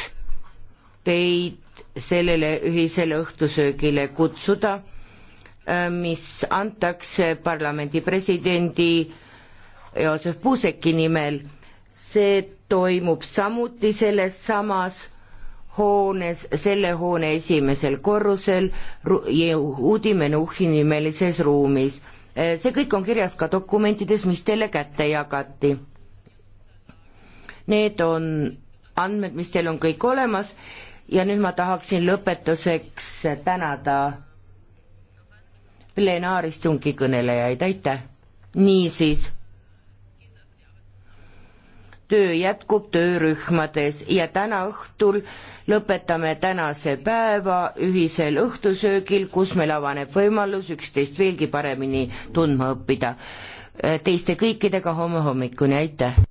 teid sellele ühisele õhtusöögile kutsuda, mis antakse parlamendi presidendi Joosef Puuseki nimel. see toimub samuti selles samas hoones, selle hoone esimesel korrusel Jehudi Menuhhi nimelises ruumis. Eh, see kõik on kirjas ka dokumentides, mis teile kätte jagati. Need on andmed, mis teil on kõik olemas ja nüüd ma tahaksin lõpetuseks tänada plenaaristungi kõnelejaid, aitäh! niisiis töö jätkub töörühmades ja täna õhtul lõpetame tänase päeva ühisel õhtusöögil, kus meil avaneb võimalus üksteist veelgi paremini tundma õppida. Teiste kõikidega homme hommikuni, aitäh!